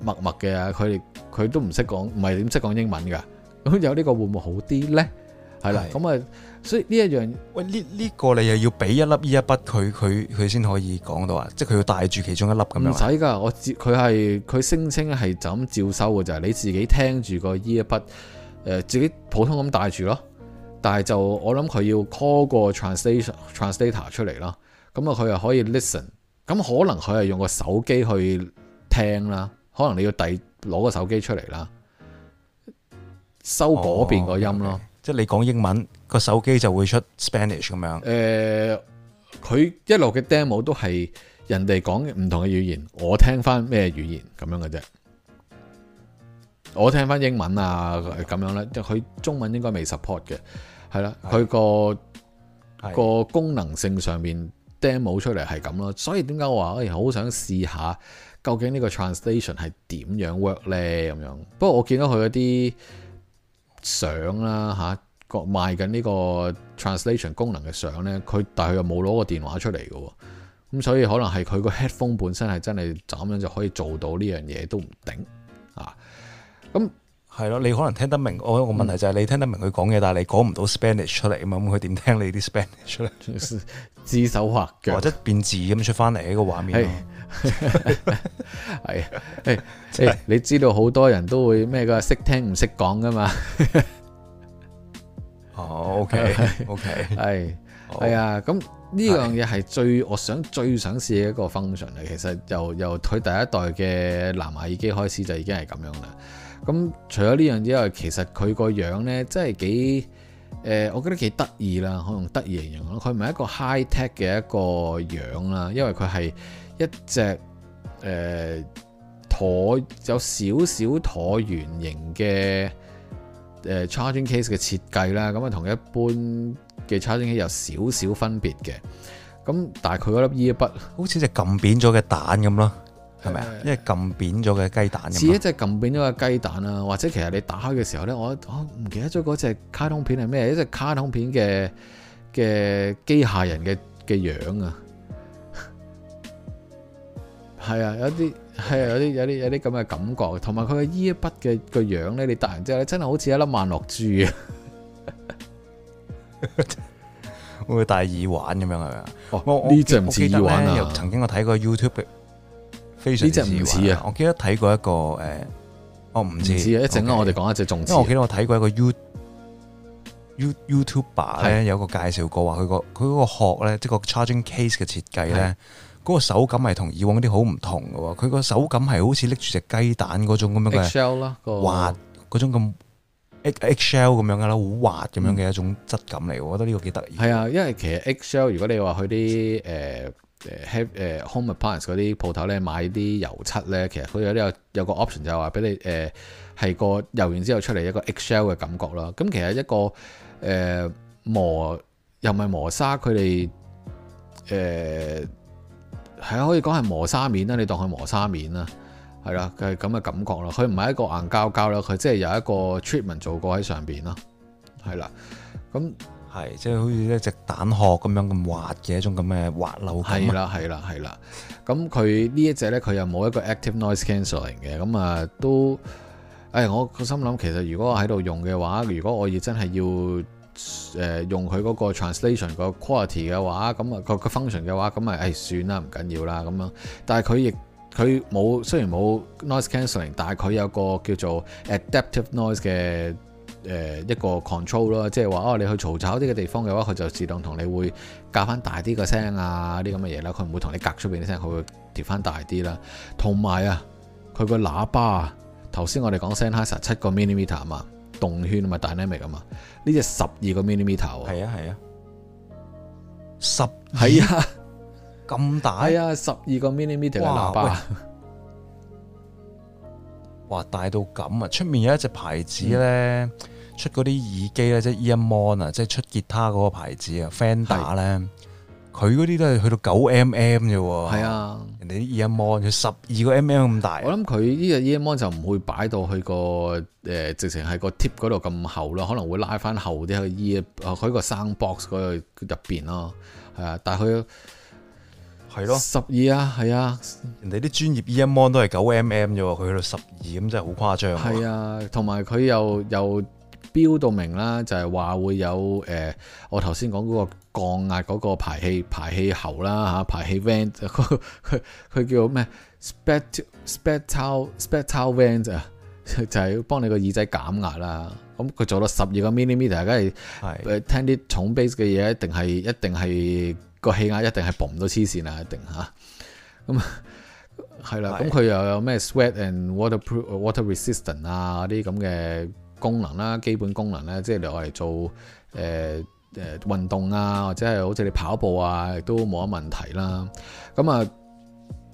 默默嘅啊，佢哋佢都唔識講，唔係點識講英文㗎？咁 [LAUGHS] 有呢個會唔會好啲咧？係啦的，咁啊、嗯。嗯所以呢一樣，喂呢呢、這個你又要俾一粒呢一筆佢佢佢先可以講到啊！即係佢要帶住其中一粒咁樣。唔使㗎，我接佢係佢聲稱係就咁照收嘅就係、是、你自己聽住個依一筆，誒自己普通咁帶住咯。但係就我諗佢要 call 個 translation translator 出嚟啦。咁啊佢又可以 listen。咁可能佢係用個手機去聽啦，可能你要攞個手機出嚟啦，收嗰邊個音咯、哦。即係你講英文。個手機就會出 Spanish 咁樣。誒、呃，佢一路嘅 demo 都係人哋講嘅唔同嘅語言，我聽翻咩語言咁樣嘅啫。我聽翻英文啊咁樣咧，即佢中文應該未 support 嘅，係啦。佢個個功能性上面 demo 出嚟係咁咯，所以點解我話誒，好想試下究竟呢個 translation 係點樣 work 咧咁樣。不過我見到佢一啲相啦吓。賣緊呢個 translation 功能嘅相咧，佢但係又冇攞個電話出嚟嘅，咁所以可能係佢個 headphone 本身係真係咁樣就可以做到呢樣嘢都唔定啊。咁係咯，你可能聽得明，我有個問題就係你聽得明佢講嘢，嗯、但係你講唔到 Spanish 出嚟啊嘛，咁佢點聽你啲 Spanish 出嚟？指手畫腳或者變字咁出翻嚟呢個畫面咯。係你知道好多人都會咩噶？識聽唔識講噶嘛？ [LAUGHS] 哦，OK，OK，係，係啊，咁呢樣嘢係最是我想最想試嘅一個 function 啊。其實由由佢第一代嘅藍牙耳機開始就已經係咁樣啦。咁除咗呢樣之外，其實佢個樣咧真係幾誒，我覺得幾得意啦，可能得意形容佢唔係一個 high tech 嘅一個樣啦，因為佢係一隻誒橢有少少橢圓形嘅。誒 charging case 嘅設計啦，咁啊同一般嘅 charging case 有少少分別嘅，咁但係佢嗰粒耳筆好似隻撳扁咗嘅蛋咁咯，係咪啊？因為撳扁咗嘅雞蛋。似一隻撳扁咗嘅雞蛋啊，或者其實你打開嘅時候咧，我我唔記得咗嗰隻卡通片係咩？一隻卡通片嘅嘅機械人嘅嘅樣啊，係 [LAUGHS] 啊，有啲。係、啊、有啲有啲有啲咁嘅感覺，同埋佢嘅依一筆嘅個樣咧，你突然之後咧，真係好似一粒萬樂珠 [LAUGHS] 會會啊！會唔會戴耳環咁樣啊？呢隻唔似耳環啊！曾經我睇過 YouTube，非常之唔似啊！啊我記得睇過一個誒，我唔似啊！一陣間我哋講一隻仲，因為我記得我睇過一個 you, you, YouTuber 咧，的有個介紹過話佢、個佢嗰個殼咧，即係個 charging case 嘅設計咧。嗰個手感係同以往啲好唔同嘅喎，佢個手感係好似拎住隻雞蛋嗰種咁樣嘅，滑嗰種咁，eggshell 咁樣嘅啦，好滑咁樣嘅一種質感嚟，我覺得呢個幾得意。係啊、嗯，因為其實 eggshell 如果你話去啲誒誒 home 誒 home appliance 嗰啲鋪頭咧買啲油漆咧，其實佢有啲有有個 option 就係話俾你誒係、呃、個油完之後出嚟一個 eggshell 嘅感覺啦。咁其實一個誒、呃、磨又唔係磨砂佢哋誒。係啊，係可以講係磨砂面啦，你當佢磨砂面啦，係啦，係咁嘅感覺咯。佢唔係一個硬膠膠咯，佢即係有一個 treatment 做過喺上邊咯，係啦。咁係即係好似一隻蛋殼咁樣咁滑嘅一種咁嘅滑溜。係啦，係啦，係啦。咁佢呢一隻咧，佢又冇一個 active noise cancelling 嘅，咁啊都，誒、哎、我個心諗其實如果我喺度用嘅話，如果我要真係要。誒、呃、用佢嗰個 translation 個 quality 嘅話，咁啊個 function 嘅話，咁咪誒算啦，唔緊要啦咁樣。但係佢亦佢冇，雖然冇 noise cancelling，但係佢有一個叫做 adaptive noise 嘅誒、呃、一個 control 咯，即係話哦，你去嘈吵啲嘅地方嘅話，佢就自動同你會校翻大啲嘅聲啊啲咁嘅嘢啦。佢唔會同你隔出邊嘅聲，佢會調翻大啲啦。同埋啊，佢個喇叭頭先我哋講 Sennheiser 七個 millimeter 啊嘛。動圈咪 dynamic 啊嘛，呢隻十二個 millimeter 啊，係啊係啊，十係啊咁大啊，十二個 millimeter 嘅喇叭，哇大到咁啊！出面有一隻牌子咧，嗯、出嗰啲耳機咧，即係 E-Mon 啊，即係出吉他嗰個牌子啊，Fender 咧。佢嗰啲都係去到九 mm 啫喎，係啊，人哋啲耳模佢十二個 mm 咁大。我諗佢呢個耳模就唔會擺到去、個誒、呃，直情係個 tip 嗰度咁厚咯，可能會拉翻厚啲去耳，佢個 sound box 嗰入邊咯，係啊，但係佢係咯，十二啊，係啊，啊人哋啲專業耳模都係九 mm 啫喎，佢去到十二咁真係好誇張。係啊，同埋佢又又。標到明，就是說呃、說啦，vent, Spect re, Spect re vent, 就係話會有誒，我頭先講嗰個降壓嗰個排氣排氣喉啦嚇，排氣 vent 佢佢叫咩？spatial spatial vent 啊，就係幫你個耳仔減壓啦。咁、嗯、佢做咗十二個 millimeter，梗係誒聽啲重 base 嘅嘢一定係一定係個氣壓一定係嘣到黐線啊！一定吓，咁、啊嗯、係啦。咁佢是、嗯、又有咩 sweat and water water resistant 啊啲咁嘅。這功能啦，基本功能咧，即係你攞嚟做，誒誒運動啊，或者係好似你跑步啊，亦都冇乜問題啦。咁啊，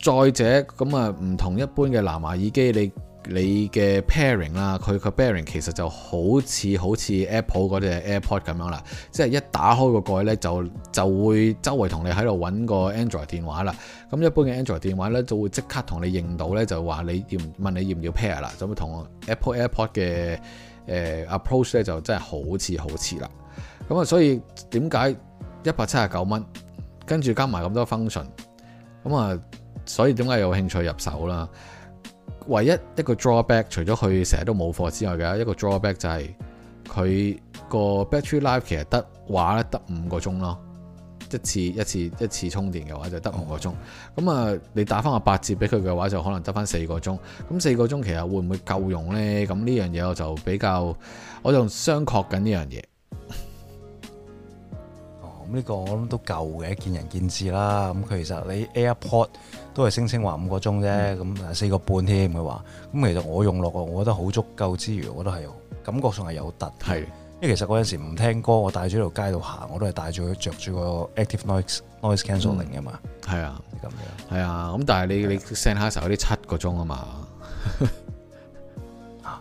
再者咁啊，唔同一般嘅藍牙耳機，你你嘅 pairing 啦，佢個 pairing 其實就好似好似 Apple 嗰隻 AirPod 咁樣啦，即係一打開個蓋咧，就就會周圍同你喺度揾個 Android 電話啦。咁一般嘅 Android 電話咧，就會即刻同你認到咧，就話你要問你要唔要 pair 啦，就會同 Apple AirPod 嘅。Uh, approach 咧就真係好似好似啦，咁啊所以點解一百七十九蚊跟住加埋咁多 function，咁啊所以點解有興趣入手啦？唯一一個 drawback，除咗佢成日都冇貨之外嘅一個 drawback 就係佢個 battery life 其實得話咧得五個鐘咯。一次一次一次充電嘅話就得五個鐘，咁啊、嗯、你打翻個八折俾佢嘅話就可能得翻四個鐘，咁四個鐘其實會唔會夠用呢？咁呢樣嘢我就比較，我就商榷緊呢樣嘢。哦，呢、這個我諗都夠嘅，見仁見智啦。咁其實你 AirPod 都係聲稱話五個鐘啫，咁、嗯、四個半添佢話。咁其實我用落我覺得好足夠之餘，我覺得係感覺上係有突。係。因係其實嗰陣時唔聽歌，我帶住喺度街度行，我都係帶住佢着住個 active noise noise c a n c e l i n g 嘅嘛。係、嗯、啊，咁樣。係啊，咁但係你是、啊、你 send h e a 啲七個鐘啊嘛。 [LAUGHS]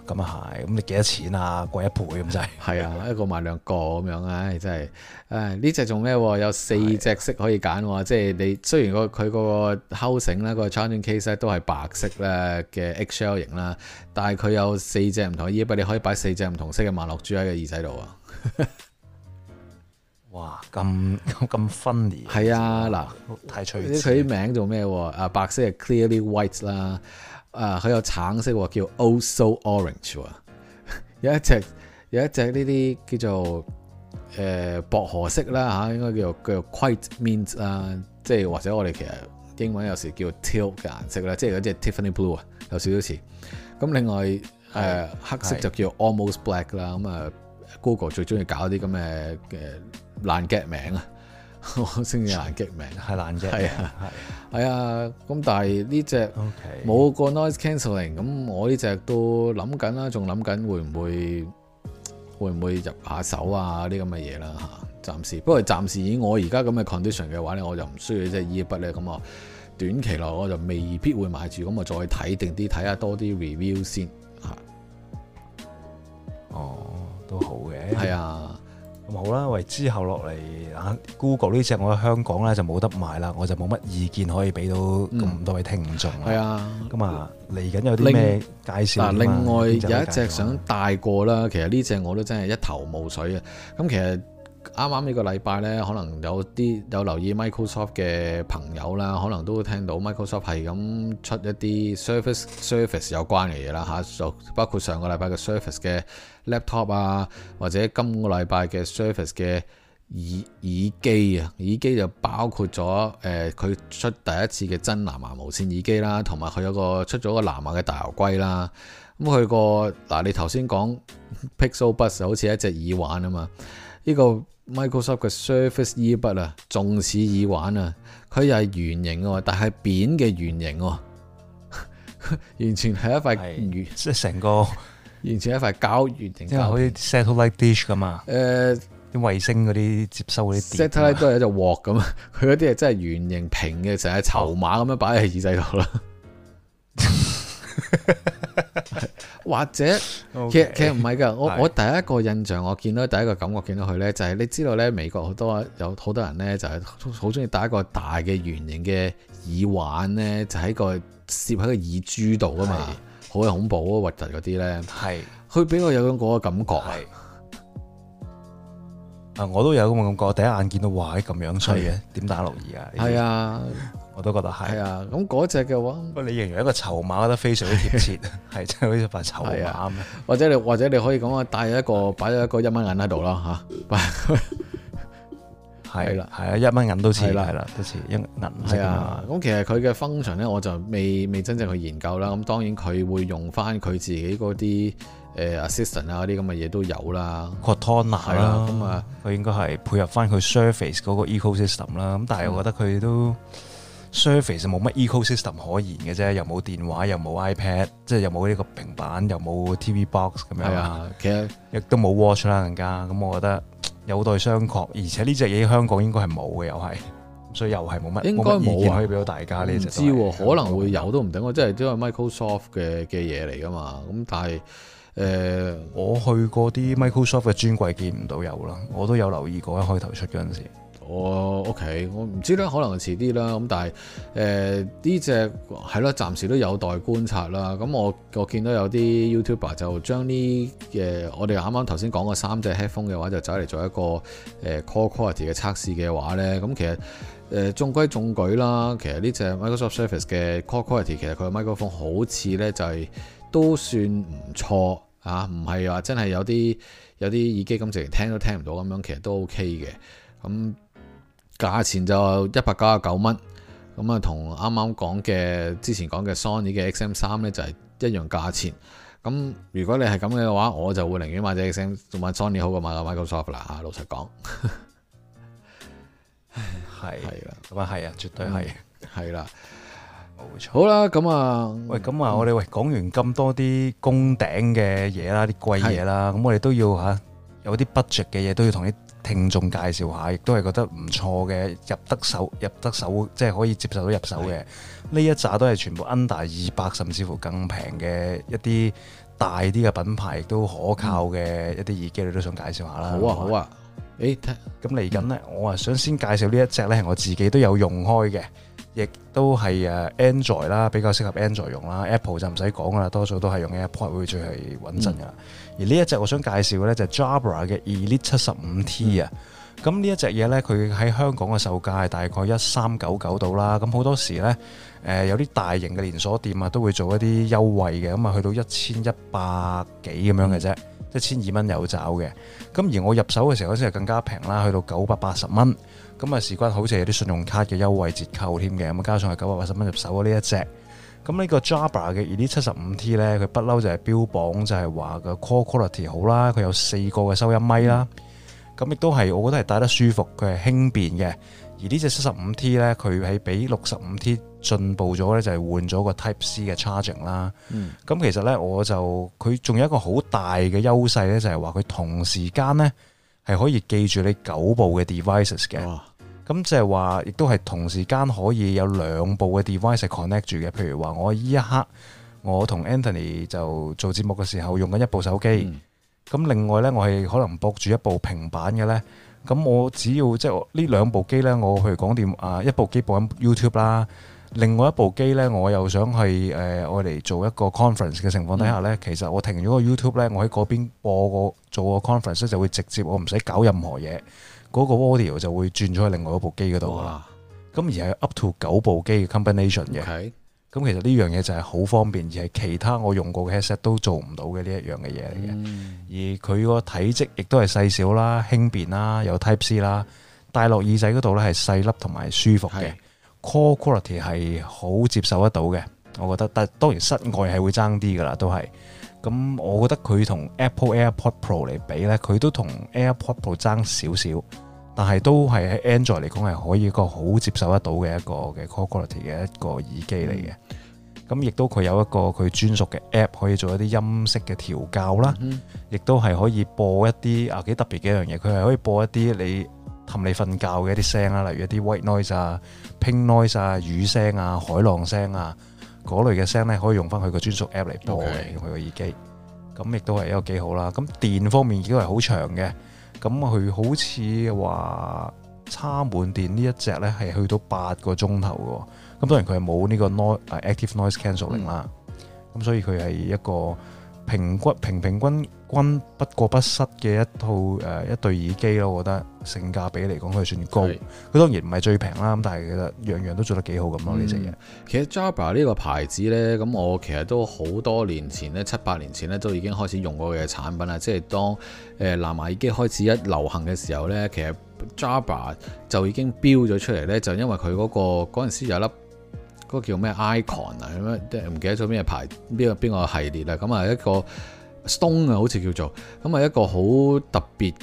咁啊係，咁你幾多錢啊？貴一倍咁滯，就係。係啊，一個賣兩個咁樣啊，唉、哎，真係，唉、哎，呢隻仲咩？有四隻色可以揀，的即係你雖然個佢嗰個 housing 咧，個 charging case 咧都係白色咧嘅 XL 型啦，但係佢有四隻唔同嘅耳杯，你可以擺四隻唔同色嘅萬樂珠喺個耳仔度 [LAUGHS] 啊！哇，咁咁 funny。係啊、哦，嗱，太睇佢啲名做咩？啊，白色係 clearly white 啦。啊，佢有橙色喎，叫 oh so orange 喎， [LAUGHS] 有一隻有一隻呢啲叫做誒、呃、薄荷色啦嚇、啊，應該叫叫做 quite mint 啦、啊，即係或者我哋其實英文有時叫 teal 嘅顏色啦，即係嗰隻 tiffany blue 啊，有少少似。咁另外誒黑色就叫 almost black 是啦，咁、嗯、啊 Google 最中意搞啲咁嘅嘅爛 gag 名啊。 [LAUGHS] 我先至係激命，係難啫。係啊，係啊。咁、啊、但係呢隻冇個 noise cancelling，咁 Okay. 我呢隻都諗緊啦，仲諗緊會唔會會唔會入下手啊？啲咁嘅嘢啦嚇，暫時。不過暫時以我而家咁嘅 condition 嘅話咧，我就唔需要即係依筆咧。咁啊，短期內我就未必會買住，咁啊再睇定啲，睇下多啲 review 先嚇。哦，都好嘅，係啊。好啦，為之後落嚟，Google 呢隻我喺香港咧就冇得買啦，我就冇乜意見可以俾到咁多位聽眾。係、嗯、啊，咁啊嚟緊有啲咩介紹，另外有一隻想帶過啦，其實呢隻我都真係一頭霧水啊。咁其實。啱啱呢個禮拜呢，可能有啲有留意 Microsoft 嘅朋友啦，可能都會聽到 Microsoft 係咁出一啲 Surface、Surface 有關嘅嘢啦嚇，就包括上個禮拜嘅 Surface 嘅 Laptop 啊，或者今個禮拜嘅 Surface 嘅耳耳機啊，耳機就包括咗誒，佢、呃、出第一次嘅真藍牙無線耳機啦，同埋佢有個出咗個藍牙嘅大牛龜啦。咁、嗯、佢個嗱你頭先講 Pixel Buds 好似一隻耳環啊嘛，呢、這個。Microsoft 嘅 Surface Earbuds 啊，仲似耳環啊，佢又係圓形喎，但係扁嘅圓形喎，完全係一塊圓，即係成個完全一塊膠圓形。即係好似 satellite dish 咁啊。誒、呃，啲衛星嗰啲接收嗰啲 satellite 麼都係一隻鑊咁啊，佢嗰啲係真係圓形平嘅，成隻籌碼咁樣擺喺耳仔度啦。 [LAUGHS] [LAUGHS] 或者 okay，其實其實唔係噶，我的我第一個印象我見到第一個感覺見到佢咧，就係、是、你知道咧美國好多有好多人咧就係好中意戴一個大嘅圓形嘅耳環咧，就喺個攝喺個耳珠度啊嘛，好的恐怖啊，核突嗰啲咧，係佢俾我有種嗰個感覺係啊，我都有咁嘅感覺，第一眼見到哇，咁樣衰嘅點打落耳啊，係啊的。 [LAUGHS] 我都覺得係。係啊，咁嗰隻嘅話，不過你形容一個籌碼，覺得非常之貼切，係真係好似塊籌碼啊。或者你或者你可以講啊，帶一個擺咗一個一蚊銀喺度啦吓？係啦，係啊，一蚊銀都似啦。係啦，都似一銀色啊。咁其實佢嘅 function 咧，我就未未真正去研究啦。咁當然佢會用翻佢自己嗰啲誒 assistant 啊嗰啲咁嘅嘢都有啦 Cortana 啦，咁啊佢應該係配合翻佢 Surface 嗰個 ecosystem 啦。咁但係我覺得佢都。Surface 就冇乜 ecosystem 可言嘅啫，又冇電話，又冇 iPad，即係又冇呢個平板，又冇 TV box 咁樣。係啊，其實亦都冇 Watch 啦，更加。咁我覺得有待商榷。而且呢隻嘢香港應該係冇嘅，又係，所以又係冇乜意見可以俾到大家呢隻。唔知、啊、可能會有都唔定，我真係都係 Microsoft 嘅嘅嘢嚟噶嘛。咁但係誒，我去過啲 Microsoft 嘅專櫃見唔到有啦。我都有留意過一開頭出嗰陣時。我屋企，okay，我唔知咧，可能遲啲啦。咁但係誒呢隻係咯，暫、嗯、時都有待觀察啦。咁我我見到有啲 YouTuber 就將呢嘅我哋啱啱頭先講嘅三隻 headphone 嘅話就走嚟做一個誒、呃、call quality 嘅測試嘅話咧，咁其實誒、呃、中規中矩啦。其實呢隻 Microsoft Surface 嘅 call quality 其實佢嘅 Microphone 好似咧就係、是、都算唔錯啊，唔係話真係有啲有啲耳機咁直情聽都聽唔到咁樣，其實都 OK 嘅咁。價錢就一百九十九蚊，咁啊同啱啱講嘅之前講嘅 Sony 嘅 XM 三咧就係一樣價錢。咁如果你係咁嘅話，我就會寧願買隻 XM，仲買 Sony 好過買 Microsoft 啦。啊，老實講，係係啦，咁啊係啊，的絕對係係啦，冇錯。好啦，咁、嗯、啊，喂，咁啊，的我哋喂講完咁多啲宮頂嘅嘢啦，啲貴嘢啦，咁我哋都要嚇有啲 budget 嘅嘢都要同你。聽眾介紹下，亦都係覺得唔錯嘅，入得手，入得手，即係可以接受到入手嘅。呢的一扎都係全部 under 二百，甚至乎更平嘅一啲大啲嘅品牌，亦都可靠嘅、嗯、一啲耳機，你都想介紹下啦。好啊，好啊。誒、欸，咁嚟緊呢，欸、我啊想先介紹呢一隻咧，係我自己都有用開嘅。亦都係誒 Android 啦，比較適合 Android 用啦。Apple 就唔使講啦，多數都係用 Apple 會最係穩陣嘅。嗯、而呢一隻我想介紹嘅呢，就係 Jabra 嘅 Elite 七十五 T 啊。咁呢一隻嘢呢，佢喺香港嘅售價大概一三九九到啦。咁好多時呢，誒有啲大型嘅連鎖店啊都會做一啲優惠嘅，咁啊去到一千一百幾咁樣嘅啫，一千二蚊有找嘅。咁而我入手嘅時候嗰陣時更加平啦，去到九百八十蚊。咁啊，事關好似有啲信用卡嘅優惠折扣添嘅，咁加上係九百八十蚊入手啊呢一隻。咁呢個 Jabra 嘅 Elite 七十五 T 咧，佢不嬲就係標榜就係話個 call quality 好啦，佢有四個嘅收音咪啦。咁亦都係我覺得係戴得舒服，佢係輕便嘅。而隻呢隻七十五 T 咧，佢係比六十五 T 進步咗咧，就係、是、換咗個 Type C 嘅 charging 啦。咁、嗯、其實咧，我就佢仲有一個好大嘅優勢咧，就係話佢同時間咧。係可以記住你九部嘅 devices 嘅，咁即係話亦都係同時間可以有兩部嘅 device connect 住嘅。譬如話我依一刻，我同 Anthony 就做節目嘅時候用緊一部手機，咁、嗯、另外呢，我係可能駁住一部平板嘅呢。咁我只要即係呢兩部機呢，我去講電話一部機播緊 YouTube 啦。另外一部機呢，我又想去誒我嚟做一個 conference 嘅情況底下呢。嗯、其實我停咗個 YouTube 呢，我喺嗰邊播個做個 conference 就會直接我唔使搞任何嘢，嗰、嗰個 audio 就會轉咗去另外一部機嗰度啊。咁哇而係 up to 九部機嘅 combination 嘅。咁 Okay 其實呢樣嘢就係好方便，而係其他我用過嘅 headset 都做唔到嘅呢一樣嘅嘢嚟嘅。嗯、而佢個體積亦都係細小啦、輕便啦、有 type C 啦，戴落耳仔嗰度呢係細粒同埋舒服嘅。Call quality 係好接受得到嘅，我覺得，但係當然室外係會爭啲噶啦，都係。咁我覺得佢同 Apple AirPod Pro 嚟比咧，佢都同 AirPod Pro 爭少少，但係都係喺 Android 嚟講係可以個好接受得到嘅一個嘅 Call quality 嘅一個耳機嚟嘅。咁亦都佢有一個佢專屬嘅 App 可以做一啲音色嘅調校啦，亦都係可以播一啲啊幾特別嘅樣嘢，佢係可以播一啲你。氹你瞓覺嘅一啲聲啦，例如一啲 white noise 啊、pink noise 啊、雨聲啊、海浪聲啊，嗰類嘅聲咧，可以用翻佢個專屬 app 嚟播，用佢個耳機，咁亦都係一個幾好啦。咁電方面亦都係好長嘅，咁佢好似話插滿電呢一隻咧係去到八個鐘頭嘅，咁當然佢係冇呢個 noise active noise cancelling 啦，咁所以佢係一個平均平平均。均不過不失嘅一套誒一對耳機咯，我覺得性價比嚟講佢算高，佢是當然唔係最平啦，咁但係其實樣樣都做得幾好咁咯，呢隻嘢。這其實 Jabra 呢個牌子呢，咁我其實都好多年前咧，七八年前呢，都已經開始用過佢嘅產品啦。即係當誒藍牙耳機開始一流行嘅時候呢，其實 Jabra 就已經標咗出嚟呢就因為佢嗰、嗰個嗰陣時有粒嗰個，嗰個叫咩 icon 啊，咁樣即係唔記得咗咩牌邊個邊個系列啦，咁啊一個。松啊，Stone，好似叫做咁啊，咁係一個好特別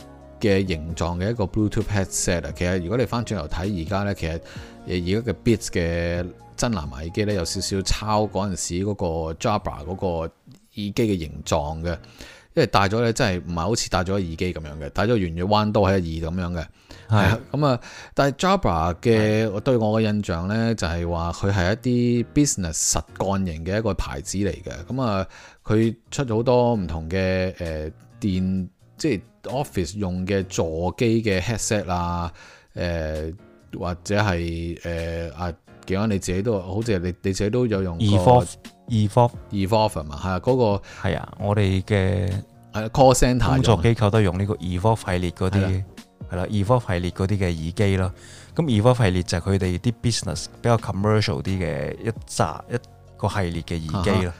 嘅形狀嘅一個 Bluetooth headset 啊。其實如果你翻轉頭睇而家咧，其實而而家嘅 Beats 嘅真藍牙耳機咧，有少少抄嗰陣時嗰個 Jabra 嗰個耳機嘅形狀嘅，因為戴咗咧真係唔係好似戴咗耳機咁樣嘅，戴咗圓月彎刀喺耳咁樣嘅。係咁啊，但係 Jabra 嘅是對我嘅印象咧，就係話佢係一啲 business 實幹型嘅一個牌子嚟嘅。咁啊。佢出咗好多唔同嘅誒、呃、電，即係 office 用嘅座機嘅 headset 啊，誒、呃、或者係誒、呃、啊，警安，你自己都好似你你自己都有用過。二 f o 二 o u r 二 f 嘛？係啊，嗰、那個係啊，我哋嘅係 c a l l c e n t e 工作機，構都用呢的個二 f o 系列嗰啲係啦，二 f o 系列嗰啲嘅耳機咯。咁二 f o 系列就係佢哋啲 business 比較 commercial 啲嘅一扎一,一個系列嘅耳機咯。Uh huh.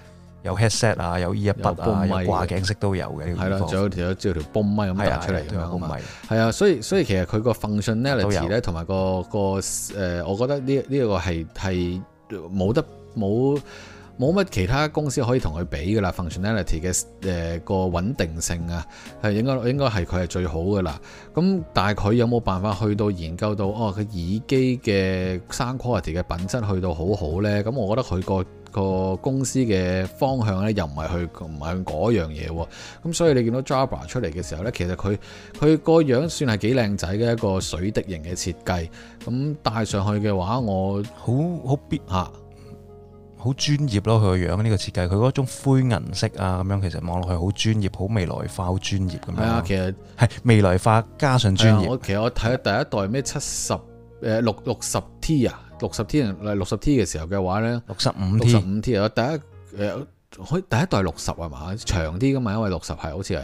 有 headset 啊，有依一筆啊，有，boom 有掛頸式都有嘅。係、這、啦、個，仲有仲有條 boom mic 咁搭出嚟。係啊，所以所以，所以其實佢有、嗰個 functionality 咧，同埋個個誒，我覺得呢呢個係係冇得冇冇乜其他公司可以同佢比噶啦。functionality 嘅誒個穩定性啊，係應該應該係佢係最好噶啦。咁但係佢有冇辦法去到研究到哦？佢耳機嘅 sound quality 嘅品質去到好好咧？咁我覺得佢個個公司嘅方向咧，又唔係去唔係去嗰樣嘢喎，咁所以你見到 Jabra 出嚟嘅時候咧，其實佢佢個樣算係幾靚仔嘅一個水滴型嘅設計，咁戴上去嘅話我，我好好必吓好專業咯，佢個樣呢個設計，佢嗰種灰銀色啊，咁樣其實望落去好專業，好未來化，好專業咁樣。係啊，其實係未來化加上專業。啊、我其實我睇第一代咩七十誒、呃、六六十 T 啊。六十 T 啊，六十 T 嘅時候嘅話咧，六十五 T，六十五 T 啊、呃，第一誒，可以第一代六十係嘛，長啲噶嘛，因為六十係好似係，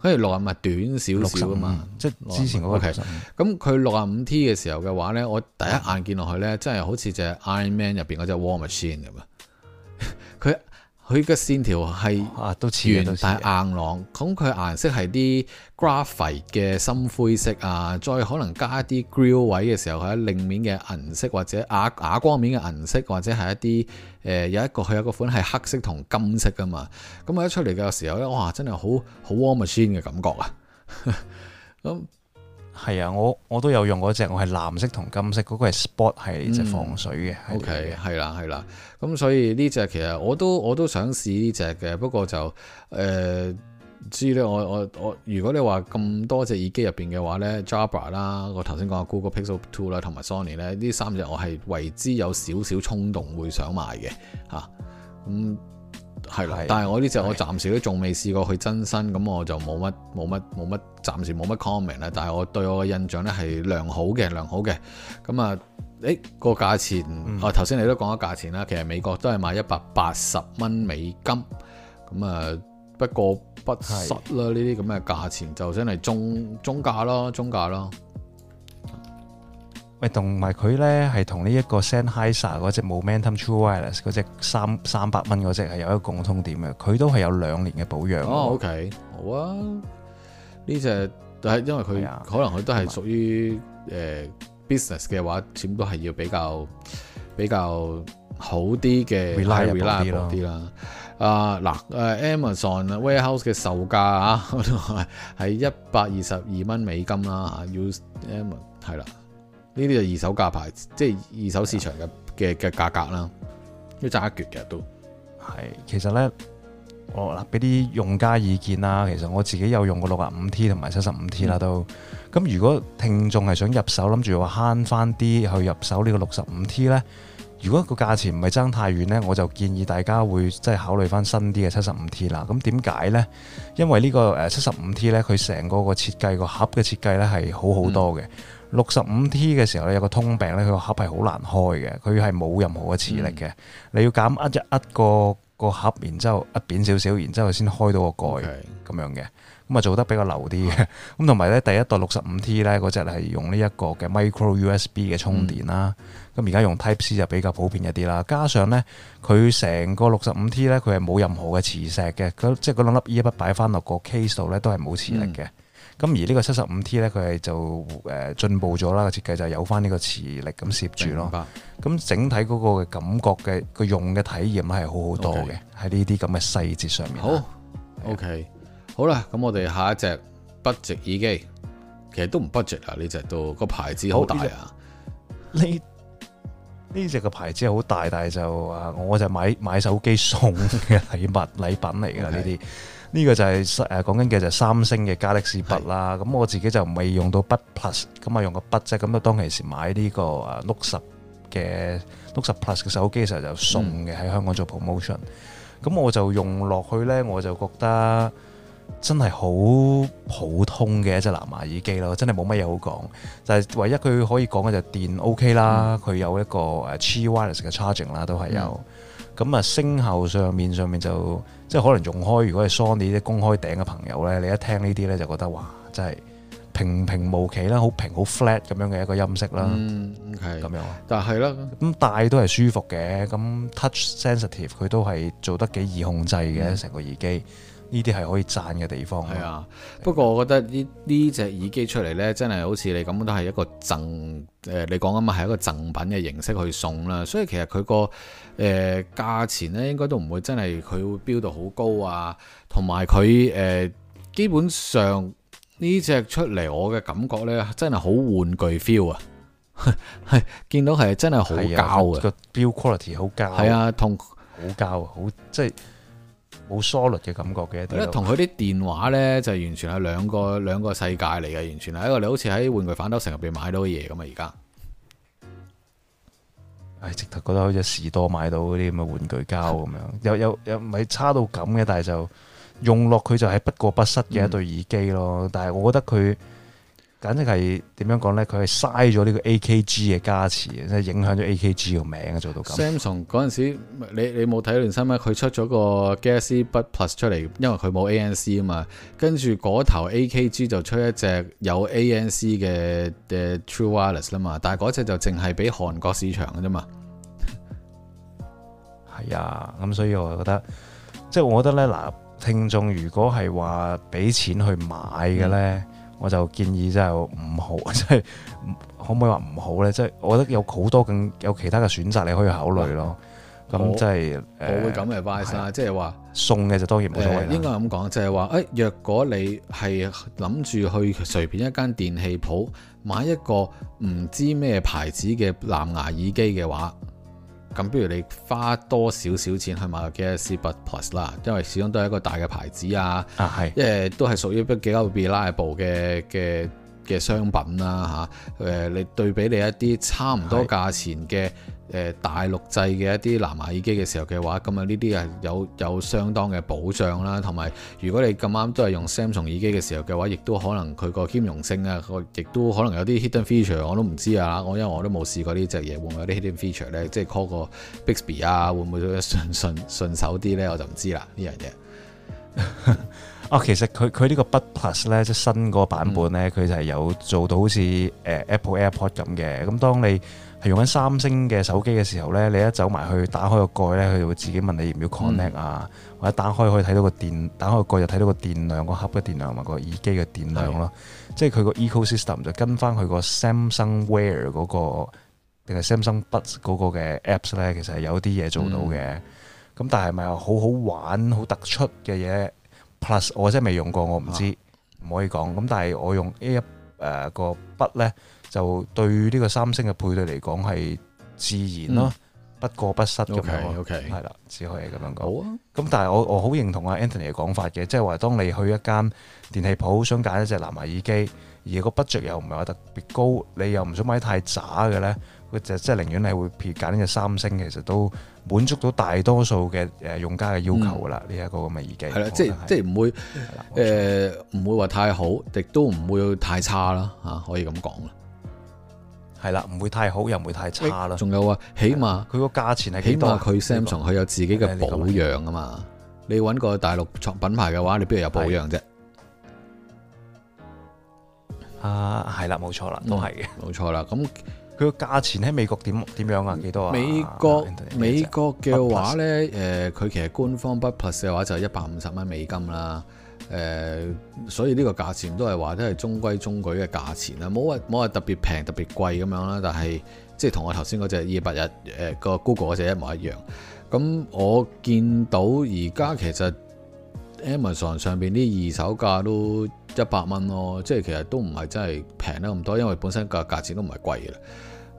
跟住六十咪短少少啊嘛，即係是之前嗰個六十。咁佢六十五 T 嘅時候嘅話咧，我第一眼見落去咧，真係好似隻 Iron Man 入邊嗰隻 War Machine 咁啊！ [LAUGHS] 佢嘅線條係啊、哦、都似，但係硬朗。咁佢顏色係啲 graphite 嘅深灰色啊，再可能加一啲 grill 位嘅時候喺另一面嘅銀色或者啞啞光面嘅銀色，或者係一啲誒、呃、有一個佢有個款係黑色同金色噶嘛。咁佢一出嚟嘅時候咧，哇！真係好好 War Machine 嘅感覺啊。咁、 [LAUGHS] 嗯係啊，我我都有用嗰隻，我係藍色同金色嗰、那個係 Sport 係呢隻防水嘅、嗯，OK，係啦係啦，咁所以呢隻其實我都我都想試呢隻嘅，不過就誒知咧，我我我如果你話咁多隻耳機入邊嘅話咧，Jabra 啦，Jab ra，我頭先講啊 Google Pixel Two 啦，同埋 Sony 咧，呢三隻我係為之有少少衝動會想買嘅嚇，咁、啊。嗯係啦，的但係我呢隻我暫時都仲未試過去真身，咁的我就冇乜冇乜冇乜，暫時冇乜 comment 啦。但係我對我嘅印象咧係良好嘅，良好嘅。咁啊，誒、欸那個價錢，嗯、啊頭先你都講咗價錢啦，其實美國都係賣一百八十蚊美金。咁啊，不過不失啦，呢啲咁嘅價錢就算係中中價咯，中價咯。同埋佢咧係同呢個、um、3, 一個 Sennheiser 嗰隻 Momentum True Wireless 嗰隻三三百蚊嗰隻係有一個共通點嘅，佢都係有兩年嘅保養。哦、oh,，OK，好啊。呢隻因為佢、啊、可能佢都係屬於、嗯呃、business 嘅話，全部都係要比較比較好啲嘅 reliable 嗰啲啦。啊嗱，Amazon Warehouse 嘅售價啊，係一百二十二蚊美金啦。Used Amazon 係啦。呢啲就二手價牌，即係二手市場嘅嘅嘅價格啦的，都揸一撅嘅都。係，其實呢，我嗱俾啲用家意見啦。其實我自己有用過六啊五 T 同埋七十五 T 啦，都、嗯。咁如果聽眾係想入手，諗住話慳翻啲去入手呢個六十五 T 呢。如果個價錢唔係爭太遠呢，我就建議大家會即係考慮翻新啲嘅七十五 T 啦。咁點解呢？因為呢個誒七十五 T 呢，佢成個個設計個盒嘅設計呢係好好多嘅。嗯六十五 T 嘅時候咧，有個通病咧，佢個盒係好難開嘅，佢係冇任何嘅磁力嘅，嗯、你要減壓一壓個個盒，然之後壓扁少少，然之後先開到一個蓋咁 Okay. 樣嘅，咁啊做得比較流啲嘅，咁同埋咧第一代六十五 T 咧嗰隻係用呢一個嘅 Micro USB 嘅充電啦，咁而家用 Type C 就比較普遍一啲啦，加上咧佢成個六十五 T 咧佢係冇任何嘅磁石嘅，嗰即係嗰兩粒 earbuds 擺翻落個 case 度咧都係冇磁力嘅。嗯嗯。咁而個呢個七十五 T 咧，佢係就誒進、呃、步咗啦，設計就係有翻呢個磁力咁攝住咯。咁明白整體嗰個嘅感覺嘅個用嘅體驗咧係好好多嘅，喺呢啲咁嘅細節上面。好，OK，、啊、好啦，咁我哋下一隻 budget 耳機，其實都唔 budget 啊，呢隻都個牌子好大啊。呢呢隻嘅牌子好大，但係就啊，我就買買手機送嘅禮物禮 [LAUGHS] 品嚟噶呢啲。Okay. 呢個就係誒講緊嘅就係三星嘅 Galaxy Bud 啦，咁我自己就未用到 Bud Plus，咁啊用個 Bud 啫，咁啊當其時買呢個誒 Note 10嘅 Note 10 Plus 嘅手機嘅時候就送嘅喺香港做 promotion，咁我就用落去咧，我就覺得真係好普通嘅一隻藍牙耳機咯。真係冇乜嘢好講，就係唯一佢可以講嘅就係電 OK 啦，佢有一個 Qi Wireless 嘅 charging 啦都係有，咁啊聲效上面上面就。即係可能用開，如果係 Sony 啲公開頂嘅朋友咧，你一聽呢啲咧就覺得哇，真係平平無奇啦，好平好 flat 咁樣嘅一個音色啦，咁、嗯 okay, 樣。但係啦，咁戴都係舒服嘅，咁 Touch Sensitive 佢都係做得幾易控制嘅，成、嗯、個耳機。呢啲係可以讚嘅地方。係啊，嗯、不過我覺得呢呢隻耳機出嚟呢，真係好似你咁都係一個贈，誒，你講啊嘛，係一個贈品嘅形式去送啦。所以其實佢個誒價錢咧，應該都唔會真係佢會飆到好高啊。同埋佢誒基本上呢隻出嚟，我嘅感覺呢，真係好玩具 feel 啊！係 [LAUGHS] 見到係真係好膠的啊，個 build quality 好膠。係啊，同好膠啊，好即係。冇疏略嘅感覺嘅一對，同佢啲電話呢，就完全係兩個兩個世界嚟嘅，完全係一個你好似喺玩具反斗城入邊買到嘅嘢咁啊！而家，唉，直頭覺得好似士多買到嗰啲咁嘅玩具膠咁樣，又又又唔係差到咁嘅，但係就用落佢就係不過不失嘅一對耳機咯。嗯、但係我覺得佢。簡直係點樣講呢？佢係嘥咗呢個 AKG 嘅加持，即係影響咗 AKG 個名做到咁。Samsung 嗰陣時，你你冇睇，聯新咩？佢出咗個 Galaxy Bud Plus 出嚟，因為佢冇 ANC 啊嘛。跟住嗰頭 AKG 就出一隻有 ANC 嘅嘅 True Wireless 啦嘛。但係嗰隻就淨係俾韓國市場嘅啫嘛。係啊，咁所以我覺得，即係我覺得呢，嗱，聽眾如果係話俾錢去買嘅呢。嗯我就建議真係唔好，即係可唔可以話唔好呢？即係我覺得有好多更有其他嘅選擇你可以考慮咯。咁即係我會咁嘅 vice，即係話送嘅就當然冇所謂啦。應該咁講，就係話誒，若果你係諗住去隨便一間電器鋪買一個唔知咩牌子嘅藍牙耳機嘅話。咁不如你花多少少錢去買個 Galaxy Buds Plus 啦，因為始終都係一個大嘅牌子啊，啊係，即係都係屬於比較 reliable 嘅嘅。嘅商品啦嚇，誒、啊、你對比你一啲差唔多價錢嘅誒、呃、大陸製嘅一啲藍牙耳機嘅時候嘅話，咁啊呢啲係有有相當嘅保障啦，同埋如果你咁啱都係用 Samsung 耳機嘅時候嘅話，亦都可能佢個兼容性啊，亦都可能有啲 hidden feature 我都唔知啊，我因為我都冇試過呢隻嘢，會唔會有啲 hidden feature 呢？即係 call 個 Bixby 啊，會唔會順順順手啲呢？我就唔知啦，呢樣嘢。啊，其實佢佢呢個 Buds Plus 咧，即新個版本咧，佢、嗯、就係有做到好似誒 Apple AirPod 咁嘅。咁當你係用緊三星嘅手機嘅時候咧，你一走埋去打開個蓋咧，佢就會自己問你要唔要 connect 啊，嗯、或者打開可以睇到個電，打開個蓋就睇到個電量、個盒嘅電量同埋個耳機嘅電量咯。是的 即係佢個 Ecosystem 就跟翻佢、個 Samsung Wear 嗰個定係 Samsung Buds 嗰個嘅 Apps 咧，其實係有啲嘢做到嘅。咁、嗯、但係咪好好玩、好突出嘅嘢？Plus，我真係未用過，我唔知，唔、啊、唔可以講。咁但係我用呢一誒個筆咧，就對呢個三星嘅配對嚟講係自然咯，嗯、不過不失咁樣咯，係啦 Okay, okay.，只可以咁樣講。好咁、啊、但係我我好認同阿 Anthony 嘅講法嘅，即係話當你去一間電器鋪想揀一隻藍牙耳機，而個筆着又唔係話特別高，你又唔想買太渣嘅咧，佢就即係寧願你會揀呢隻三星，其實都。滿足到大多數嘅誒用家嘅要求啦，呢一個咁嘅耳機。係啦，即係即係唔會誒，唔會話太好，亦都唔會太差啦。嚇，可以咁講啦。係啦，唔會太好又唔會太差啦。仲有啊，起碼佢個價錢係起碼佢 Samsung 佢有自己嘅保養啊嘛。你揾個大陸廠品牌嘅話，你邊度有保養啫？啊，係啦，冇錯啦，都係嘅，冇錯啦，咁。佢個價錢喺美國點點樣,點樣啊？幾多啊？美國美國嘅話咧，誒不，佢、呃、其實官方不 plus 嘅話就係一百五十蚊美金啦。誒、呃，所以呢個價錢都係話都係中規中矩嘅價錢啦，冇話冇話特別平特別貴咁樣啦。但係即係同我頭先嗰隻二百日誒個、呃、Google 嗰隻一模一樣。咁我見到而家其實 Amazon 上邊啲二手價都一百蚊咯，即係其實都唔係真係平得咁多，因為本身個價錢都唔係貴嘅啦。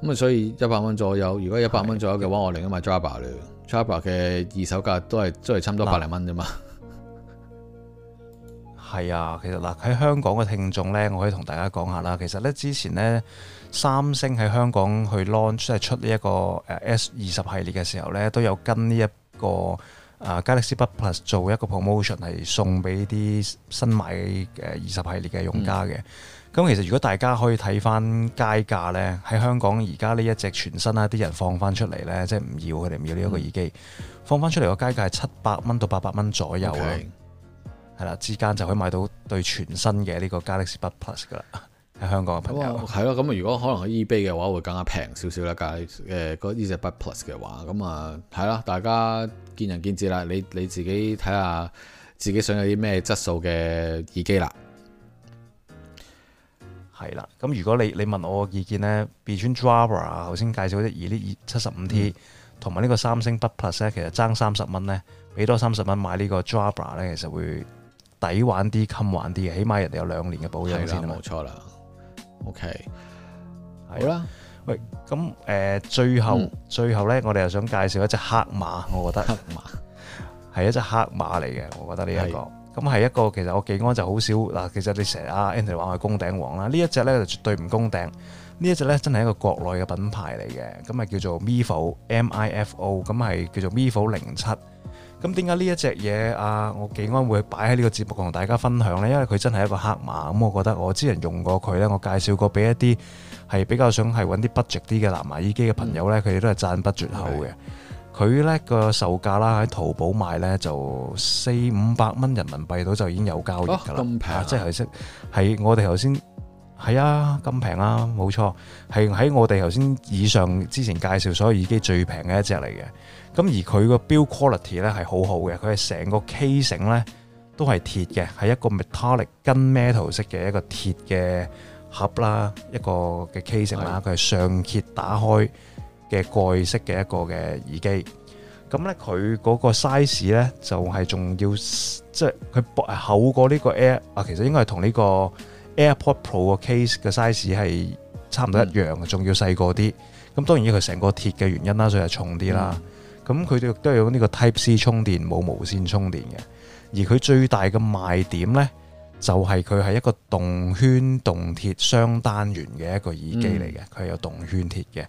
咁啊，所以一百蚊左右，如果一百蚊左右嘅話，是我寧願買 Jabra 啦對。Jabra 嘅二手價都係都係差唔多百零蚊啫嘛。係啊，其實嗱喺香港嘅聽眾呢，我可以同大家講下啦。其實呢，之前呢三星喺香港去 launch 即係出呢一個誒 S 二十系列嘅時候呢，都有跟呢一個啊 Galaxy Buds Plus 做一個 promotion，係送俾啲新買誒二十系列嘅用家嘅。嗯咁其實如果大家可以睇翻街價咧，喺香港而家呢一隻全新啊，啲人放翻出嚟咧，即係唔要佢哋唔要呢一個耳機，嗯、放翻出嚟個街價係七百蚊到八百蚊左右啊，係啦 Okay.，之間就可以買到對全新嘅呢個 Galaxy Buds Plus 噶啦，喺 Okay. 香港嘅朋友。係咯，咁啊，如果可能喺 eBay 嘅話，會更加平少少啦。價誒，呢隻 Buds Plus 嘅話，咁啊，係啦，大家見仁見智啦。你你自己睇下，自己想有啲咩質素嘅耳機啦。係啦，咁如果你你問我嘅意見咧，B 村 Jabra 頭先介紹啲 Elite Elite 75T 同埋呢個三星 Buds Plus 咧，其實爭三十蚊咧，俾多三十蚊買個呢個 Jabra 咧，其實會抵玩啲，襟玩啲，起碼人哋有兩年嘅保修，先冇錯啦。OK，對係啦吧，喂，咁誒、呃，最後、嗯、最後咧，我哋又想介紹一隻黑馬，我覺得黑馬係 [LAUGHS] 一隻黑馬嚟嘅，我覺得呢、這、一個。咁係一個其實我幾安就好少嗱，其實你成日阿 Andy 話我係公頂王啦，呢一隻呢就絕對唔公頂，呢一隻呢真係一個國內嘅品牌嚟嘅，咁啊叫做 Mifo M, o, M I F O，咁係叫做 Mifo 零七，咁點解呢一隻嘢啊我幾安會擺喺呢個節目同大家分享呢？因為佢真係一個黑馬，咁我覺得我之前用過佢呢，我介紹過俾一啲係比較想係揾啲 budget 啲嘅藍牙耳機嘅朋友呢，佢哋、嗯、都係讚不絕口嘅。佢呢個售價啦，喺淘寶賣呢就四五百蚊人民幣到就已經有交易㗎啦、哦咁平，即係即識係我哋頭先係啊，咁平啦，冇錯，係喺我哋頭先以上之前介紹所有耳機最平嘅一隻嚟嘅。咁而佢個 build quality 呢係好好嘅，佢係成個 casing 都係鐵嘅，係一個 metallic gun metal 色嘅一個鐵嘅盒啦，一個嘅 casing 啦，佢係上揭打開。嘅蓋式嘅一個嘅耳機，咁咧佢嗰個 size 咧就係、是、仲要即係佢薄厚過呢個 Air 啊，其實應該係同呢個 AirPod Pro 嘅 case 嘅 size 係差唔多一樣嘅，仲、嗯、要細個啲。咁當然因佢成個鐵嘅原因啦，所以係重啲啦。咁佢哋都有呢個 Type C 充電，冇無線充電嘅。而佢最大嘅賣點咧，就係佢係一個動圈動鐵雙單元嘅一個耳機嚟嘅，佢係、嗯、有動圈鐵嘅。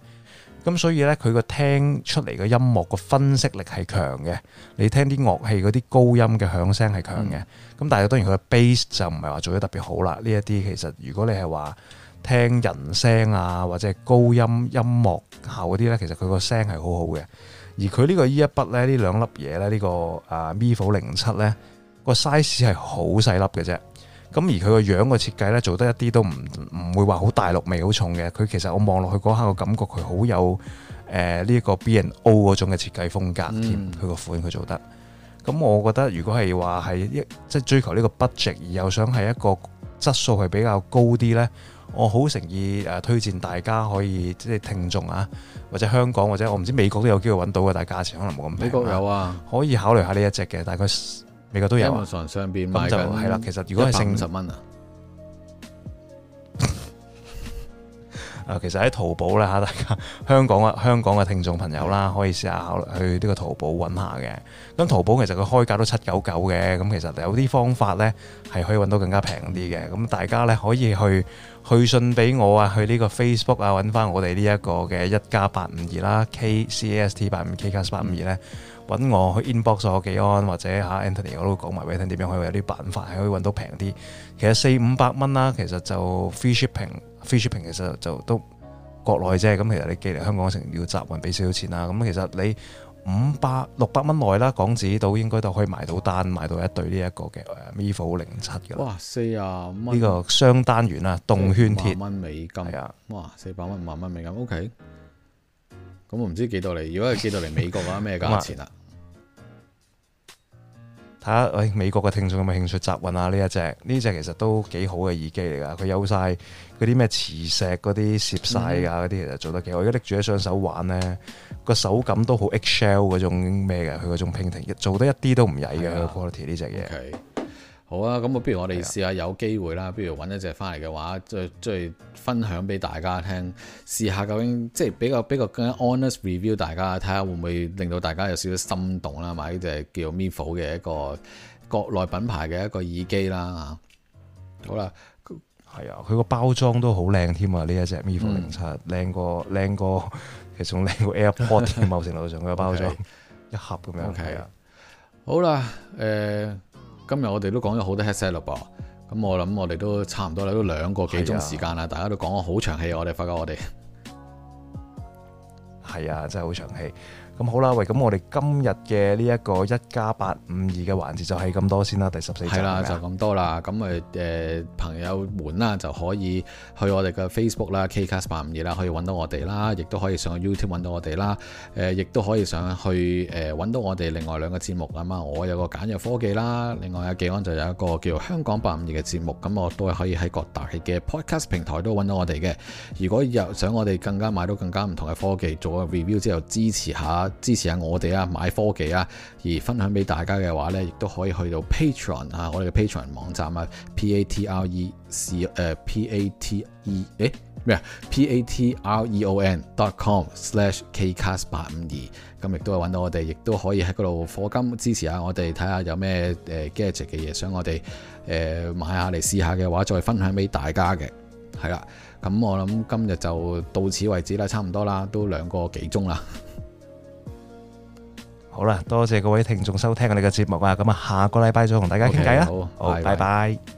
咁所以咧，佢個聽出嚟嘅音樂個分析力係強嘅。你聽啲樂器嗰啲高音嘅響聲係強嘅。咁、嗯、但係當然佢嘅 bass 就唔係話做得特別好啦。呢一啲其實如果你係話聽人聲啊，或者係高音音樂效嗰啲咧，其實佢個聲係好好嘅。而佢、e、呢個依一筆咧，這個、呢兩粒嘢咧，呢個 Mifo 零七咧個 size 係好細粒嘅啫。咁而佢個樣嘅設計呢，做得一啲都唔唔會話好大陸味好重嘅。佢其實我望落去嗰刻個感覺，佢好有誒呢個 B and O 嗰種嘅設計風格添。佢個、嗯、款佢做得。咁我覺得如果係話係即係追求呢個 budget，而又想係一個質素係比較高啲呢，我好誠意誒推薦大家可以即係聽眾啊，或者香港或者我唔知美國都有機會揾到嘅，但係價錢可能冇咁低。美國有啊，可以考慮下呢一隻嘅大概。美國都有上上面的啊，咁就係啦。其實如果係成五十蚊啊，啊， [LAUGHS] 其實喺淘寶啦，嚇大家香港嘅香港嘅聽眾朋友啦，可以試下考去呢個淘寶揾下嘅。咁淘寶其實佢開價都七九九嘅，咁其實有啲方法咧係可以揾到更加平啲嘅。咁大家咧可以去去信俾我啊，去呢個 Facebook 啊揾翻我哋呢一個嘅一家八五二啦，K C A S T 八五 K 加八五二咧。揾我去 inbox 我幾安或者嚇 Anthony 我都講埋俾你聽點樣可以有啲辦法可以揾到平啲，其實四五百蚊啦，其實就 free shipping free shipping 其實就都國內啫，咁其實你寄嚟香港城要集運俾少少錢啦，咁其實你五百六百蚊內啦港紙到應該都可以買到單買到一對呢一個嘅 Mifo 零七嘅。哇，四啊蚊呢個雙單元啊，動圈鐵，五蚊美金啊，哇，四百蚊五萬蚊美金，OK。我唔知寄到嚟，如果係寄到嚟美國嘅話，咩價錢啊？睇下喂，美國嘅聽眾有冇興趣集運啊？呢一隻呢隻其實都幾好嘅耳機嚟㗎，佢有晒嗰啲咩磁石嗰啲攝晒啊嗰啲，嗯、其實做得幾好。而家拎住一雙手玩咧，個手感都好 excel 嗰種咩嘅，佢嗰種 painting 做得一啲都唔曳嘅 quality 呢隻嘢。Okay。好啊，咁我不如我哋試下有機會啦，不如揾一隻翻嚟嘅話，再再分享俾大家聽，試下究竟即係比較比較更加 honest review 大家，睇下會唔會令到大家有少少心動啦，買呢隻叫 Mifo 嘅一個國內品牌嘅一個耳機啦吓。好啦，係啊，佢個包裝都好靚添啊，呢一隻 Mifo 零七，靚過靚過，其實仲靚過 AirPod 添啊，某程 [LAUGHS] 度上佢個包裝 Okay. 一盒咁樣，OK 啊。Okay. 的好啦，誒、呃。今日我哋都講咗好多 headset 啦噃，咁我諗我哋都差唔多啦，都兩個幾鐘時間啦，啊、大家都講咗好長氣，我哋發覺我哋係啊，真係好長氣。咁好啦，喂，咁我哋今日嘅呢一個一家八五二嘅環節就係咁多先啦，第十四集。係啦，就咁多啦。咁誒誒朋友們啦，就可以去我哋嘅 Facebook 啦，KCast 八五二啦，可以搵到我哋啦，亦都可以上 YouTube 搵到我哋啦。誒亦都可以上去誒搵、呃、到我哋另外兩個節目啦嘛。我有個簡約科技啦，另外阿記安就有一個叫香講八五二嘅節目。咁我都係可以喺各大嘅 Podcast 平台都搵到我哋嘅。如果有想我哋更加買到更加唔同嘅科技，做個 review 之後支持下。支持下我哋啊，買科技啊，而分享俾大家嘅話咧，亦都可以去到 Patreon 啊，我哋嘅 Patreon 網站啊，P A T R E C 誒，P A T E 誒咩啊？P A T R E O N dot com slash KCast 八五二，咁亦都係揾到我哋，亦都可以喺嗰度課金支持下我哋，睇下有咩誒 gadget 嘅嘢，想我哋誒買下嚟試下嘅話，再分享俾大家嘅，係啦。咁我諗今日就到此為止啦，差唔多啦，都兩個幾鐘啦。好啦，多謝各位聽眾收聽我哋嘅節目啊！咁啊，下個禮拜再同大家傾偈啦，okay, 好，拜拜。